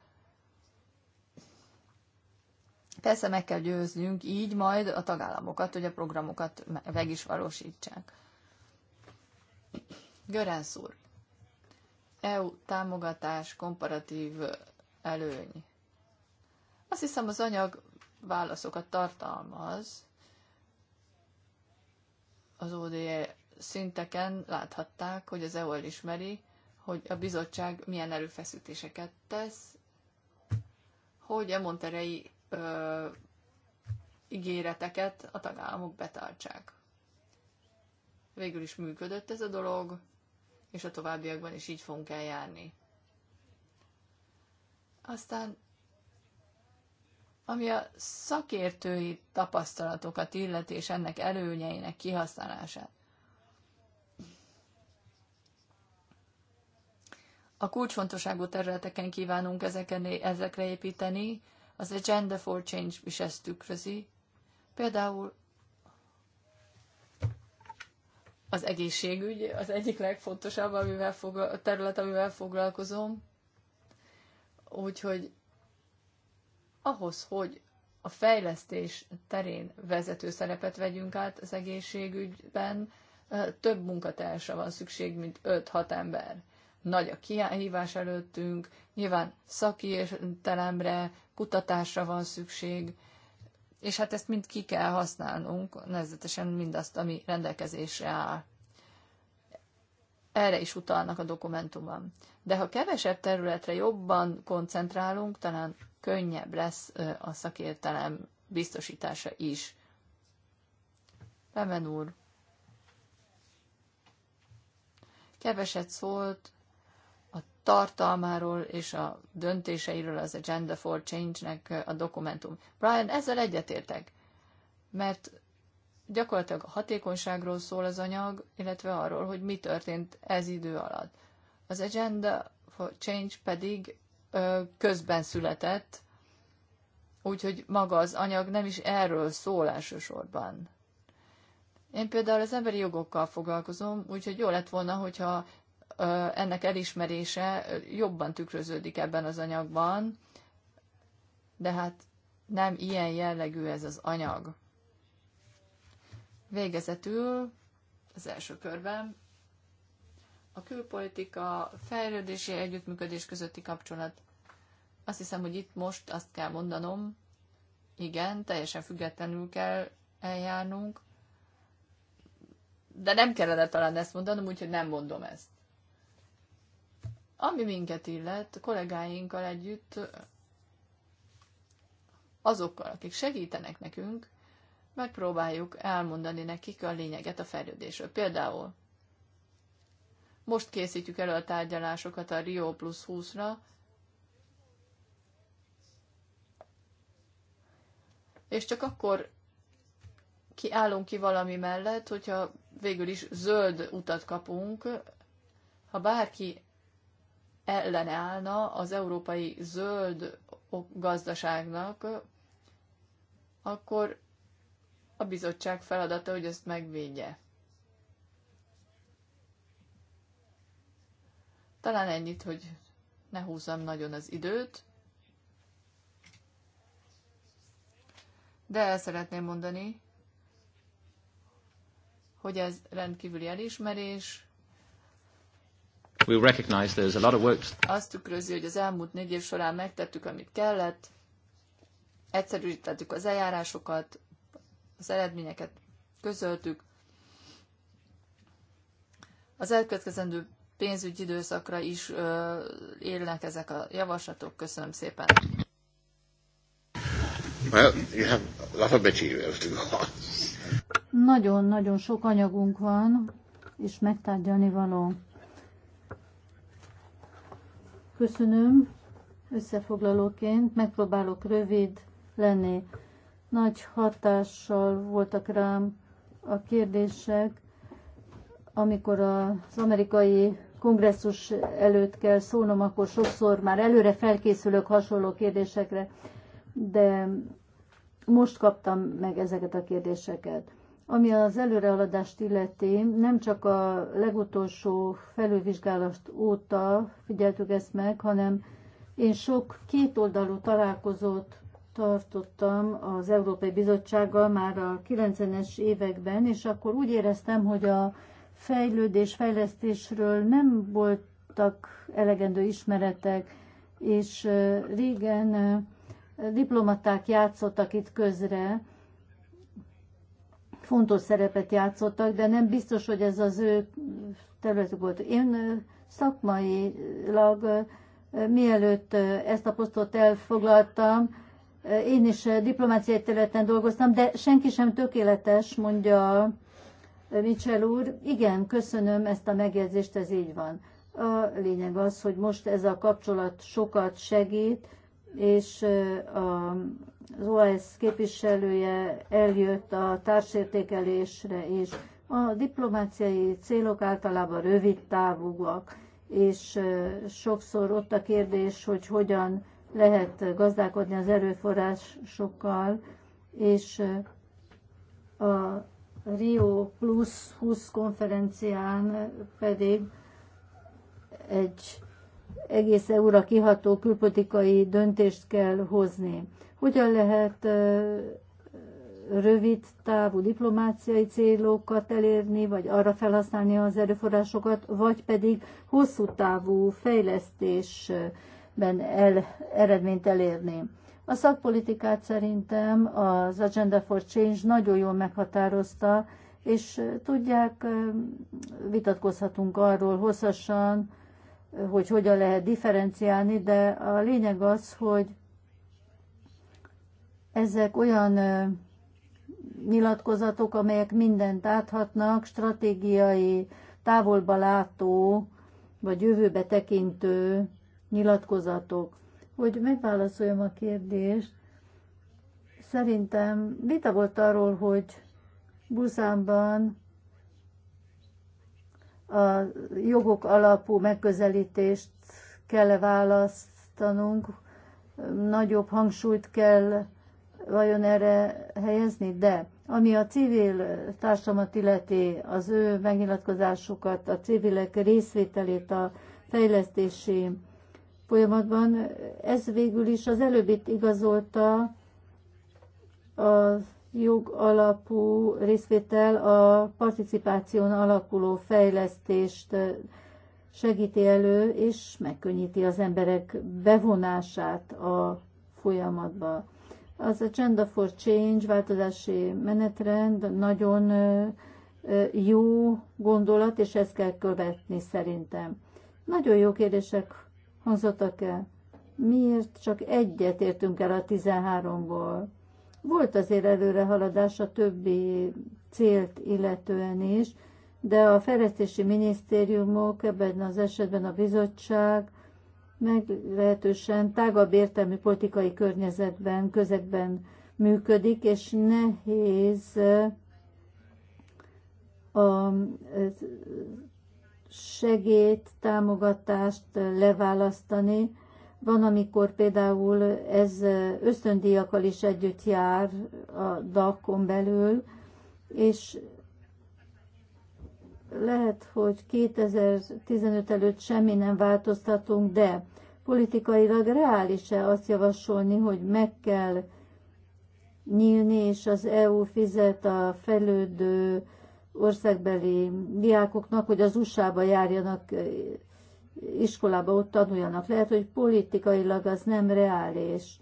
Persze meg kell győznünk így majd a tagállamokat, hogy a programokat meg is valósítsák. Görenszúr. EU támogatás komparatív előny. Azt hiszem, az anyag válaszokat tartalmaz. Az ODE szinteken láthatták, hogy az EU ismeri, hogy a bizottság milyen erőfeszítéseket tesz, hogy a monterei ö, ígéreteket a tagállamok betartsák. Végül is működött ez a dolog, és a továbbiakban is így fogunk eljárni. Aztán, ami a szakértői tapasztalatokat illeti, és ennek előnyeinek kihasználását. A kulcsfontosságú területeken kívánunk ezeken, ezekre építeni, az Agenda for Change is ezt tükrözi. Például az egészségügy az egyik legfontosabb amivel a terület, amivel foglalkozom. Úgyhogy ahhoz, hogy a fejlesztés terén vezető szerepet vegyünk át az egészségügyben, több munkatársa van szükség, mint 5-6 ember. Nagy a kihívás előttünk, nyilván telemre, kutatásra van szükség, és hát ezt mind ki kell használnunk, nevezetesen mindazt, ami rendelkezésre áll erre is utalnak a dokumentumban. De ha kevesebb területre jobban koncentrálunk, talán könnyebb lesz a szakértelem biztosítása is. Pemen úr, keveset szólt a tartalmáról és a döntéseiről az Agenda for Change-nek a dokumentum. Brian, ezzel egyetértek, mert Gyakorlatilag a hatékonyságról szól az anyag, illetve arról, hogy mi történt ez idő alatt. Az Agenda for Change pedig ö, közben született, úgyhogy maga az anyag nem is erről szól elsősorban. Én például az emberi jogokkal foglalkozom, úgyhogy jó lett volna, hogyha ennek elismerése jobban tükröződik ebben az anyagban, de hát nem ilyen jellegű ez az anyag. Végezetül az első körben a külpolitika, fejlődési együttműködés közötti kapcsolat. Azt hiszem, hogy itt most azt kell mondanom, igen, teljesen függetlenül kell eljárnunk, de nem kellene talán ezt mondanom, úgyhogy nem mondom ezt. Ami minket illet, kollégáinkkal együtt, azokkal, akik segítenek nekünk, megpróbáljuk elmondani nekik a lényeget a fejlődésről. Például most készítjük elő a tárgyalásokat a Rio Plus 20-ra, és csak akkor kiállunk ki valami mellett, hogyha végül is zöld utat kapunk, ha bárki ellene állna az európai zöld gazdaságnak, akkor a bizottság feladata, hogy ezt megvédje. Talán ennyit, hogy ne húzzam nagyon az időt, de el szeretném mondani, hogy ez rendkívüli elismerés. We recognize there's a lot of work. Azt tükrözi, hogy az elmúlt négy év során megtettük, amit kellett, egyszerűsítettük az eljárásokat, az eredményeket közöltük. Az elkövetkezendő pénzügyi időszakra is élnek ezek a javaslatok. Köszönöm szépen. Well, you have a lot of Nagyon-nagyon sok anyagunk van, és megtárgyalni való. Köszönöm. Összefoglalóként megpróbálok rövid lenni. Nagy hatással voltak rám a kérdések, amikor az amerikai kongresszus előtt kell szólnom, akkor sokszor már előre felkészülök hasonló kérdésekre, de most kaptam meg ezeket a kérdéseket. Ami az előrehaladást illeti, nem csak a legutolsó felülvizsgálat óta figyeltük ezt meg, hanem én sok kétoldalú találkozót tartottam az Európai Bizottsággal már a 90-es években, és akkor úgy éreztem, hogy a fejlődés, fejlesztésről nem voltak elegendő ismeretek, és régen diplomaták játszottak itt közre, fontos szerepet játszottak, de nem biztos, hogy ez az ő területük volt. Én szakmailag mielőtt ezt a posztot elfoglaltam, én is diplomáciai területen dolgoztam, de senki sem tökéletes, mondja Mitchell úr. Igen, köszönöm ezt a megjegyzést, ez így van. A lényeg az, hogy most ez a kapcsolat sokat segít, és az OAS képviselője eljött a társértékelésre és A diplomáciai célok általában rövid távúak, és sokszor ott a kérdés, hogy hogyan lehet gazdálkodni az erőforrásokkal, és a Rio Plus 20 konferencián pedig egy egész eura kiható külpolitikai döntést kell hozni. Hogyan lehet rövid távú diplomáciai célokat elérni, vagy arra felhasználni az erőforrásokat, vagy pedig hosszú távú fejlesztés ben el, eredményt elérni. A szakpolitikát szerintem az Agenda for Change nagyon jól meghatározta, és tudják, vitatkozhatunk arról hosszasan, hogy hogyan lehet differenciálni, de a lényeg az, hogy ezek olyan nyilatkozatok, amelyek mindent áthatnak, stratégiai, távolba látó, vagy jövőbe tekintő nyilatkozatok. Hogy megválaszoljam a kérdést, szerintem vita volt arról, hogy Buszánban a jogok alapú megközelítést kell választanunk, nagyobb hangsúlyt kell vajon erre helyezni, de ami a civil társamat illeti, az ő megnyilatkozásukat, a civilek részvételét a fejlesztési folyamatban. Ez végül is az előbbit igazolta a jogalapú részvétel a participáción alapuló fejlesztést segíti elő, és megkönnyíti az emberek bevonását a folyamatba. Az a Agenda for Change változási menetrend nagyon jó gondolat, és ezt kell követni szerintem. Nagyon jó kérdések hangzottak el. Miért csak egyet értünk el a 13-ból? Volt azért haladás a többi célt illetően is, de a fejlesztési minisztériumok, ebben az esetben a bizottság meglehetősen tágabb értelmi politikai környezetben, közegben működik, és nehéz a segét, támogatást leválasztani. Van, amikor például ez ösztöndíjakkal is együtt jár a dakon belül, és lehet, hogy 2015 előtt semmi nem változtatunk, de politikailag reális-e azt javasolni, hogy meg kell nyílni, és az EU fizet a fejlődő országbeli diákoknak, hogy az USA-ba járjanak iskolába, ott tanuljanak. Lehet, hogy politikailag az nem reális.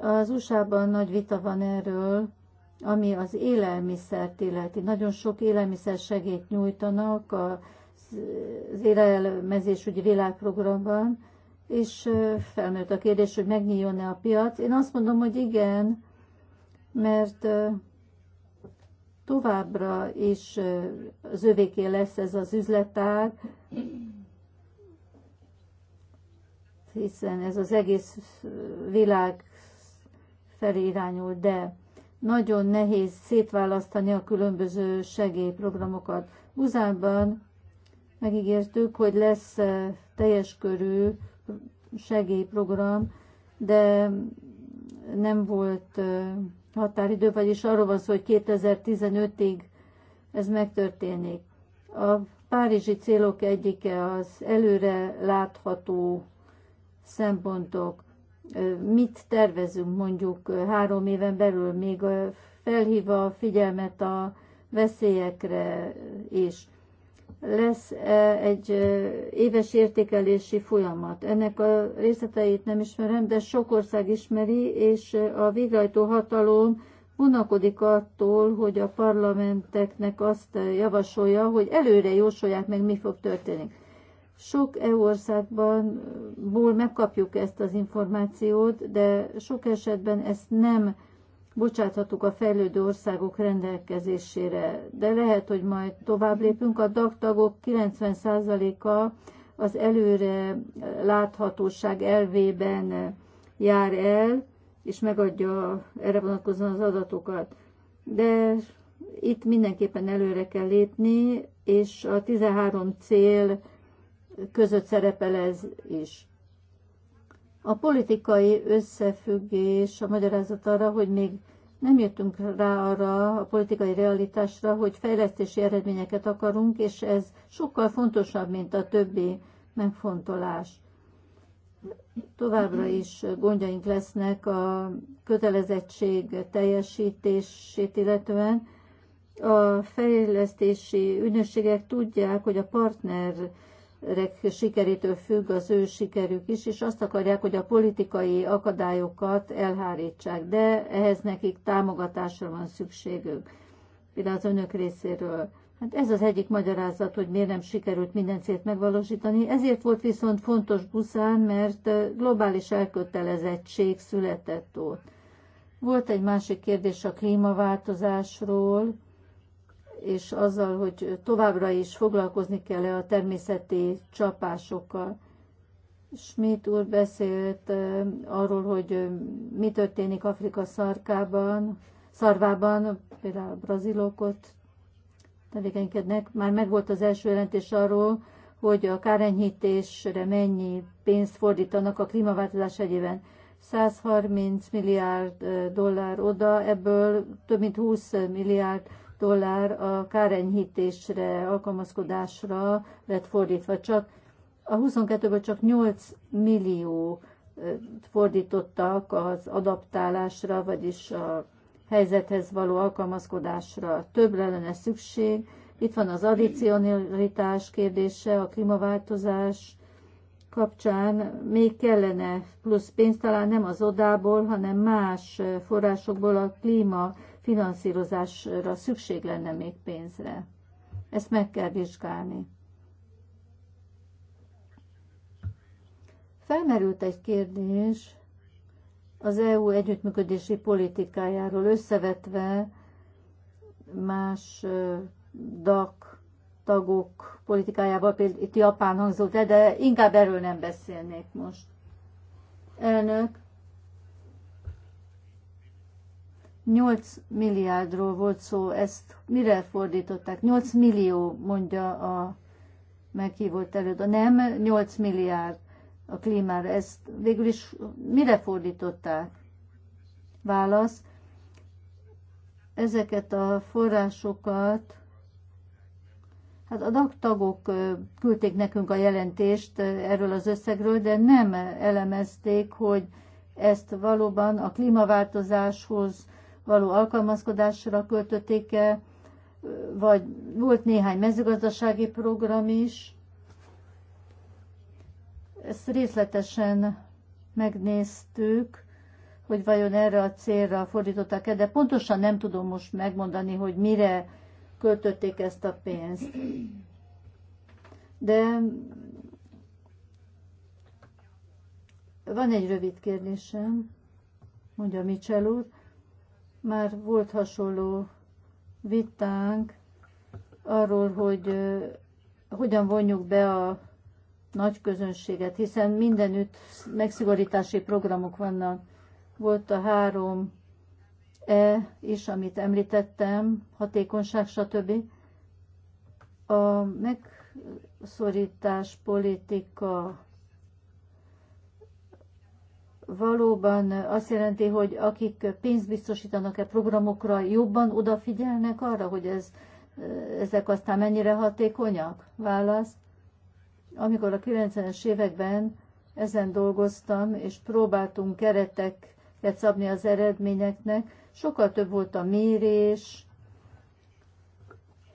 Az USA-ban nagy vita van erről, ami az élelmiszert illeti. Nagyon sok élelmiszer segélyt nyújtanak az élelmezésügyi világprogramban, és felmerült a kérdés, hogy megnyíljon-e a piac. Én azt mondom, hogy igen, mert továbbra is az övéké lesz ez az üzletág, hiszen ez az egész világ felé irányul, de nagyon nehéz szétválasztani a különböző segélyprogramokat. Buzánban megígértük, hogy lesz teljes körű segélyprogram, de nem volt határidő, vagyis arról van szó, hogy 2015-ig ez megtörténik. A párizsi célok egyike az előre látható szempontok. Mit tervezünk mondjuk három éven belül, még felhívva a figyelmet a veszélyekre is lesz e, egy e, éves értékelési folyamat. Ennek a részleteit nem ismerem, de sok ország ismeri, és e, a végrehajtó hatalom vonakodik attól, hogy a parlamenteknek azt javasolja, hogy előre jósolják meg, mi fog történni. Sok EU országban ból megkapjuk ezt az információt, de sok esetben ezt nem bocsáthatuk a fejlődő országok rendelkezésére. De lehet, hogy majd tovább lépünk. A DAG tagok 90%-a az előre láthatóság elvében jár el, és megadja erre vonatkozóan az adatokat. De itt mindenképpen előre kell lépni, és a 13 cél között szerepel ez is. A politikai összefüggés a magyarázat arra, hogy még nem jöttünk rá arra a politikai realitásra, hogy fejlesztési eredményeket akarunk, és ez sokkal fontosabb, mint a többi megfontolás. Továbbra is gondjaink lesznek a kötelezettség teljesítését illetően. A fejlesztési ügynökségek tudják, hogy a partner sikerétől függ az ő sikerük is, és azt akarják, hogy a politikai akadályokat elhárítsák, de ehhez nekik támogatásra van szükségük, például az önök részéről. Hát ez az egyik magyarázat, hogy miért nem sikerült minden célt megvalósítani. Ezért volt viszont fontos Buszán, mert globális elkötelezettség született ott. Volt egy másik kérdés a klímaváltozásról, és azzal, hogy továbbra is foglalkozni kell -e a természeti csapásokkal. Schmidt úr beszélt arról, hogy mi történik Afrika szarkában, szarvában, például a brazilokot tevékenykednek. Már megvolt az első jelentés arról, hogy a kárenyhítésre mennyi pénzt fordítanak a klímaváltozás egyében. 130 milliárd dollár oda, ebből több mint 20 milliárd dollár a kárenyhítésre, alkalmazkodásra lett fordítva. Csak a 22-ből csak 8 millió fordítottak az adaptálásra, vagyis a helyzethez való alkalmazkodásra. Több lenne szükség. Itt van az addicionalitás kérdése, a klímaváltozás kapcsán még kellene plusz pénzt, talán nem az odából, hanem más forrásokból a klíma finanszírozásra szükség lenne még pénzre. Ezt meg kell vizsgálni. Felmerült egy kérdés az EU együttműködési politikájáról összevetve más DAC tagok politikájával, például itt Japán hangzott de inkább erről nem beszélnék most. Elnök, 8 milliárdról volt szó, ezt mire fordították? 8 millió, mondja a meghívott előadó. Nem, 8 milliárd a klímára. Ezt végül is mire fordították? Válasz. Ezeket a forrásokat, hát a DAG tagok küldték nekünk a jelentést erről az összegről, de nem elemezték, hogy ezt valóban a klímaváltozáshoz való alkalmazkodásra költötték el, vagy volt néhány mezőgazdasági program is. Ezt részletesen megnéztük, hogy vajon erre a célra fordították-e, de pontosan nem tudom most megmondani, hogy mire költötték ezt a pénzt. De van egy rövid kérdésem, mondja Mitchell úr. Már volt hasonló vitánk arról, hogy hogyan vonjuk be a nagy közönséget, hiszen mindenütt megszigorítási programok vannak. Volt a három E is, amit említettem, hatékonyság, stb. A megszorítás politika valóban azt jelenti, hogy akik pénzt biztosítanak-e programokra, jobban odafigyelnek arra, hogy ez, ezek aztán mennyire hatékonyak? Válasz. Amikor a 90-es években ezen dolgoztam, és próbáltunk kereteket szabni az eredményeknek, sokkal több volt a mérés,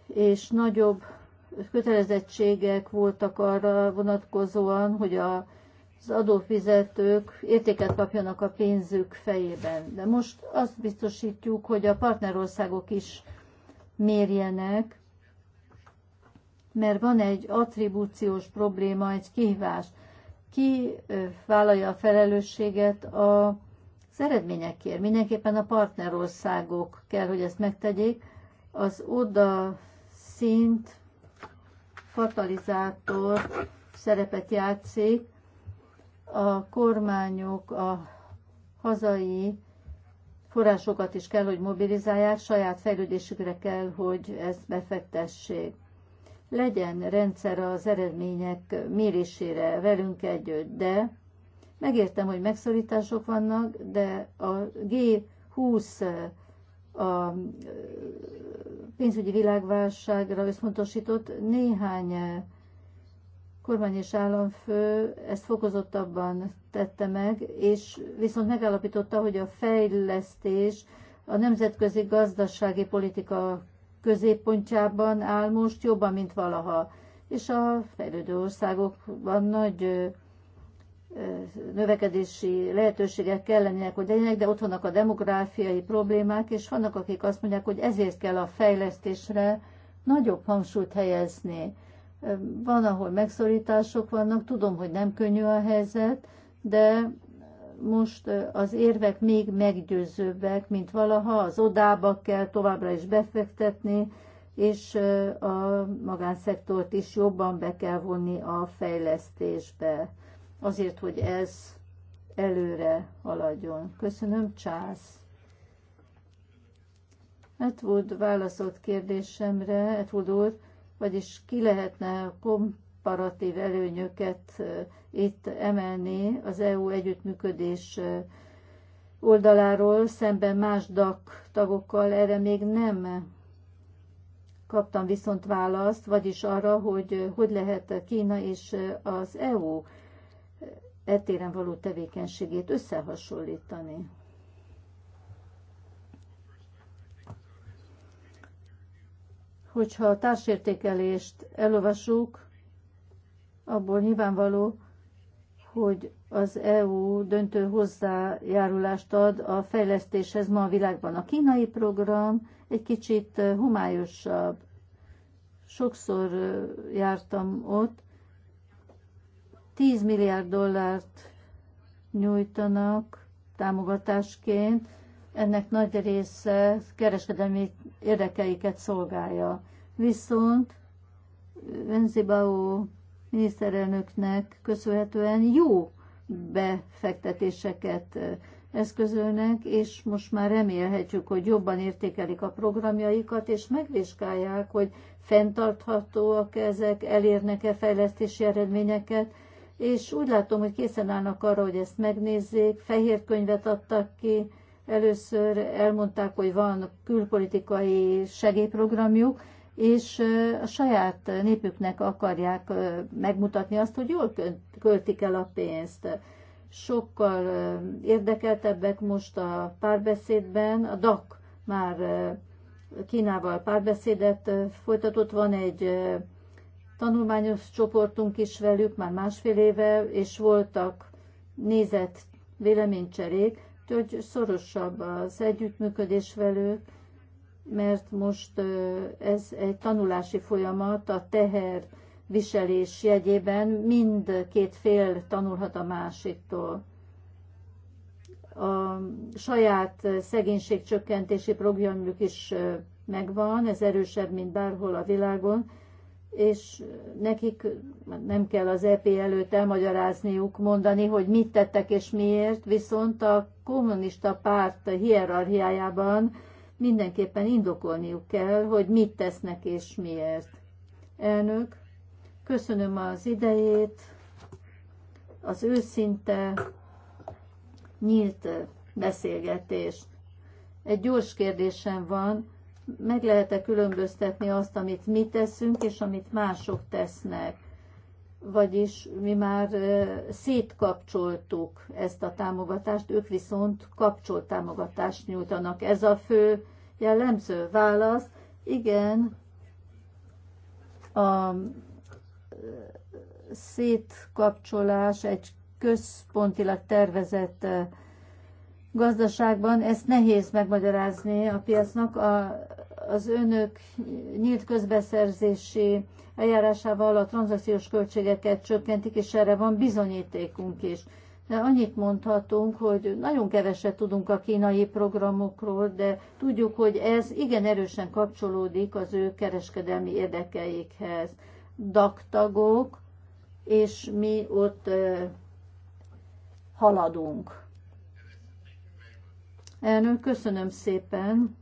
és nagyobb kötelezettségek voltak arra vonatkozóan, hogy a az adófizetők értéket kapjanak a pénzük fejében. De most azt biztosítjuk, hogy a partnerországok is mérjenek, mert van egy attribúciós probléma, egy kihívás. Ki vállalja a felelősséget a az eredményekért. Mindenképpen a partnerországok kell, hogy ezt megtegyék. Az oda szint katalizátor szerepet játszik, a kormányok a hazai forrásokat is kell, hogy mobilizálják, saját fejlődésükre kell, hogy ezt befektessék. Legyen rendszer az eredmények mérésére velünk együtt, de megértem, hogy megszorítások vannak, de a G20 a pénzügyi világválságra összpontosított néhány kormány és államfő ezt fokozottabban tette meg, és viszont megállapította, hogy a fejlesztés a nemzetközi gazdasági politika középpontjában áll most jobban, mint valaha. És a fejlődő országokban nagy növekedési lehetőségek kellenének, hogy legyenek, de ott vannak a demográfiai problémák, és vannak, akik azt mondják, hogy ezért kell a fejlesztésre nagyobb hangsúlyt helyezni. Van, ahol megszorítások vannak, tudom, hogy nem könnyű a helyzet, de most az érvek még meggyőzőbbek, mint valaha, az odába kell továbbra is befektetni, és a magánszektort is jobban be kell vonni a fejlesztésbe, azért, hogy ez előre haladjon. Köszönöm, Csász! Edward válaszolt kérdésemre, Edward úr, vagyis ki lehetne komparatív előnyöket itt emelni az EU együttműködés oldaláról szemben más DAC tagokkal, erre még nem kaptam viszont választ, vagyis arra, hogy hogy lehet Kína és az EU etéren való tevékenységét összehasonlítani. Hogyha a társértékelést elolvassuk, abból nyilvánvaló, hogy az EU döntő hozzájárulást ad a fejlesztéshez ma a világban. A kínai program egy kicsit homályosabb. Sokszor jártam ott. 10 milliárd dollárt nyújtanak támogatásként ennek nagy része kereskedelmi érdekeiket szolgálja. Viszont Venzibao miniszterelnöknek köszönhetően jó befektetéseket eszközölnek, és most már remélhetjük, hogy jobban értékelik a programjaikat, és megvizsgálják, hogy fenntarthatóak ezek, elérnek-e fejlesztési eredményeket, és úgy látom, hogy készen állnak arra, hogy ezt megnézzék, fehér könyvet adtak ki, Először elmondták, hogy van külpolitikai segélyprogramjuk, és a saját népüknek akarják megmutatni azt, hogy jól költik el a pénzt. Sokkal érdekeltebbek most a párbeszédben. A DAC már Kínával párbeszédet folytatott, van egy tanulmányos csoportunk is velük már másfél éve, és voltak nézett véleménycserék hogy szorosabb az együttműködés velük, mert most ez egy tanulási folyamat a teher viselés jegyében mind két fél tanulhat a másiktól. A saját szegénységcsökkentési programjuk is megvan, ez erősebb, mint bárhol a világon, és nekik nem kell az EP előtt elmagyarázniuk, mondani, hogy mit tettek és miért, viszont a kommunista párt hierarchiájában mindenképpen indokolniuk kell, hogy mit tesznek és miért. Elnök, köszönöm az idejét, az őszinte, nyílt beszélgetést. Egy gyors kérdésem van, meg lehet-e különböztetni azt, amit mi teszünk, és amit mások tesznek. Vagyis mi már szétkapcsoltuk ezt a támogatást, ők viszont kapcsolt támogatást nyújtanak. Ez a fő jellemző válasz. Igen, a szétkapcsolás egy központilag tervezett gazdaságban ezt nehéz megmagyarázni a piacnak. A az önök nyílt közbeszerzési eljárásával a tranzakciós költségeket csökkentik, és erre van bizonyítékunk is. De annyit mondhatunk, hogy nagyon keveset tudunk a kínai programokról, de tudjuk, hogy ez igen erősen kapcsolódik az ő kereskedelmi érdekeikhez. Daktagok, és mi ott haladunk. Elnök, köszönöm szépen.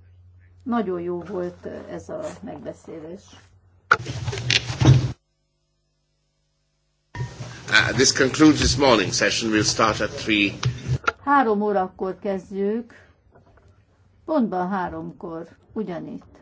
Nagyon jó volt ez a megbeszélés. Uh, this concludes this morning session. We'll start at three. Három órakor kezdjük. Pontban háromkor, ugyanitt.